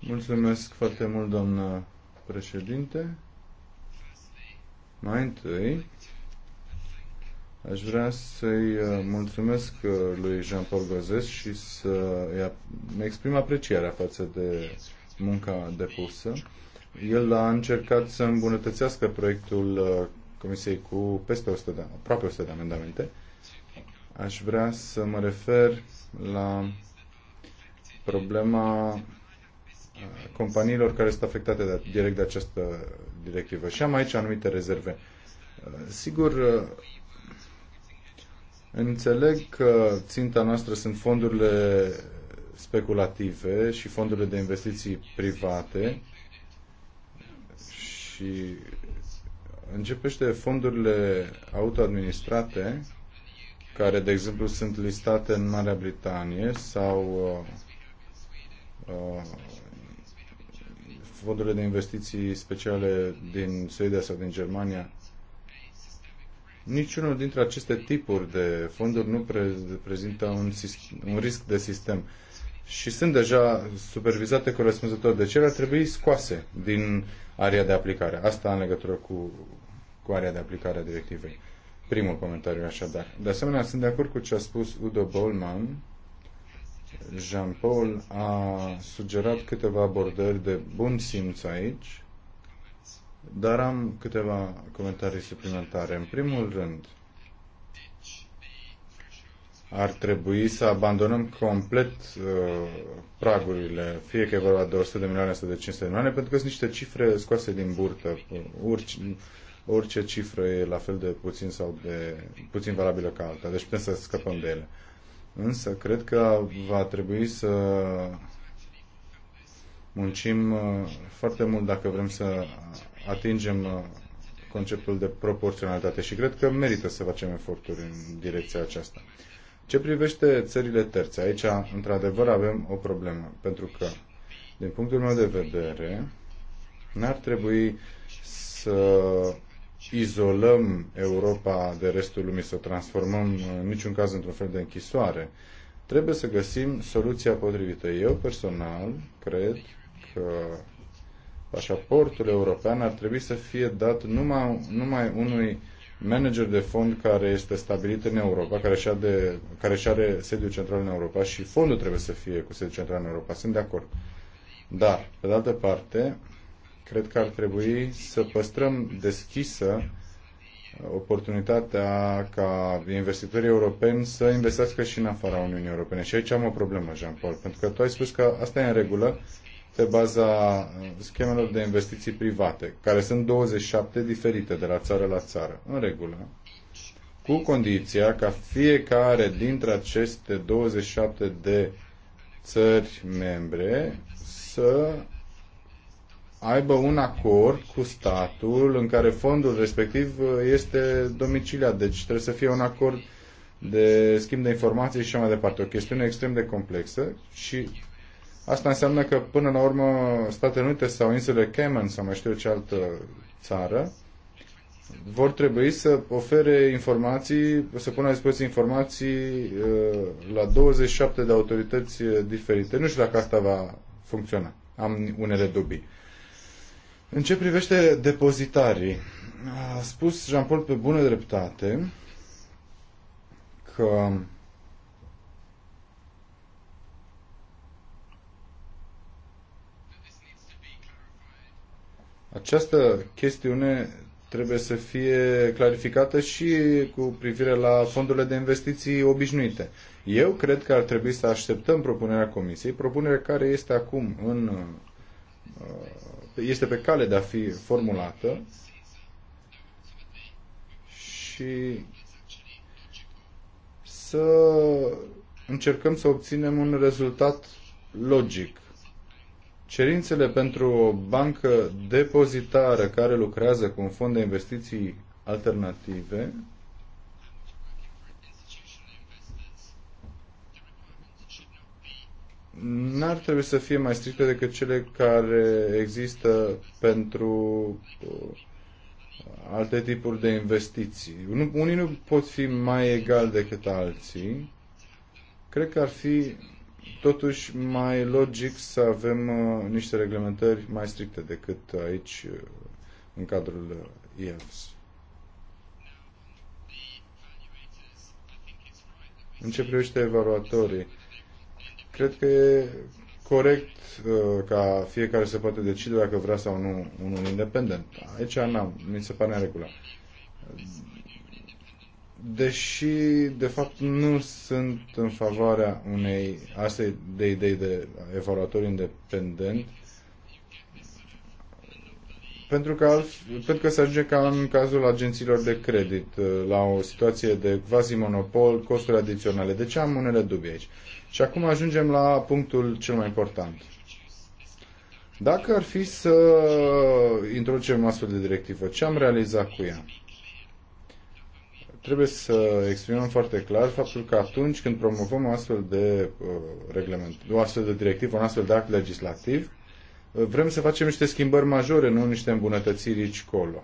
Mulțumesc foarte mult, doamnă președinte. Mai întâi, aș vrea să-i uh, mulțumesc uh, lui Jean-Paul Gozes și să îi exprim aprecierea față de munca depusă. El a încercat să îmbunătățească proiectul uh, Comisiei cu peste 100 de, aproape 100 de amendamente, aș vrea să mă refer la problema uh, companiilor care sunt afectate de, direct de această directivă. Și am aici anumite rezerve. Uh, sigur, uh, înțeleg că ținta noastră sunt fondurile speculative și fondurile de investiții private și începește fondurile autoadministrate, care, de exemplu, sunt listate în Marea Britanie sau uh, uh, fondurile de investiții speciale din Suedia sau din Germania, niciunul dintre aceste tipuri de fonduri nu prezintă un, un risc de sistem și sunt deja supervizate corespunzător de deci ce ar trebui scoase din area de aplicare. Asta în legătură cu cu area de aplicare a directivei. Primul comentariu așadar. De asemenea, sunt de acord cu ce a spus Udo Bolman. Jean-Paul a sugerat câteva abordări de bun simț aici, dar am câteva comentarii suplimentare. În primul rând, ar trebui să abandonăm complet uh, pragurile, fie că e vorba de 100 de milioane sau de 500 de milioane, pentru că sunt niște cifre scoase din burtă. Urci, orice cifră e la fel de puțin sau de puțin valabilă ca alta. Deci putem să scăpăm de ele. Însă cred că va trebui să muncim uh, foarte mult dacă vrem să atingem uh, conceptul de proporționalitate și cred că merită să facem eforturi în direcția aceasta. Ce privește țările terțe, aici într-adevăr avem o problemă, pentru că din punctul meu de vedere n-ar trebui să izolăm Europa de restul lumii, să o transformăm în niciun caz într-un fel de închisoare. Trebuie să găsim soluția potrivită. Eu personal cred că pașaportul european ar trebui să fie dat numai, numai unui manager de fond care este stabilit în Europa, care și, de, care și are sediu central în Europa și fondul trebuie să fie cu sediu central în Europa. Sunt de acord. Dar, pe de altă parte, Cred că ar trebui să păstrăm deschisă oportunitatea ca investitorii europeni să investească și în afara Uniunii Europene. Și aici am o problemă, Jean-Paul, pentru că tu ai spus că asta e în regulă pe baza uh, schemelor de investiții private, care sunt 27 diferite de la țară la țară, în regulă, cu condiția ca fiecare dintre aceste 27 de țări membre să aibă un acord cu statul în care fondul respectiv uh, este domiciliat. Deci trebuie să fie un acord de schimb de informații și așa mai departe. O chestiune extrem de complexă și asta înseamnă că până la urmă Statele Unite sau insulele Cayman sau mai știu ce altă țară vor trebui să ofere informații, să pună la dispoziție informații uh, la 27 de autorități diferite. Nu știu dacă asta va funcționa. Am unele dubii. În ce privește depozitarii, a spus Jean-Paul pe bună dreptate că această chestiune trebuie să fie clarificată și cu privire la fondurile de investiții obișnuite. Eu cred că ar trebui să așteptăm propunerea Comisiei, propunerea care este acum în uh, este pe cale de a fi formulată și să încercăm să obținem un rezultat logic. Cerințele pentru o bancă depozitară care lucrează cu un fond de investiții alternative n-ar trebui să fie mai stricte decât cele care există pentru uh, alte tipuri de investiții. Unii nu pot fi mai egali decât alții. Cred că ar fi totuși mai logic să avem uh, niște reglementări mai stricte decât aici uh, în cadrul IELTS. În ce privește evaluatorii, Cred că e corect uh, ca fiecare să poate decide dacă vrea sau nu unul independent. Aici n-am, mi se pare neregulă. Deși, de fapt, nu sunt în favoarea unei astfel de idei de evaluator independent, pentru că, pentru că se ajunge ca în cazul agențiilor de credit, uh, la o situație de quasi-monopol, costuri adiționale. De ce am unele dubii aici? Și acum ajungem la punctul cel mai important. Dacă ar fi să introducem astfel de directivă, ce am realizat cu ea? Trebuie să exprimăm foarte clar faptul că atunci când promovăm o astfel de uh, reglement, o astfel de directivă, un astfel de act legislativ, uh, vrem să facem niște schimbări majore, nu niște îmbunătățiri aici colo.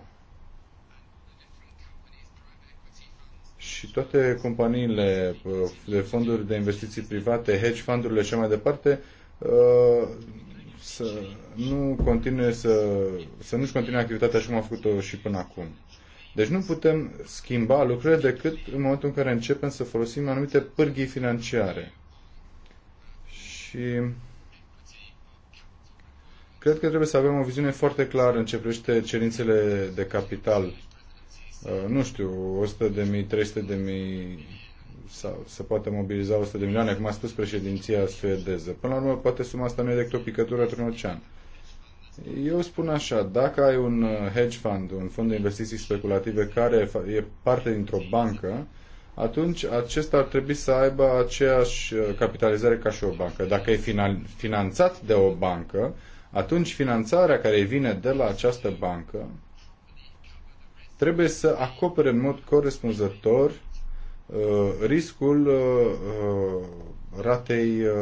și toate companiile uh, de fonduri de investiții private, hedge fundurile și mai departe, uh, să nu continue să, să nu-și continue activitatea așa cum a făcut-o și până acum. Deci nu putem schimba lucrurile decât în momentul în care începem să folosim anumite pârghii financiare. Și cred că trebuie să avem o viziune foarte clară în ce privește cerințele de capital Uh, nu știu, 100 de mii, 300 de mii, sau se poate mobiliza 100 de milioane, cum a spus președinția suedeză. Până la urmă, poate suma asta nu e decât o picătură într-un ocean. Eu spun așa, dacă ai un uh, hedge fund, un fond de investiții speculative care e parte dintr-o bancă, atunci acesta ar trebui să aibă aceeași uh, capitalizare ca și o bancă. Dacă e finanțat de o bancă, atunci finanțarea care vine de la această bancă trebuie să acopere în mod corespunzător uh, riscul uh, uh ratei uh,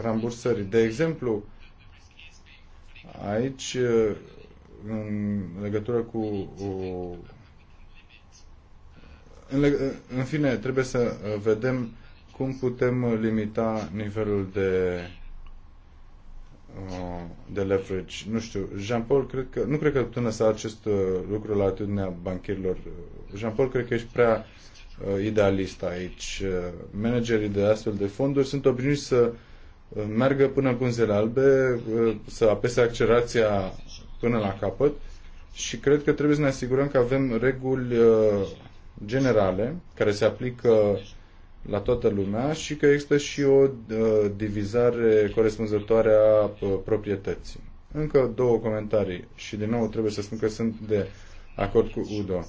rambursării. De exemplu, aici, uh, în legătură cu în fine, trebuie să uh, vedem cum putem limita nivelul de Uh, de leverage. Nu știu, Jean-Paul, cred că, nu cred că tu să acest uh, lucru la atitudinea bancherilor. Uh, Jean-Paul, cred că ești prea idealist aici. Managerii de astfel de fonduri sunt obișnuiți să meargă până în pânzele albe, să apese accelerația până la capăt și cred că trebuie să ne asigurăm că avem reguli generale care se aplică la toată lumea și că există și o uh, divizare corespunzătoare a uh, proprietății. Încă două comentarii și din nou trebuie să spun că sunt de acord cu Udo.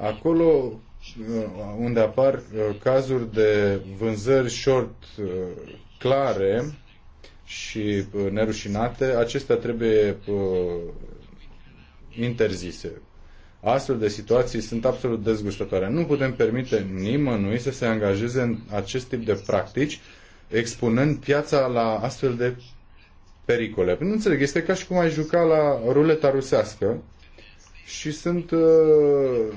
Acolo uh, unde apar cazuri de vânzări short clare și nerușinate, acestea trebuie interzise. Astfel de situații sunt absolut dezgustătoare. Nu putem permite nimănui să se angajeze în acest tip de practici, expunând piața la astfel de pericole. Nu înțeleg, este ca și cum ai juca la ruleta rusească și sunt uh,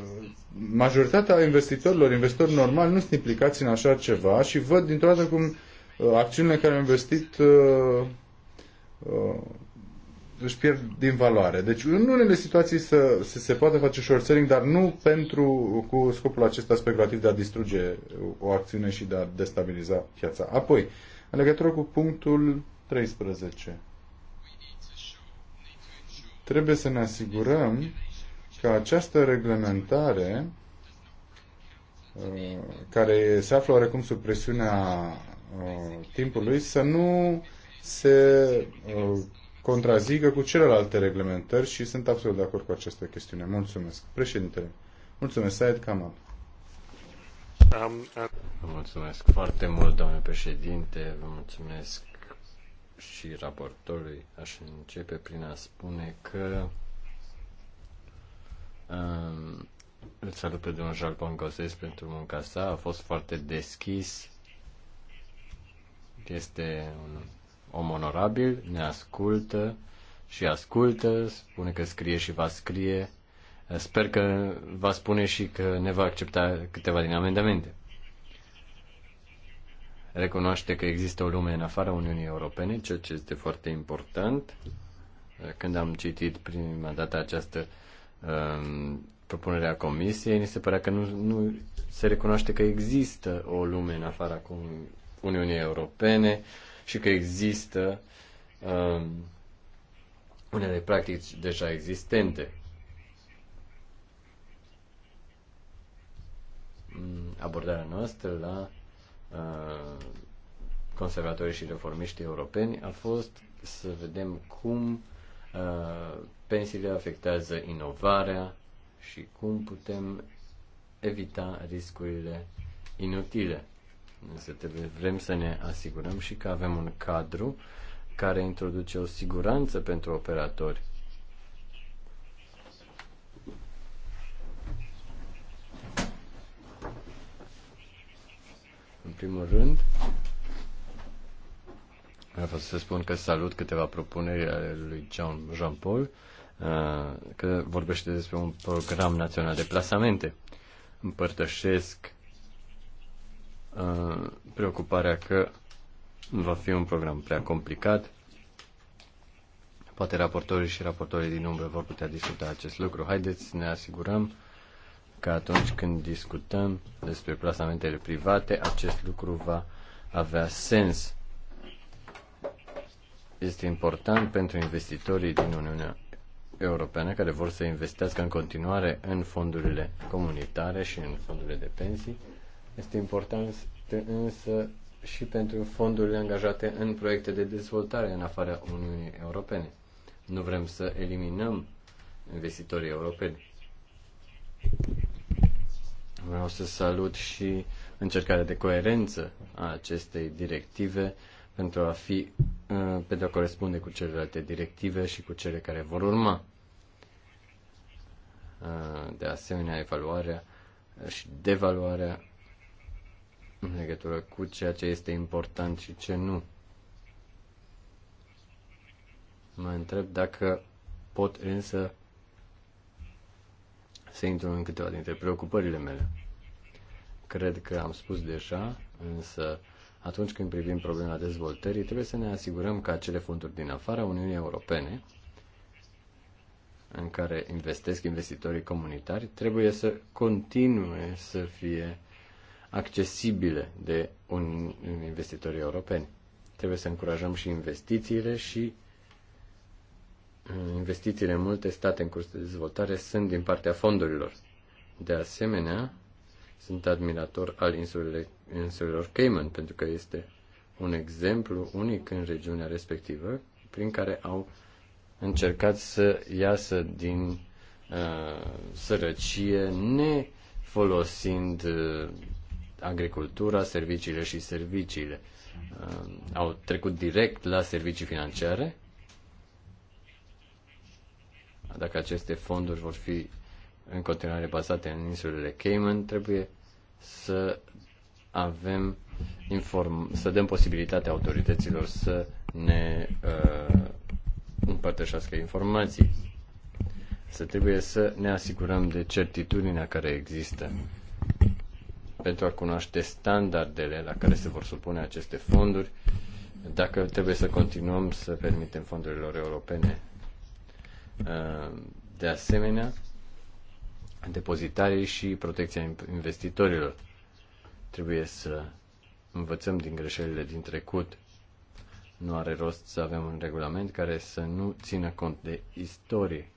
majoritatea investitorilor, investitori normali, nu sunt implicați în așa ceva și văd dintr-o dată cum uh, acțiunile care au investit uh, își pierd din valoare. Deci în unele situații să, să se poate face short selling, dar nu pentru cu scopul acesta speculativ de a distruge o acțiune și de a destabiliza piața. Apoi, în legătură cu punctul 13. Trebuie să ne asigurăm că această reglementare uh, care se află oarecum sub presiunea uh, timpului să nu se uh, contrazică cu celelalte reglementări și sunt absolut de acord cu această chestiune. Mulțumesc. Președintele, mulțumesc, Saed Kamal. Mulțumesc foarte mult, domnule președinte, vă mulțumesc și raportorului. Aș începe prin a spune că um, îl salut pe domnul Jalpon Gozes pentru munca sa, a fost foarte deschis, este un om onorabil, ne ascultă și ascultă, spune că scrie și va scrie. Sper că va spune și că ne va accepta câteva din amendamente. Recunoaște că există o lume în afara Uniunii Europene, ceea ce este foarte important. Când am citit prima dată această um, propunere a Comisiei, mi se părea că nu, nu se recunoaște că există o lume în afara Uniunii Europene, uh, și că există um, unele practici deja existente. Abordarea noastră la uh, conservatorii și reformiștii europeni a fost să vedem cum uh, pensiile afectează inovarea și cum putem evita riscurile inutile. Însă trebuie, vrem să ne asigurăm și că avem un cadru care introduce o siguranță pentru operatori. În primul rând, vreau să spun că salut câteva propuneri ale lui Jean-Paul, uh, că vorbește despre un program național de plasamente. Împărtășesc Uh, preocuparea că va fi un program prea complicat. Poate raportorii și raportorii din umbră vor putea discuta acest lucru. Haideți să ne asigurăm că atunci când discutăm despre plasamentele private, acest lucru va avea sens. Este important pentru investitorii din Uniunea Europeană care vor să investească în continuare în fondurile comunitare și în fondurile de pensii este important însă și pentru fondurile angajate în proiecte de dezvoltare în afara Uniunii Europene. Nu vrem să eliminăm investitorii europeni. Vreau să salut și încercarea de coerență a acestei directive pentru a fi uh, pentru a corespunde cu celelalte directive și cu cele care vor urma. Uh, de asemenea, evaluarea și devaluarea în legătură cu ceea ce este important și ce nu. Mă întreb dacă pot însă să intru în câteva dintre preocupările mele. Cred că am spus deja, însă atunci când privim problema dezvoltării, trebuie să ne asigurăm că acele fonduri din afara Uniunii Europene, în care investesc investitorii comunitari, trebuie să continue să fie accesibile de un investitori europeni. Trebuie să încurajăm și investițiile și uh, investițiile în multe state în curs de dezvoltare sunt din partea fondurilor. De asemenea, sunt admirator al insulelor Cayman, pentru că este un exemplu unic în regiunea respectivă, prin care au încercat să iasă din uh, sărăcie, ne folosind uh, agricultura, serviciile și serviciile. Uh, au trecut direct la servicii financiare. Dacă aceste fonduri vor fi în continuare bazate în insulele Cayman, trebuie să avem inform- să dăm posibilitatea autorităților să ne uh, împărtășească informații. Să trebuie să ne asigurăm de certitudinea care există pentru a cunoaște standardele la care se vor supune aceste fonduri, dacă trebuie să continuăm să permitem fondurilor europene. Uh, de asemenea, depozitarii și protecția investitorilor. Trebuie să învățăm din greșelile din trecut. Nu are rost să avem un regulament care să nu țină cont de istorie.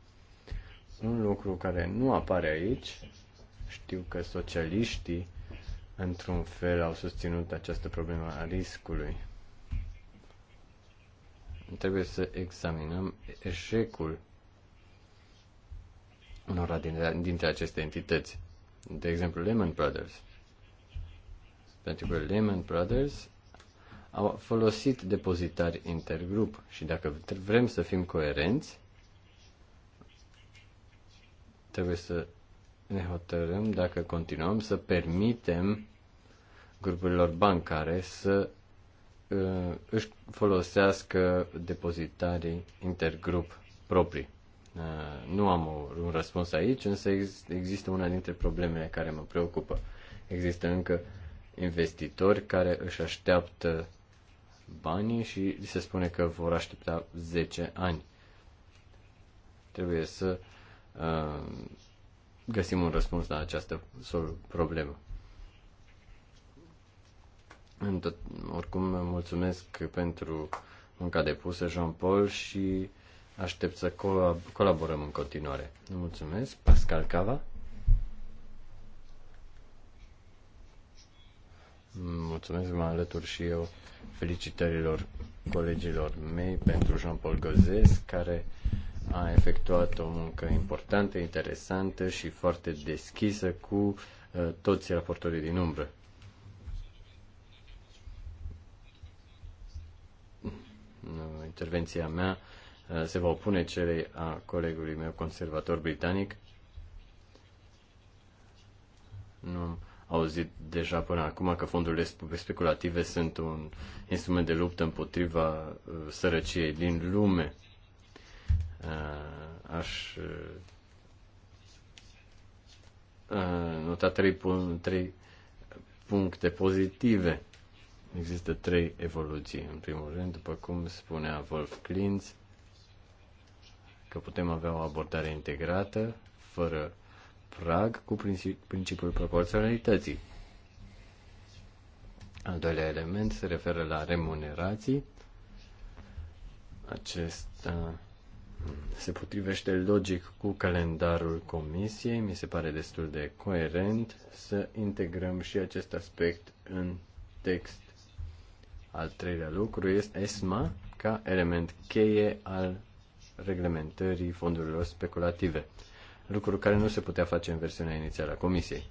Un lucru care nu apare aici, știu că socialiștii într-un fel, au susținut această problemă a riscului. Trebuie să examinăm eșecul unora dintre, dintre aceste entități. De exemplu, Lehman Brothers. Pentru că Lehman Brothers au folosit depozitari intergrup și dacă vrem să fim coerenți, trebuie să ne hotărâm dacă continuăm să permitem grupurilor bancare să uh, își folosească depozitarii intergrup proprii. Uh, nu am un răspuns aici, însă ex- există una dintre problemele care mă preocupă. Există încă investitori care își așteaptă banii și se spune că vor aștepta 10 ani. Trebuie să uh, găsim un răspuns la această problemă. În tot, oricum, mulțumesc pentru munca depusă, Jean-Paul, și aștept să co- colaborăm în continuare. Mulțumesc, Pascal Cava. Mulțumesc, mă alătur și eu felicitărilor colegilor mei pentru Jean-Paul Gozes, care uh, a efectuat o muncă importantă, interesantă și foarte deschisă cu uh, toți raportorii din umbră. Intervenția mea uh, se va opune celei a colegului meu conservator britanic. Nu am auzit deja până acum că fondurile speculative sunt un instrument de luptă împotriva uh, sărăciei din lume. Uh, aș uh, uh, nota trei, puncte pozitive. Există trei evoluții. În primul rând, după cum spunea Wolf Klintz, că putem avea o abordare integrată, fără prag, cu principiul proporționalității. Al doilea element se referă la remunerații. Acesta se potrivește logic cu calendarul comisiei. Mi se pare destul de coerent să integrăm și acest aspect în text. Al treilea lucru este ESMA ca element cheie al reglementării fondurilor speculative, lucru care nu se putea face în versiunea inițială a comisiei.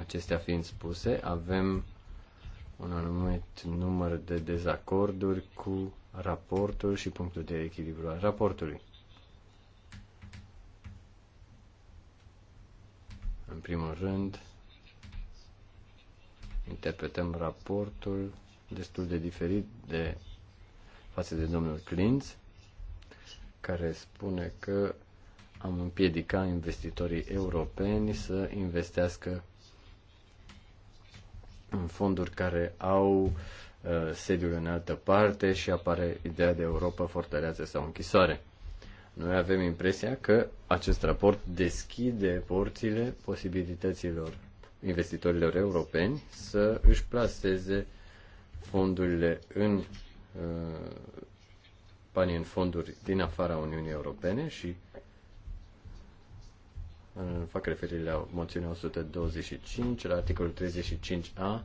Acestea fiind spuse, avem un anumit număr de dezacorduri cu raportul și punctul de echilibru al raportului. În primul rând, interpretăm raportul destul de diferit de față de domnul Clintz, care spune că am împiedica investitorii europeni să investească în fonduri care au Uh, sediul în altă parte și apare ideea de Europa, fortăreață sau închisoare. Noi avem impresia că acest raport deschide porțile posibilităților investitorilor europeni să își plaseze fondurile în uh, banii în fonduri din afara Uniunii Europene și uh, fac referire la moțiunea 125, la articolul 35a,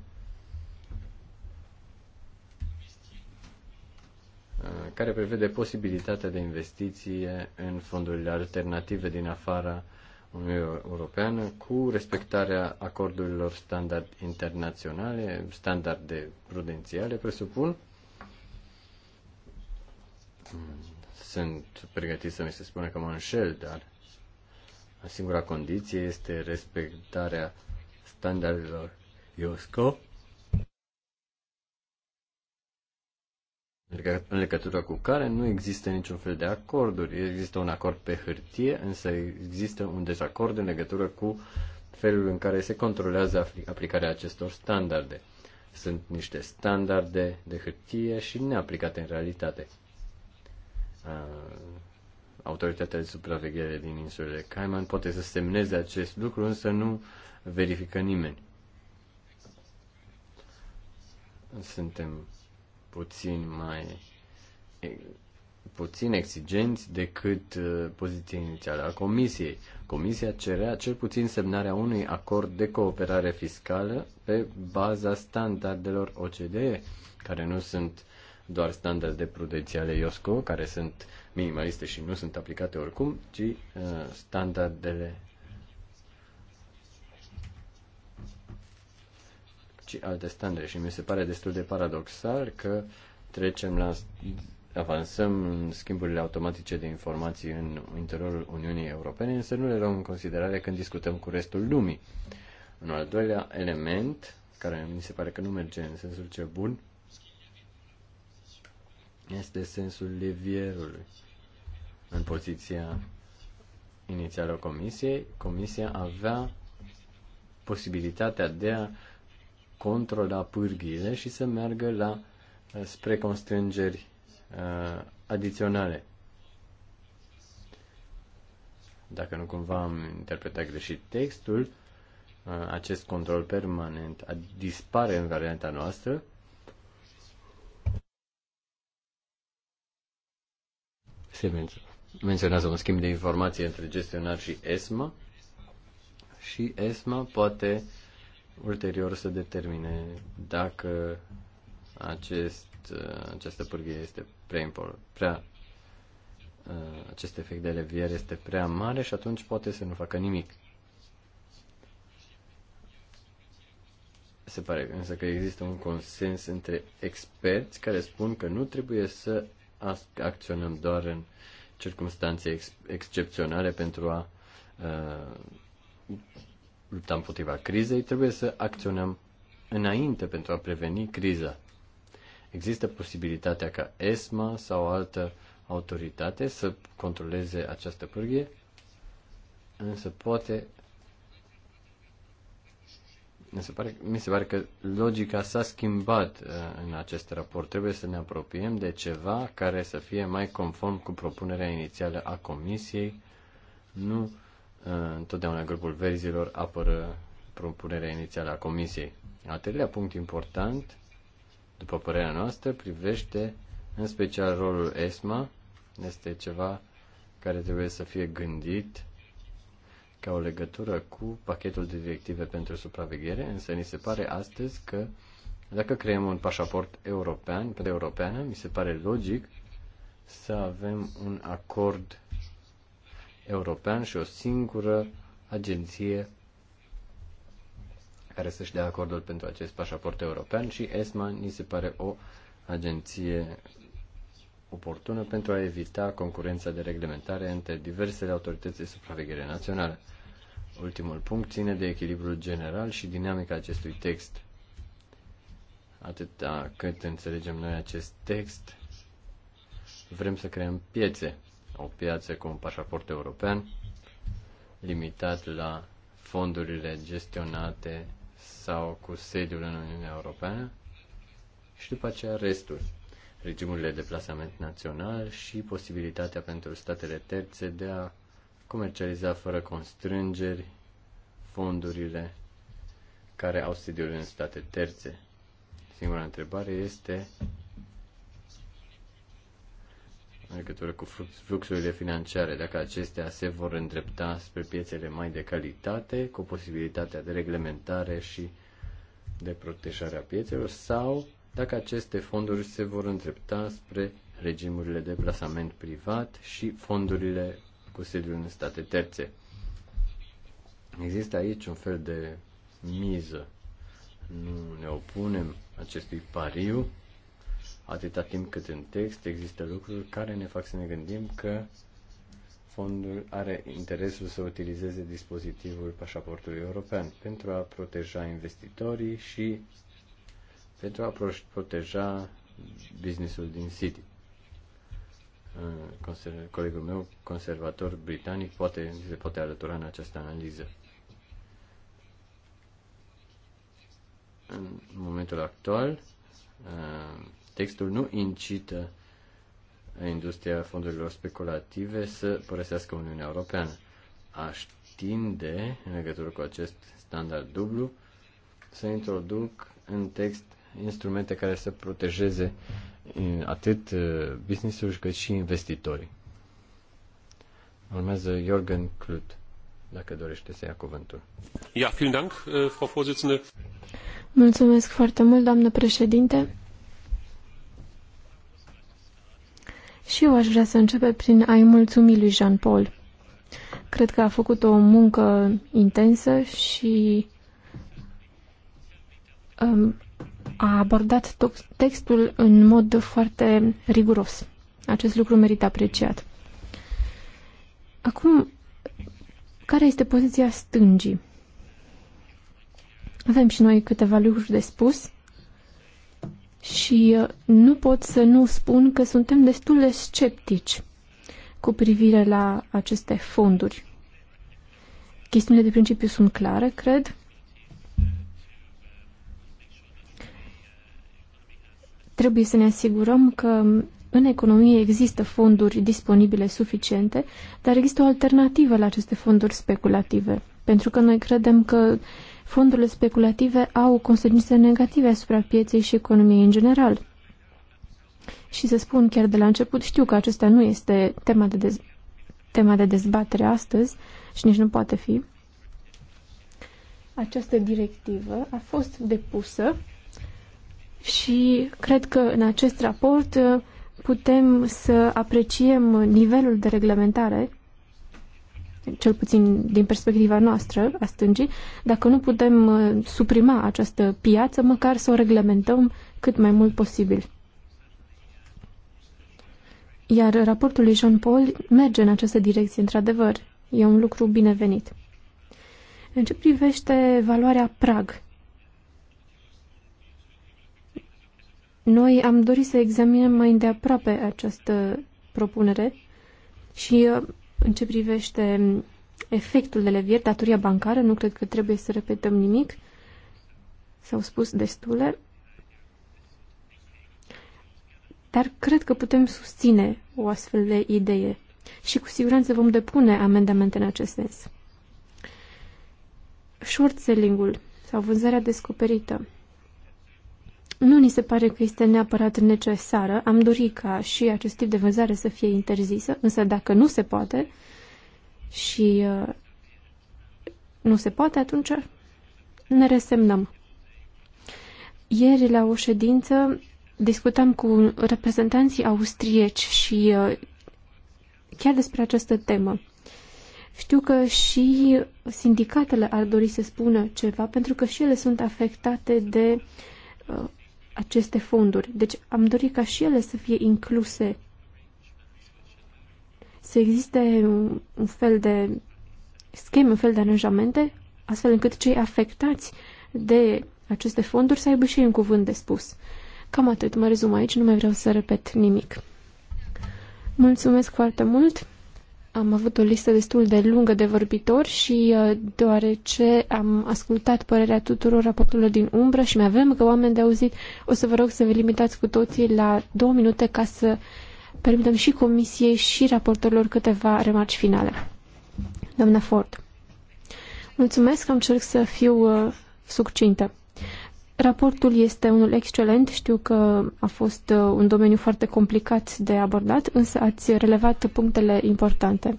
Uh, care prevede posibilitatea de investiție în fondurile alternative din afara Uniunii Europeană cu respectarea acordurilor standard internaționale, standarde prudențiale, presupun. Sunt pregătit să mi se spună că mă înșel, dar singura condiție este respectarea standardelor IOSCO Adică, în legătură cu care nu există niciun fel de acorduri. Există un acord pe hârtie, însă există un dezacord în legătură cu felul în care se controlează aplicarea acestor standarde. Sunt niște standarde de hârtie și neaplicate în realitate. Autoritatea de supraveghere din insulele Cayman poate să semneze acest lucru, însă nu verifică nimeni. Suntem puțin mai puțin exigenți decât uh, poziția inițială a Comisiei. Comisia cerea cel puțin semnarea unui acord de cooperare fiscală pe baza standardelor OCDE, care nu sunt doar standarde prudențiale IOSCO, care sunt minimaliste și nu sunt aplicate oricum, ci uh, standardele ci alte standarde. Și mi se pare destul de paradoxal că trecem la avansăm în schimburile automatice de informații în interiorul Uniunii Europene, însă nu le luăm în considerare când discutăm cu restul lumii. Un al doilea element, care mi se pare că nu merge în sensul cel bun, este sensul levierului. În poziția inițială a comisiei, comisia avea posibilitatea de a controla pârghiile și să meargă la uh, spre constrângeri uh, adiționale. Dacă nu cumva am interpretat greșit textul, uh, acest control permanent dispare în varianta noastră se menționează un schimb de informații între gestionar și ESMA și ESMA poate ulterior să determine dacă acest, uh, această pârghie este prea, prea uh, acest efect de levier este prea mare și atunci poate să nu facă nimic. Se pare însă că există un consens între experți care spun că nu trebuie să acționăm doar în circunstanțe ex- excepționale pentru a uh, lupta împotriva crizei, trebuie să acționăm înainte pentru a preveni criza. Există posibilitatea ca ESMA sau altă autoritate să controleze această pârghie, însă poate mi se, pare, mi se pare că logica s-a schimbat uh, în acest raport. Trebuie să ne apropiem de ceva care să fie mai conform cu propunerea inițială a Comisiei, nu uh, Eh, întotdeauna grupul verzilor apără propunerea inițială a Comisiei. Al treilea punct important, după părerea noastră, privește în special rolul ESMA. Este ceva care trebuie să fie gândit ca o legătură cu pachetul de directive pentru supraveghere, însă ni se pare astăzi că dacă creăm un pașaport european, pe europeană, mi se pare logic să avem un acord european și o singură agenție care să-și dea acordul pentru acest pașaport european și ESMA ni se pare o agenție oportună pentru a evita concurența de reglementare între diversele autorități de supraveghere națională. Ultimul punct ține de echilibrul general și dinamica acestui text. Atâta cât înțelegem noi acest text, vrem să creăm piețe o piață cu un pașaport european limitat la fondurile gestionate sau cu sediul în Uniunea Europeană și după aceea restul, regimurile de plasament național și posibilitatea pentru statele terțe de a comercializa fără constrângeri fondurile care au sediul în state terțe. Singura întrebare este în legătură cu fluxurile financiare, dacă acestea se vor îndrepta spre piețele mai de calitate, cu posibilitatea de reglementare și de protejare a piețelor, sau dacă aceste fonduri se vor îndrepta spre regimurile de plasament privat și fondurile cu sediul în state terțe. Există aici un fel de miză. Nu ne opunem acestui pariu, Atâta timp cât în text există lucruri care ne fac să ne gândim că fondul are interesul să utilizeze dispozitivul pașaportului european pentru a proteja investitorii și pentru a proteja businessul din City. Uh, colegul meu, conservator britanic, poate, se poate alătura în această analiză. În momentul actual, uh, Textul nu incită industria fondurilor speculative să părăsească Uniunea Europeană. Aș tinde, în legătură cu acest standard dublu, să introduc în text instrumente care să protejeze atât business-ul cât și investitorii. Urmează Jorgen Klut, dacă dorește să ia cuvântul. Ja, vielen Dank, äh, Frau Vorsitzende. Mulțumesc foarte mult, doamnă președinte. Și eu aș vrea să încep prin a-i mulțumi lui Jean-Paul. Cred că a făcut o muncă intensă și um, a abordat textul în mod foarte riguros. Acest lucru merită apreciat. Acum, care este poziția stângii? Avem și noi câteva lucruri de spus și uh, nu pot să nu spun că suntem destul de sceptici cu privire la aceste fonduri. Chestiunile de principiu sunt clare, cred. Trebuie să ne asigurăm că în economie există fonduri disponibile suficiente, dar există o alternativă la aceste fonduri speculative. Pentru că noi credem că fondurile speculative au consecințe negative asupra pieței și economiei în general. Și să spun chiar de la început, știu că acesta nu este tema de, dez- tema de dezbatere astăzi și nici nu poate fi. Această directivă a fost depusă și cred că în acest raport putem să apreciem nivelul de reglementare cel puțin din perspectiva noastră a stângii, dacă nu putem uh, suprima această piață, măcar să o reglementăm cât mai mult posibil. Iar raportul lui Jean Paul merge în această direcție, într-adevăr. E un lucru binevenit. În ce privește valoarea prag, noi am dorit să examinăm mai îndeaproape această propunere și uh, în ce privește efectul de levier, datoria bancară, nu cred că trebuie să repetăm nimic. S-au spus destule. Dar cred că putem susține o astfel de idee și cu siguranță vom depune amendamente în acest sens. Short selling-ul sau vânzarea descoperită nu ni se pare că este neapărat necesară. Am dorit ca și acest tip de vânzare să fie interzisă, însă dacă nu se poate și uh, nu se poate, atunci ne resemnăm. Ieri, la o ședință, discutam cu reprezentanții austrieci și uh, chiar despre această temă. Știu că și sindicatele ar dori să spună ceva, pentru că și ele sunt afectate de uh, aceste fonduri. Deci am dorit ca și ele să fie incluse, să existe un, un fel de scheme, un fel de aranjamente, astfel încât cei afectați de aceste fonduri să aibă și ei un cuvânt de spus. Cam atât, mă rezum aici, nu mai vreau să repet nimic. Mulțumesc foarte mult! Am avut o listă destul de lungă de vorbitori și uh, deoarece am ascultat părerea tuturor raporturilor din umbră și mai avem că oameni de auzit, o să vă rog să vă limitați cu toții la două minute ca să permitem și comisiei și raportorilor câteva remarci finale. Doamna Ford, mulțumesc, am cerut să fiu uh, succintă. Raportul este unul excelent, știu că a fost uh, un domeniu foarte complicat de abordat, însă ați relevat punctele importante.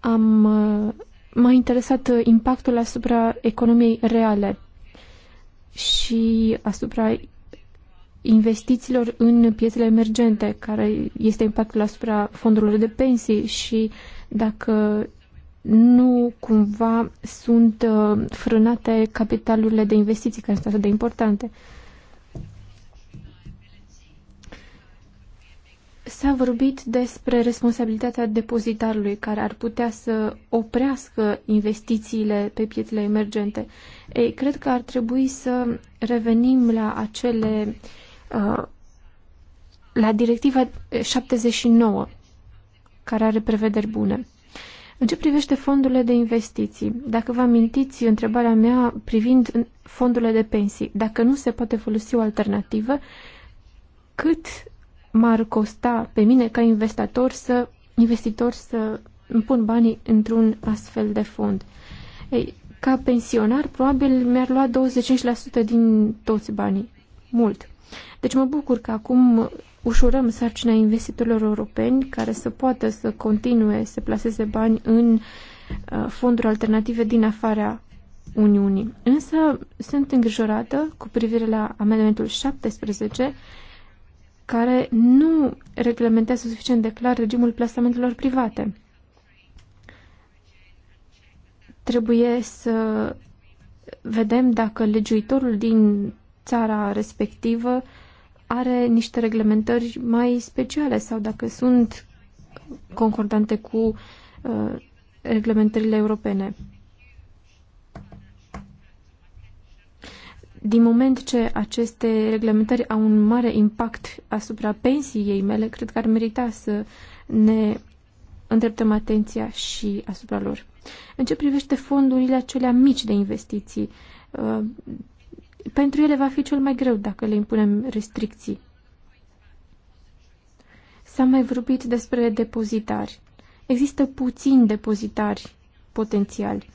Am, uh, m-a interesat uh, impactul asupra economiei reale și asupra investițiilor în piețele emergente, care este impactul asupra fondurilor de pensii și dacă nu cumva sunt uh, frânate capitalurile de investiții care sunt atât de importante. S-a vorbit despre responsabilitatea depozitarului care ar putea să oprească investițiile pe piețele emergente. Ei, cred că ar trebui să revenim la acele uh, la directiva 79 care are prevederi bune. În ce privește fondurile de investiții, dacă vă amintiți întrebarea mea privind fondurile de pensii, dacă nu se poate folosi o alternativă, cât m-ar costa pe mine ca investitor să, investitor să îmi pun banii într-un astfel de fond? Ei, ca pensionar, probabil mi-ar lua 25% din toți banii. Mult. Deci mă bucur că acum ușurăm sarcina investitorilor europeni care să poată să continue să placeze bani în uh, fonduri alternative din afara Uniunii. Însă sunt îngrijorată cu privire la amendamentul 17 care nu reglementează suficient de clar regimul plasamentelor private. Trebuie să vedem dacă legiuitorul din țara respectivă are niște reglementări mai speciale sau dacă sunt concordante cu uh, reglementările europene. Din moment ce aceste reglementări au un mare impact asupra pensiei mele, cred că ar merita să ne îndreptăm atenția și asupra lor. În ce privește fondurile acelea mici de investiții, uh, pentru ele va fi cel mai greu dacă le impunem restricții. S-a mai vorbit despre depozitari. Există puțini depozitari potențiali,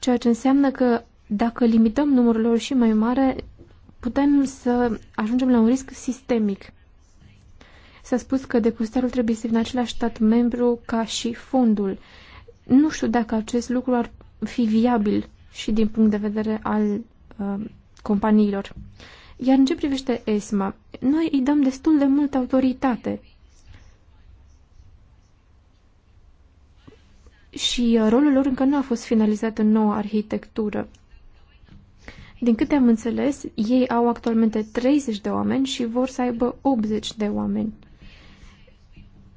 ceea ce înseamnă că dacă limităm numărul lor și mai mare, putem să ajungem la un risc sistemic. S-a spus că depozitarul trebuie să fie în același stat membru ca și fondul. Nu știu dacă acest lucru ar fi viabil și din punct de vedere al uh, companiilor. Iar în ce privește ESMA, noi îi dăm destul de multă autoritate și uh, rolul lor încă nu a fost finalizat în noua arhitectură. Din câte am înțeles, ei au actualmente 30 de oameni și vor să aibă 80 de oameni.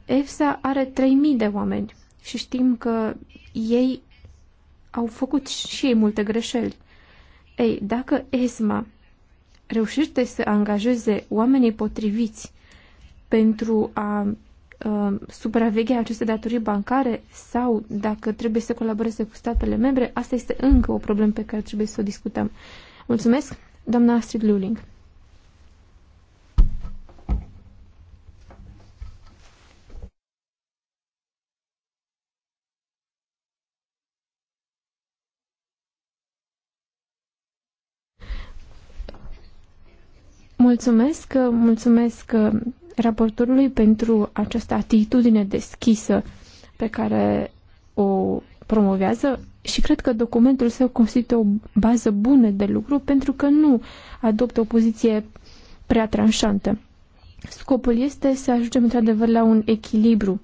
EFSA are 3000 de oameni și știm că ei au făcut și ei multe greșeli. Ei, dacă ESMA reușește să angajeze oamenii potriviți pentru a uh, supraveghea aceste datorii bancare sau dacă trebuie să colaboreze cu statele membre, asta este încă o problemă pe care trebuie să o discutăm. Mulțumesc, doamna Astrid Luling. Mulțumesc, mulțumesc uh, raportorului pentru această atitudine deschisă pe care o promovează și cred că documentul său constituie o bază bună de lucru pentru că nu adoptă o poziție prea tranșantă. Scopul este să ajungem într-adevăr la un echilibru,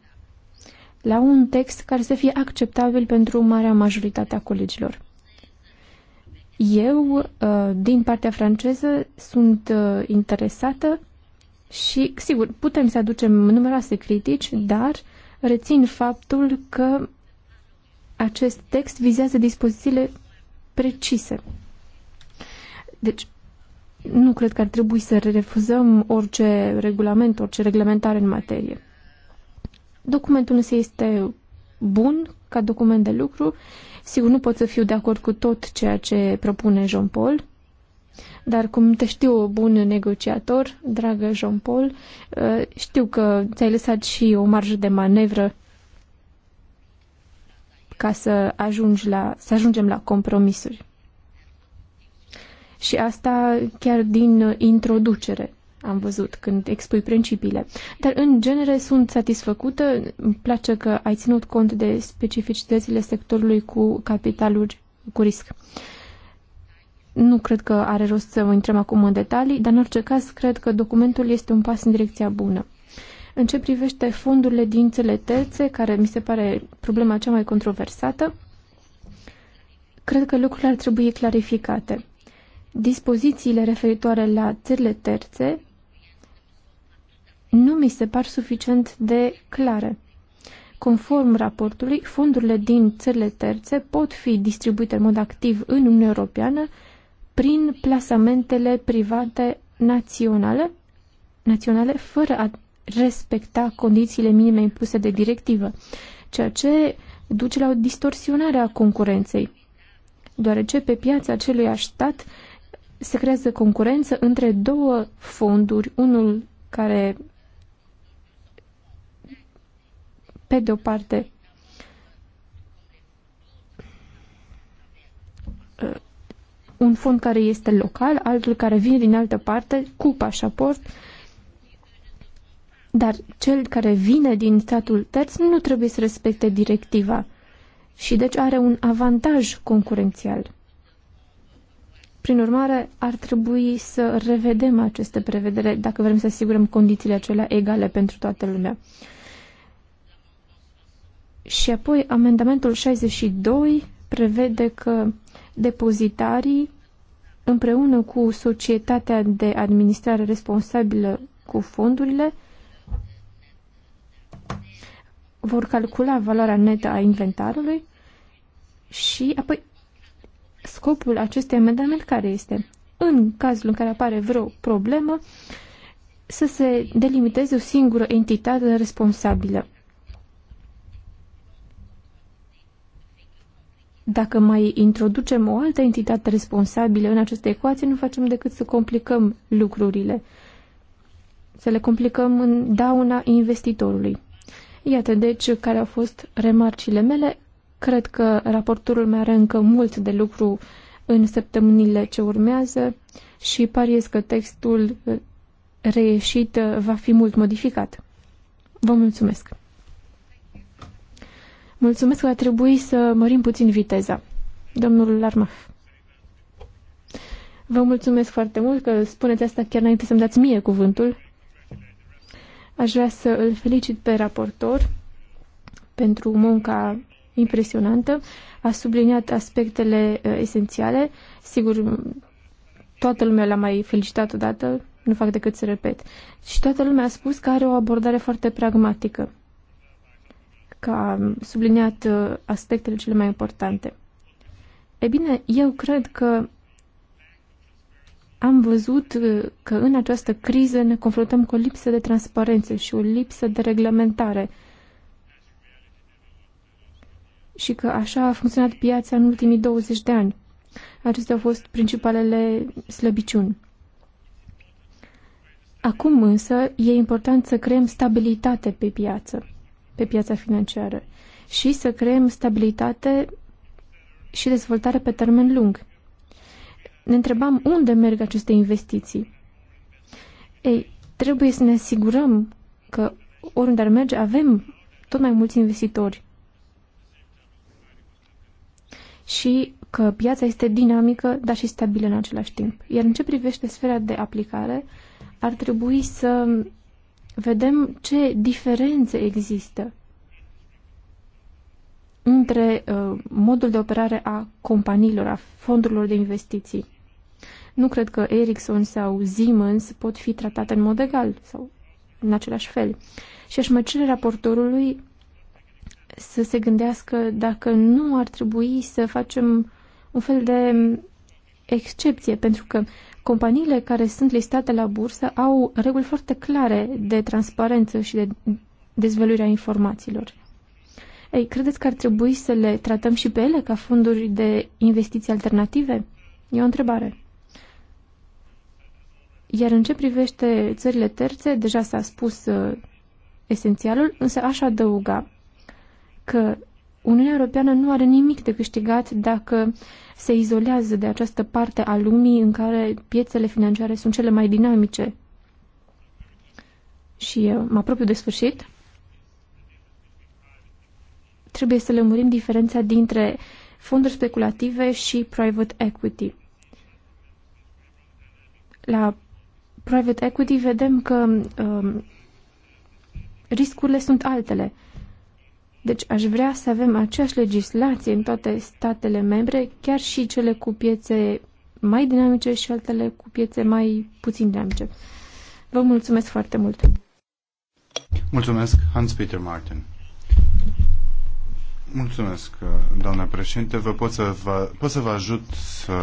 la un text care să fie acceptabil pentru marea majoritate a colegilor. Eu, uh, din partea franceză, sunt uh, interesată și, sigur, putem să aducem numeroase critici, dar rețin faptul că acest text vizează dispozițiile precise. Deci, nu cred că ar trebui să refuzăm orice regulament, orice reglementare în materie. Documentul se este bun ca document de lucru. Sigur, nu pot să fiu de acord cu tot ceea ce propune Jean-Paul, dar cum te știu bun negociator, dragă Jean-Paul, uh, știu că ți-ai lăsat și o marjă de manevră ca să, ajungi la, să ajungem la compromisuri. Și asta chiar din introducere am văzut când expui principiile. Dar, în genere, sunt satisfăcută. Îmi place că ai ținut cont de specificitățile sectorului cu capitaluri cu risc. Nu cred că are rost să intrăm acum în detalii, dar, în orice caz, cred că documentul este un pas în direcția bună. În ce privește fondurile din țele terțe, care mi se pare problema cea mai controversată, cred că lucrurile ar trebui clarificate dispozițiile referitoare la țările terțe nu mi se par suficient de clare. Conform raportului, fondurile din țările terțe pot fi distribuite în mod activ în Uniunea Europeană prin plasamentele private naționale, naționale fără a respecta condițiile minime impuse de directivă, ceea ce duce la o distorsionare a concurenței, deoarece pe piața acelui stat se creează concurență între două fonduri, unul care Pe de o parte, uh, un fond care este local, altul care vine din altă parte cu pașaport, dar cel care vine din statul terț nu trebuie să respecte directiva și deci are un avantaj concurențial. Prin urmare, ar trebui să revedem aceste prevedere dacă vrem să asigurăm condițiile acelea egale pentru toată lumea. Și apoi amendamentul 62 prevede că depozitarii împreună cu societatea de administrare responsabilă cu fondurile vor calcula valoarea netă a inventarului și apoi scopul acestui amendament care este? În cazul în care apare vreo problemă, să se delimiteze o singură entitate responsabilă Dacă mai introducem o altă entitate responsabilă în aceste ecuații, nu facem decât să complicăm lucrurile, să le complicăm în dauna investitorului. Iată, deci, care au fost remarcile mele. Cred că raportorul mai are încă mult de lucru în săptămânile ce urmează și pariez că textul reieșit va fi mult modificat. Vă mulțumesc! Mulțumesc că a trebuit să mărim puțin viteza. Domnul Larmah. Vă mulțumesc foarte mult că spuneți asta chiar înainte să-mi dați mie cuvântul. Aș vrea să îl felicit pe raportor pentru munca impresionantă. A subliniat aspectele uh, esențiale. Sigur, toată lumea l-a mai felicitat odată, nu fac decât să repet. Și toată lumea a spus că are o abordare foarte pragmatică că a subliniat uh, aspectele cele mai importante. E bine, eu cred că am văzut uh, că în această criză ne confruntăm cu o lipsă de transparență și o lipsă de reglementare și că așa a funcționat piața în ultimii 20 de ani. Acestea au fost principalele slăbiciuni. Acum însă e important să creăm stabilitate pe piață pe piața financiară și să creăm stabilitate și dezvoltare pe termen lung. Ne întrebam unde merg aceste investiții. Ei, trebuie să ne asigurăm că oriunde ar merge avem tot mai mulți investitori și că piața este dinamică, dar și stabilă în același timp. Iar în ce privește sfera de aplicare, ar trebui să vedem ce diferențe există între uh, modul de operare a companiilor, a fondurilor de investiții. Nu cred că Ericsson sau Siemens pot fi tratate în mod egal sau în același fel. Și aș mai cere raportorului să se gândească dacă nu ar trebui să facem un fel de excepție, pentru că Companiile care sunt listate la bursă au reguli foarte clare de transparență și de dezvăluirea informațiilor. Ei, credeți că ar trebui să le tratăm și pe ele ca fonduri de investiții alternative? E o întrebare. Iar în ce privește țările terțe, deja s-a spus uh, esențialul, însă aș adăuga că Uniunea Europeană nu are nimic de câștigat dacă se izolează de această parte a lumii în care piețele financiare sunt cele mai dinamice. Și mă apropiu de sfârșit. Trebuie să lămurim diferența dintre fonduri speculative și private equity. La private equity vedem că um, riscurile sunt altele. Uh, deci aș vrea să avem aceeași legislație în toate statele membre, chiar și cele cu piețe mai dinamice și altele cu piețe mai puțin dinamice. Vă mulțumesc foarte mult! Mulțumesc, Hans-Peter Martin. Mulțumesc, doamna președinte. Vă pot să vă, pot să vă ajut să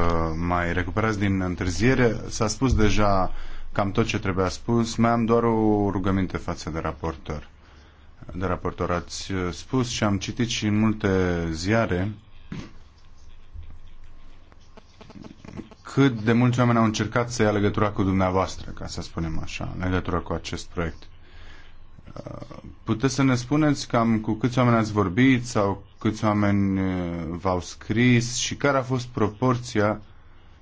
mai recuperați din întârziere. S-a spus deja cam tot ce trebuia spus. Mai am doar o rugăminte față de raportor de raportor ați uh, spus și am citit și în multe ziare cât de mulți oameni au încercat să ia legătura cu dumneavoastră, ca să spunem așa, în legătură cu acest proiect. Uh, puteți să ne spuneți cam cu câți oameni ați vorbit sau câți oameni uh, v-au scris și care a fost proporția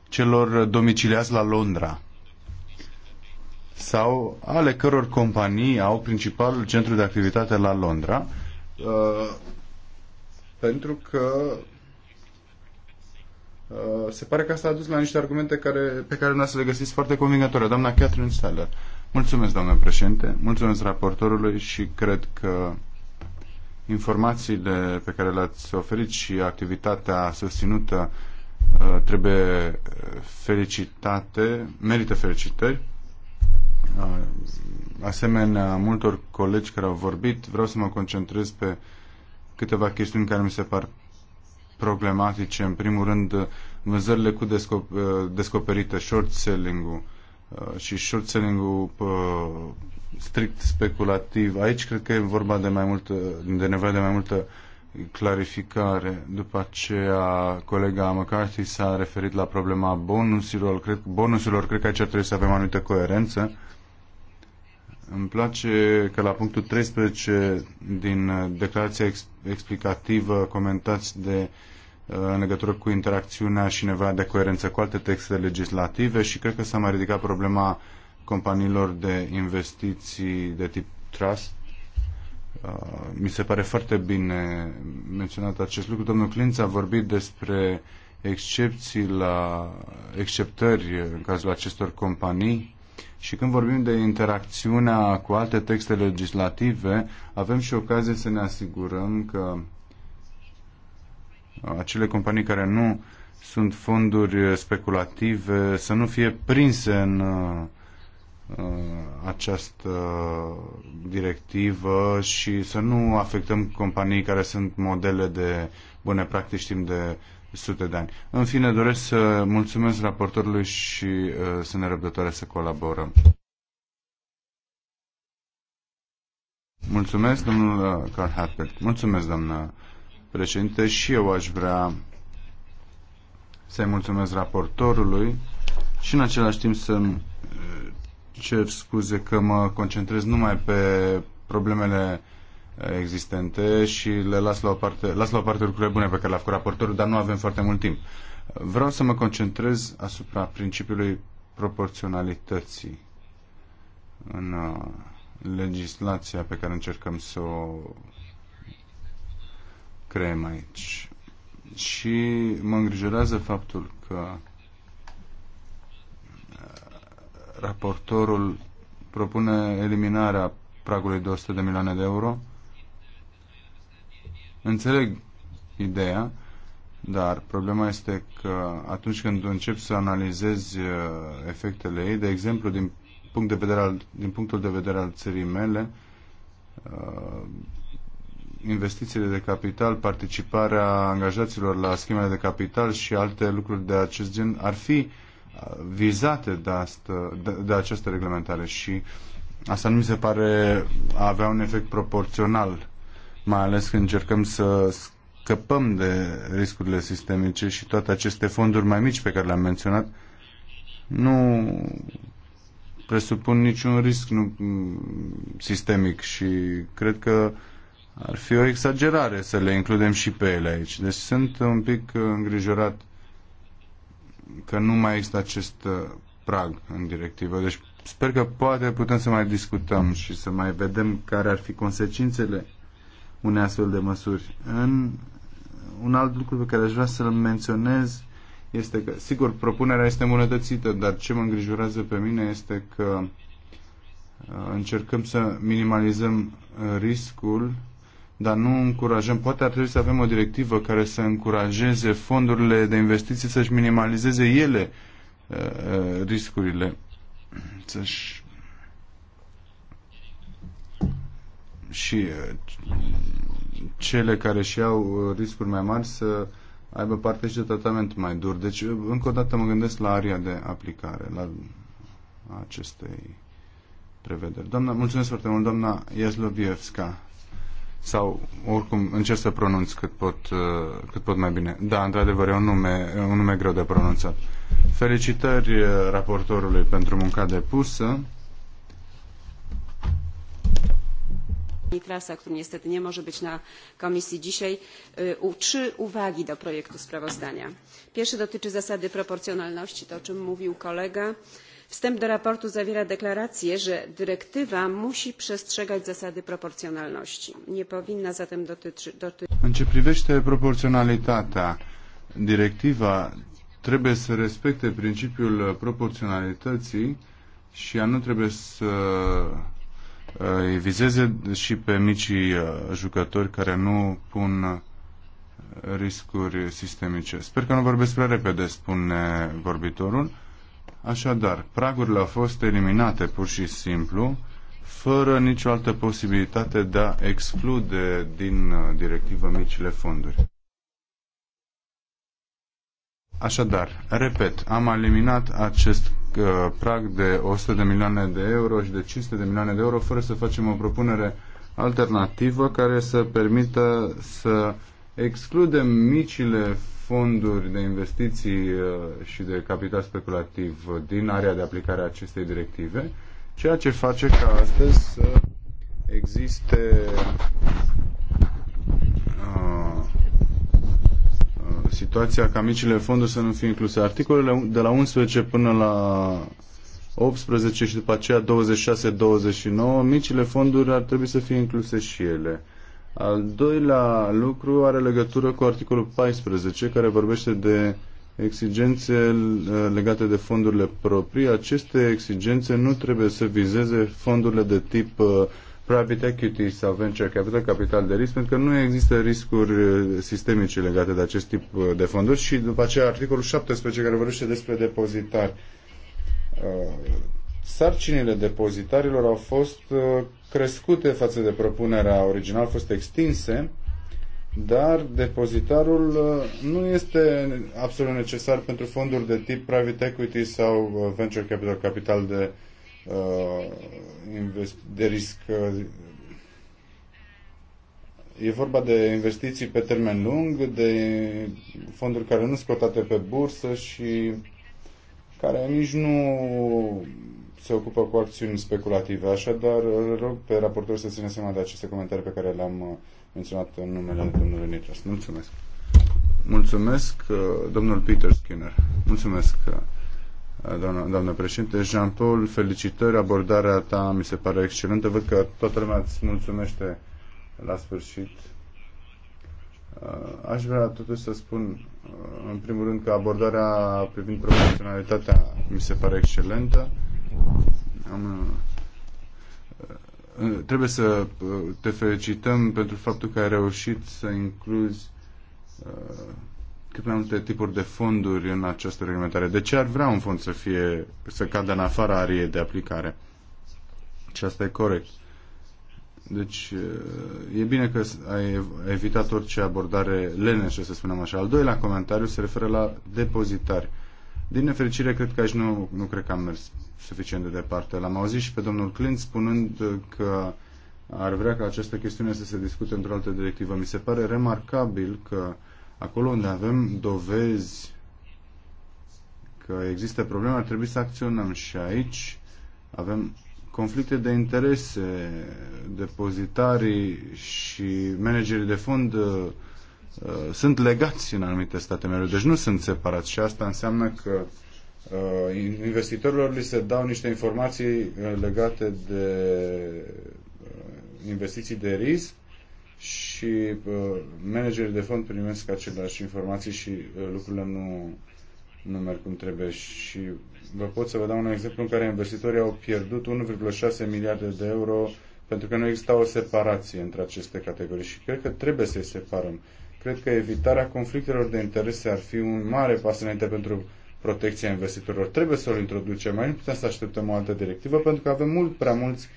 celor domiciliați la Londra? sau ale căror companii au principalul centru de activitate la Londra, uh, pentru că uh, se pare că asta a dus la niște argumente care, pe care să le găsiți foarte convingătoare. Doamna Catherine Steller. Mulțumesc, doamnă președinte, mulțumesc raportorului și cred că informațiile pe care le-ați oferit și activitatea susținută uh, trebuie felicitate, merită felicitări asemenea multor colegi care au vorbit, vreau să mă concentrez pe câteva chestiuni care mi se par problematice. În primul rând, vânzările cu descoperite, short selling-ul și short selling-ul strict speculativ. Aici cred că e vorba de mai multă, de nevoie de mai multă clarificare. După aceea, colega McCarthy s-a referit la problema bonusilor. Cred, bonusilor, cred că aici ar trebui să avem anumită coerență. Uh, îmi place că la punctul 13 din uh, declarația explicativă comentați de uh, în legătură cu interacțiunea și nevoia de coerență cu alte texte legislative și cred că s-a mai ridicat problema companiilor de investiții de tip trust. Uh, mi se pare foarte bine menționat acest lucru. Domnul Clinț a vorbit despre excepții la exceptări în cazul acestor companii și când vorbim de interacțiunea cu alte texte legislative, avem și ocazie să ne asigurăm că acele companii care nu sunt fonduri speculative să nu fie prinse în uh, această directivă și să nu afectăm companii care sunt modele de bune practici timp de sute de ani. În fine, doresc să mulțumesc raportorului și uh, să ne răbdătoare să colaborăm. Mulțumesc, domnul Carl uh, Harper. Mulțumesc, doamnă președinte. Și eu aș vrea să-i mulțumesc raportorului și în același timp să uh, cer scuze că mă concentrez numai pe problemele existente și le las la o parte, las la o parte lucrurile bune pe care le-a făcut raportorul, dar nu avem foarte mult timp. Vreau să mă concentrez asupra principiului proporționalității în uh, legislația pe care încercăm să o creăm aici. Și mă îngrijorează faptul că uh, raportorul propune eliminarea pragului de 100 de milioane de euro Înțeleg ideea, dar problema este că atunci când încep să analizezi uh, efectele ei, de exemplu, din, punct de vedere al, din punctul de vedere al țării mele, uh, investițiile de capital, participarea angajaților la schemele de capital și alte lucruri de acest gen ar fi uh, vizate de, asta, de, de această reglementare și asta nu mi se pare a avea un efect proporțional mai ales când încercăm să scăpăm de riscurile sistemice și toate aceste fonduri mai mici pe care le-am menționat nu presupun niciun risc nu, sistemic și cred că ar fi o exagerare să le includem și pe ele aici. Deci sunt un pic îngrijorat că nu mai există acest uh, prag în directivă. Deci sper că poate putem să mai discutăm și să mai vedem care ar fi consecințele unei astfel de măsuri. În un alt lucru pe care aș vrea să-l menționez este că, sigur, propunerea este îmbunătățită, dar ce mă îngrijorează pe mine este că uh, încercăm să minimalizăm uh, riscul, dar nu încurajăm. Poate ar trebui să avem o directivă care să încurajeze fondurile de investiții să-și minimalizeze ele uh, riscurile, să-și și uh, cele care și au uh, riscuri mai mari să aibă parte și de tratament mai dur. Deci, uh, încă o dată mă gândesc la aria de aplicare, la acestei prevederi. Doamna, mulțumesc foarte mult, doamna Iaslovievska. Sau, oricum, încerc să pronunț cât pot, cât pot mai bine. Da, într-adevăr, e un nume, un nume greu de pronunțat. Felicitări raportorului pentru munca depusă. Nitrasa, który niestety nie może być na komisji dzisiaj, trzy uwagi do projektu sprawozdania. Pierwszy dotyczy zasady proporcjonalności, to o czym mówił kolega. Wstęp do raportu zawiera deklarację, że dyrektywa musi przestrzegać zasady proporcjonalności. Nie powinna zatem dotyczyć... Doty... privește proporționalitatea, directiva trebuie să respecte principiul proporționalității și ea nu trebuie să Uh, îi vizeze și pe micii uh, jucători care nu pun uh, riscuri sistemice. Sper că nu vorbesc prea repede, spune vorbitorul. Așadar, pragurile au fost eliminate pur și simplu, fără nicio altă posibilitate de a exclude din directivă micile fonduri. Așadar, repet, am eliminat acest uh, prag de 100 de milioane de euro și de 500 de milioane de euro fără să facem o propunere alternativă care să permită să excludem micile fonduri de investiții uh, și de capital speculativ din area de aplicare a acestei directive, ceea ce face ca astăzi să existe situația ca micile fonduri să nu fie incluse. Articolele de la 11 până la 18 și după aceea 26-29, micile fonduri ar trebui să fie incluse și ele. Al doilea lucru are legătură cu articolul 14, care vorbește de exigențe uh, legate de fondurile proprii. Aceste exigențe nu trebuie să vizeze fondurile de tip uh, private equity sau venture capital, capital de risc, pentru că nu există riscuri uh, sistemice legate de acest tip uh, de fonduri și după aceea articolul 17 care vorbește despre depozitari. Uh, sarcinile depozitarilor au fost crescute față de propunerea originală, au fost extinse, dar depozitarul nu este absolut necesar pentru fonduri de tip private equity sau venture capital, capital de Uh, de risc. Uh, e vorba de investiții pe termen lung, de fonduri care nu sunt cotate pe bursă și care nici nu se ocupă cu acțiuni speculative. Așadar, îl rog pe raportor să țină seama de aceste comentarii pe care le-am uh, menționat în numele domnului Nitras. Mulțumesc! Mulțumesc, domnul Peter Skinner. Mulțumesc! doamnă, doamnă președinte. Jean-Paul, felicitări, abordarea ta mi se pare excelentă. Văd că toată lumea îți mulțumește la sfârșit. Uh, aș vrea totuși să spun, uh, în primul rând, că abordarea privind profesionalitatea mi se pare excelentă. Am, uh, trebuie să te felicităm pentru faptul că ai reușit să incluzi cât mai multe tipuri de fonduri în această reglementare. De ce ar vrea un fond să fie să cadă în afara ariei de aplicare? Și asta e corect. Deci e bine că ai evitat orice abordare leneșă, să spunem așa. Al doilea comentariu se referă la depozitari. Din nefericire, cred că aici nu, nu cred că am mers suficient de departe. L-am auzit și pe domnul Clint spunând că ar vrea ca această chestiune să se discute într-o altă directivă. Mi se pare remarcabil că uh, Acolo unde avem dovezi că există probleme, ar trebui să acționăm și aici avem conflicte de interese, depozitarii și managerii de fond uh, uh sunt legați în anumite state membre, deci nu sunt separați și asta înseamnă că uh, investitorilor li se dau niște informații uh, legate de uh, investiții de risc și uh, managerii de fond primesc aceleași informații și uh, lucrurile nu, nu merg cum trebuie. Și vă pot să vă dau un exemplu în care investitorii au pierdut 1,6 miliarde de euro pentru că nu exista o separație între aceste categorii și cred că trebuie să-i separăm. Cred că evitarea conflictelor de interese ar fi un mare pas înainte pentru protecția investitorilor. Trebuie să-l introducem. Mai nu putem să așteptăm o altă directivă pentru că avem mult prea mulți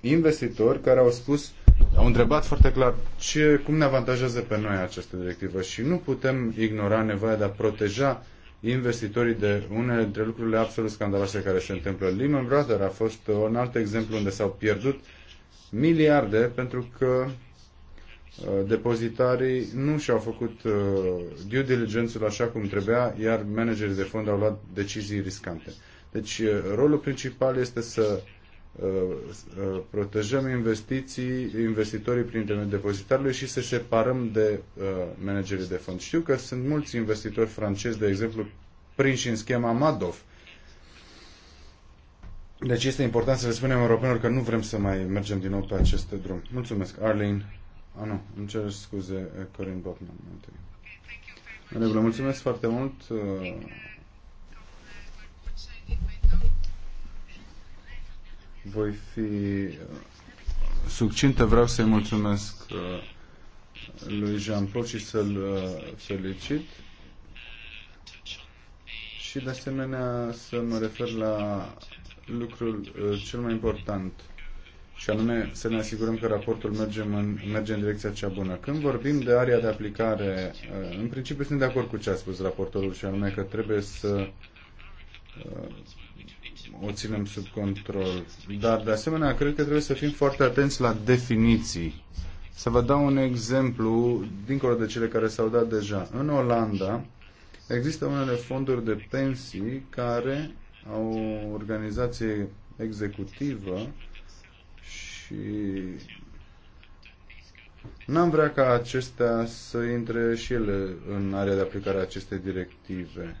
investitori care au spus au întrebat foarte clar ce, cum ne avantajează pe noi această directivă și nu putem ignora nevoia de a proteja investitorii de unele dintre lucrurile absolut scandaloase care se întâmplă. Lehman Brothers a fost un alt exemplu unde s-au pierdut miliarde pentru că uh, depozitarii nu și-au făcut uh, due diligence-ul așa cum trebuia, iar managerii de fond au luat decizii riscante. Deci uh, rolul principal este să Uh, protejăm investiții, investitorii prin internet depozitarului și să separăm de uh, managerii de fond. Știu că sunt mulți investitori francezi, de exemplu, prinși în schema Madoff, deci este important să le spunem europenilor că nu vrem să mai mergem din nou pe acest drum. Mulțumesc, Arlene. Ah, nu, îmi cer scuze, Corin Botman. mulțumesc foarte mult. Uh, voi fi uh, succintă. Vreau să-i mulțumesc uh, lui Jean-Paul și să-l uh, felicit și de asemenea să mă refer la lucrul cel mai important și anume să ne asigurăm că raportul merge în, merge în direcția cea bună. Când vorbim de area de aplicare, în principiu sunt de acord cu ce a spus raportorul și anume că trebuie să o ținem sub control. Dar, de asemenea, cred că trebuie să fim foarte atenți la definiții. Să vă dau un exemplu, dincolo de cele care s-au dat deja. În Olanda există unele fonduri de pensii care au o organizație executivă și N-am vrea ca acestea să intre și ele în area de aplicare a acestei directive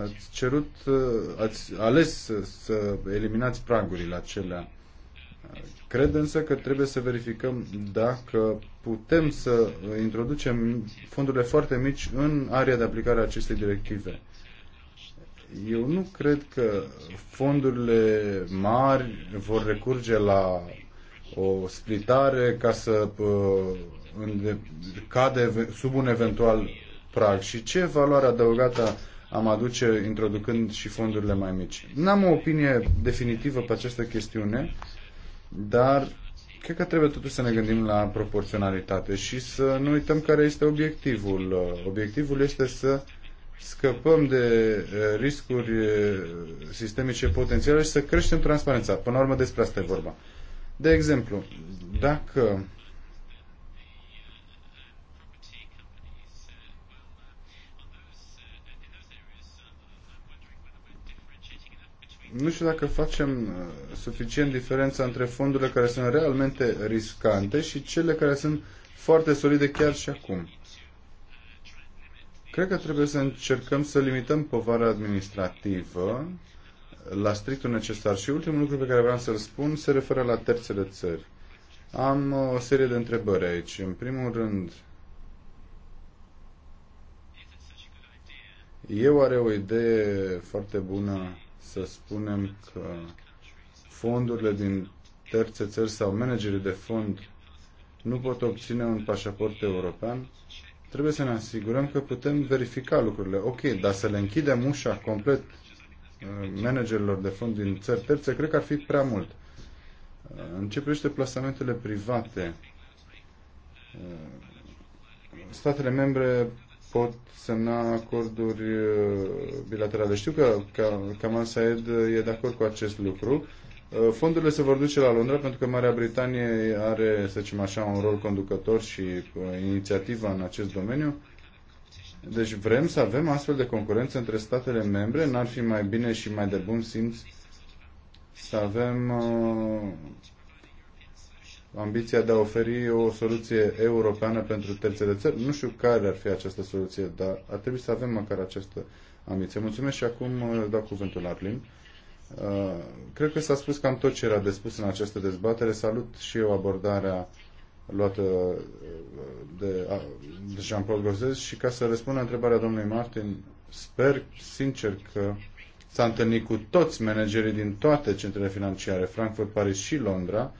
ați cerut, uh, ați ales să eliminați pragurile acelea. Cred însă că trebuie să verificăm dacă putem să introducem fondurile foarte mici în area de aplicare a acestei directive. Eu nu cred că fondurile mari vor recurge la o splitare ca să uh, cade sub un eventual prag. Și ce valoare adăugată am aduce introducând și fondurile mai mici. N-am o opinie definitivă pe această chestiune, dar cred că trebuie totuși să ne gândim la proporționalitate și să nu uităm care este obiectivul. Obiectivul este să scăpăm de eh, riscuri eh, sistemice potențiale și să creștem transparența. Până la urmă despre asta e vorba. De exemplu, dacă nu știu dacă facem uh, suficient diferența între fondurile care sunt realmente riscante și cele care sunt foarte solide chiar și acum. Cred că trebuie să încercăm să limităm povara administrativă la strictul necesar. Și ultimul lucru pe care vreau să-l spun se referă la terțele țări. Am uh, o serie de întrebări aici. În primul rând, e oare o idee foarte bună să spunem că fondurile din terțe țări sau managerii de fond nu pot obține un pașaport european, trebuie să ne asigurăm că putem verifica lucrurile. Ok, dar să le închidem ușa complet uh, managerilor de fond din țări terțe, cred că ar fi prea mult. Uh, în ce privește plasamentele private, uh, statele membre pot semna acorduri uh, bilaterale. Știu că Kamal Saed uh, e de acord cu acest lucru. Uh, fondurile se vor duce la Londra pentru că Marea Britanie are, să zicem așa, un rol conducător și inițiativa în acest domeniu. Deci vrem să avem astfel de concurență între statele membre? N-ar fi mai bine și mai de bun simț să avem uh, ambiția de a oferi o soluție europeană pentru terțele țări. Nu știu care ar fi această soluție, dar ar trebui să avem măcar această ambiție. Mulțumesc și acum uh, dau cuvântul Arlin. Uh, cred că s-a spus cam tot ce era de spus în această dezbatere. Salut și eu abordarea luată uh, de, Jean-Paul Gozez și ca să răspund la întrebarea domnului Martin, sper sincer că s-a întâlnit cu toți managerii din toate centrele financiare, Frankfurt, Paris și Londra,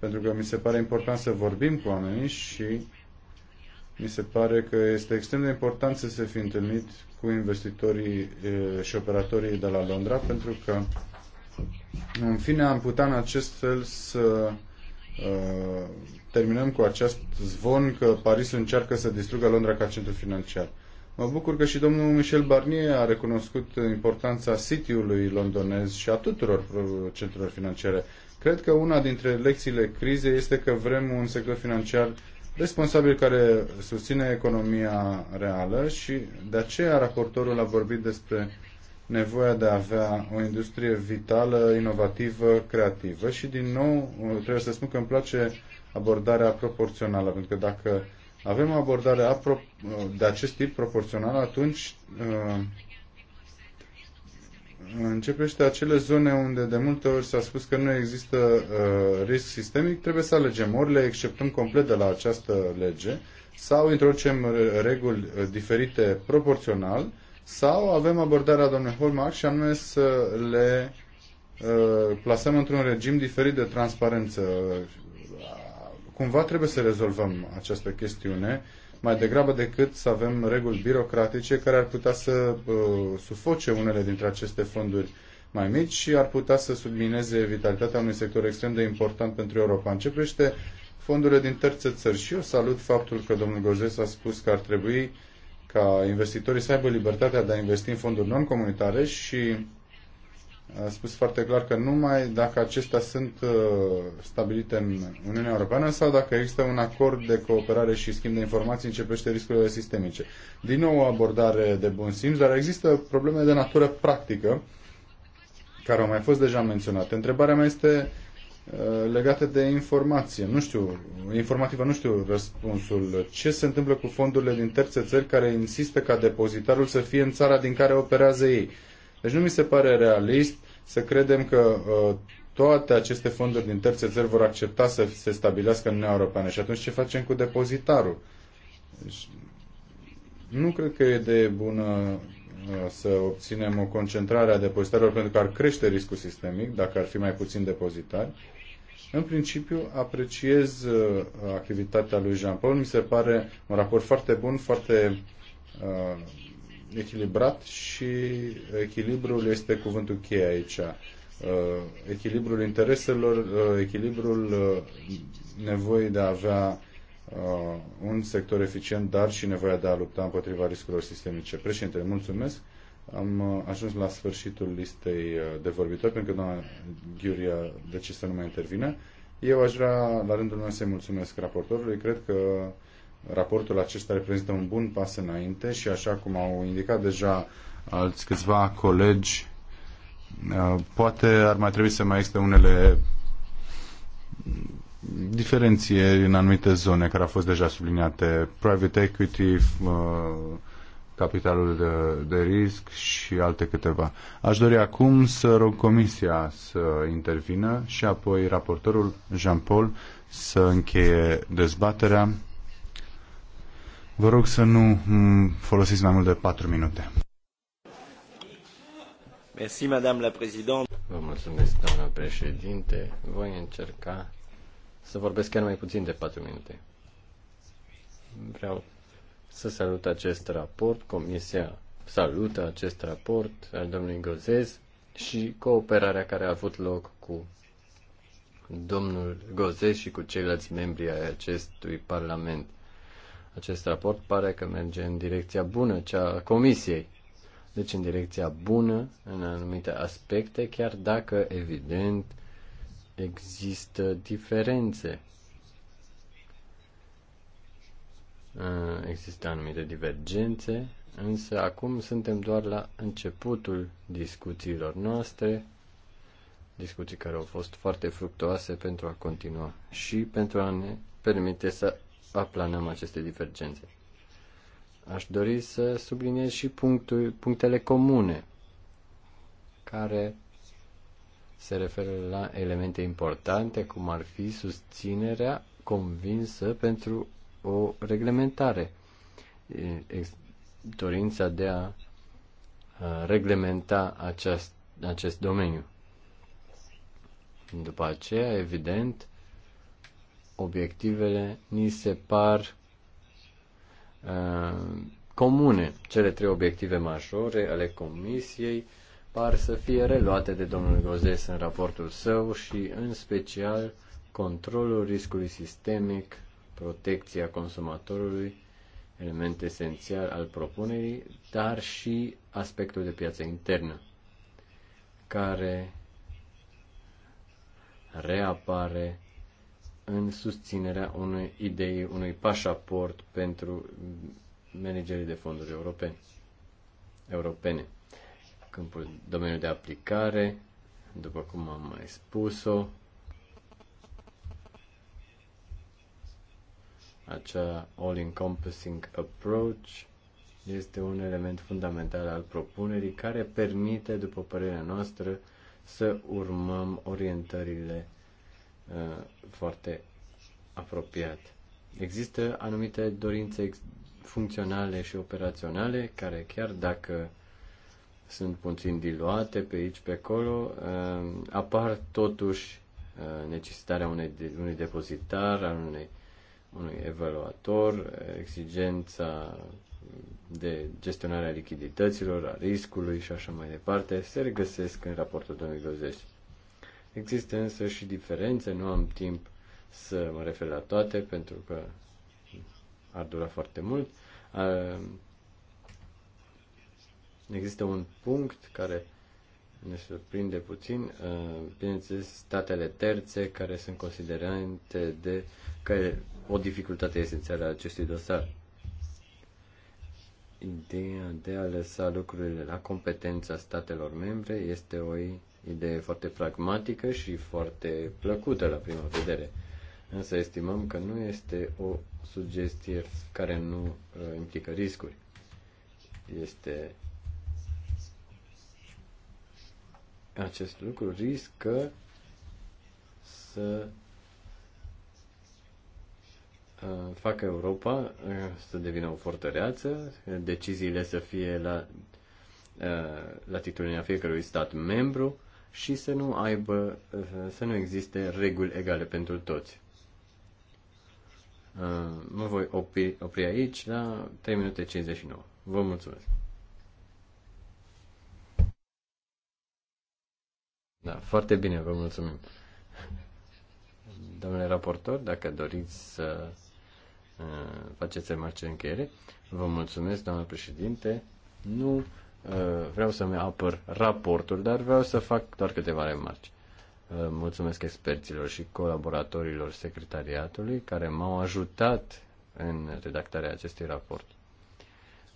pentru că mi se pare important să vorbim cu oamenii și mi se pare că este extrem de important să se fi întâlnit cu investitorii și operatorii de la Londra, pentru că în fine am putea în acest fel să terminăm cu acest zvon că Parisul încearcă să distrugă Londra ca centru financiar. Mă bucur că și domnul Michel Barnier a recunoscut importanța City-ului londonez și a tuturor centrelor financiare. Cred că una dintre lecțiile crizei este că vrem un sector financiar responsabil care susține economia reală și de aceea raportorul a vorbit despre nevoia de a avea o industrie vitală, inovativă, creativă și din nou trebuie să spun că îmi place abordarea proporțională, pentru că dacă avem o abordare de acest tip proporțional, atunci uh, începește acele zone unde de multe ori s-a spus că nu există uh, risc sistemic, trebuie să alegem. Ori le exceptăm complet de la această lege sau introducem uh, reguli uh, diferite proporțional sau avem abordarea domnului Holmac și anume să le uh, plasăm într-un regim diferit de transparență. Cumva trebuie să rezolvăm această chestiune mai degrabă decât să avem reguli birocratice care ar putea să uh, sufoce unele dintre aceste fonduri mai mici și ar putea să submineze vitalitatea unui sector extrem de important pentru Europa. Începește fondurile din terțe țări și eu salut faptul că domnul Gozes a spus că ar trebui ca investitorii să aibă libertatea de a investi în fonduri non-comunitare și a spus foarte clar că numai dacă acestea sunt uh, stabilite în Uniunea Europeană sau dacă există un acord de cooperare și schimb de informații începește riscurile sistemice. Din nou o abordare de bun simț, dar există probleme de natură practică care au mai fost deja menționate. Întrebarea mea este uh, legate de informație. Nu știu, informativă, nu știu răspunsul. Ce se întâmplă cu fondurile din terțe țări care insistă ca depozitarul să fie în țara din care operează ei? Deci nu mi se pare realist să credem că uh, toate aceste fonduri din terțe țări vor accepta să se stabilească în Uniunea Europeană. Și atunci ce facem cu depozitarul? Deci, nu cred că e de bună uh, să obținem o concentrare a depozitarilor pentru că ar crește riscul sistemic dacă ar fi mai puțin depozitari. În principiu, apreciez uh, activitatea lui Jean-Paul. Mi se pare un raport foarte bun, foarte uh, echilibrat și echilibrul este cuvântul cheie aici. Uh, echilibrul intereselor, uh, echilibrul uh, nevoii de a avea un sector eficient, dar și nevoia de a lupta împotriva riscurilor sistemice. Președinte, mulțumesc. Am ajuns la sfârșitul listei de vorbitori, pentru că doamna Ghiuria de ce să nu mai intervine. Eu aș vrea, la rândul meu, să-i mulțumesc raportorului. Cred că Raportul acesta reprezintă un bun pas înainte și așa cum au indicat deja alți câțiva colegi, uh, poate ar mai trebui să mai existe unele diferențieri în anumite zone care au fost deja subliniate. Private equity, uh, capitalul de, de risc și alte câteva. Aș dori acum să rog Comisia să intervină și apoi raportorul Jean-Paul să încheie dezbaterea Vă rog să nu mm, folosiți mai mult de 4 minute. Merci, Madame la Présidente. Vă mulțumesc, doamna președinte. Voi încerca să vorbesc chiar mai puțin de 4 minute. Vreau să salut acest raport. Comisia salută acest raport al domnului Gozez și cooperarea care a avut loc cu domnul Gozez și cu ceilalți membri ai acestui parlament. Acest raport pare că merge în direcția bună, cea a Comisiei. Deci în direcția bună în anumite aspecte, chiar dacă, evident, există diferențe. Există anumite divergențe, însă acum suntem doar la începutul discuțiilor noastre, discuții care au fost foarte fructoase pentru a continua și pentru a ne permite să aplanăm aceste divergențe. Aș dori să subliniez și punctul, punctele comune care se referă la elemente importante, cum ar fi susținerea convinsă pentru o reglementare, dorința de a reglementa acest, acest domeniu. După aceea, evident, obiectivele ni se par uh, comune. Cele trei obiective majore ale Comisiei par să fie reluate de domnul Gozes în raportul său și, în special, controlul riscului sistemic, protecția consumatorului, element esențial al propunerii, dar și aspectul de piață internă, care reapare în susținerea unei idei, unui pașaport pentru managerii de fonduri europene. europene. Câmpul, domeniul de aplicare, după cum am mai spus-o, acea all-encompassing approach este un element fundamental al propunerii care permite, după părerea noastră, să urmăm orientările Uh, foarte apropiat. Există anumite dorințe funcționale și operaționale care chiar dacă sunt puțin diluate pe aici, pe acolo, uh, apar totuși uh, necesitarea unei, unui depozitar, a unei, unui evaluator, exigența de gestionarea lichidităților, a riscului și așa mai departe, se regăsesc în raportul 2020. Există însă și diferențe, nu am timp să mă refer la toate pentru că ar dura foarte mult. Există un punct care ne surprinde puțin, bineînțeles, statele terțe care sunt considerate de că o dificultate esențială a acestui dosar. Ideea de a lăsa lucrurile la competența statelor membre este o idee foarte pragmatică și foarte plăcută la prima vedere. Însă estimăm că nu este o sugestie care nu uh, implică riscuri. Este acest lucru riscă să uh, facă Europa uh, să devină o fortăreață, deciziile să fie la uh, latitudinea fiecărui stat membru și să nu aibă, să nu existe reguli egale pentru toți. Uh, mă voi opri, opri aici la 3 minute 59. Vă mulțumesc! Da, foarte bine, vă mulțumim. Domnule raportor, dacă doriți să uh, faceți remarce încheiere, vă mulțumesc, doamnă președinte. Nu Eh, vreau să-mi apăr raportul, dar vreau să fac doar câteva remarci. Eh, mulțumesc experților și colaboratorilor secretariatului care m-au ajutat în redactarea acestui raport.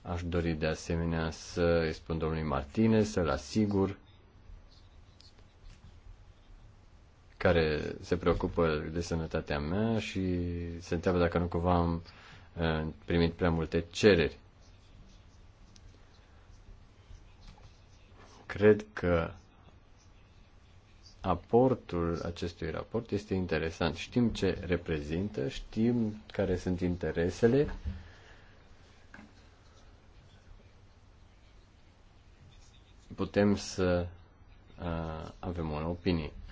Aș dori de asemenea să îi spun domnului Martinez să-l asigur care se preocupă de sănătatea mea și se întreabă dacă nu cumva am eh, primit prea multe cereri. Cred că aportul acestui raport este interesant. Știm ce reprezintă, știm care sunt interesele. Putem să uh, avem o opinie.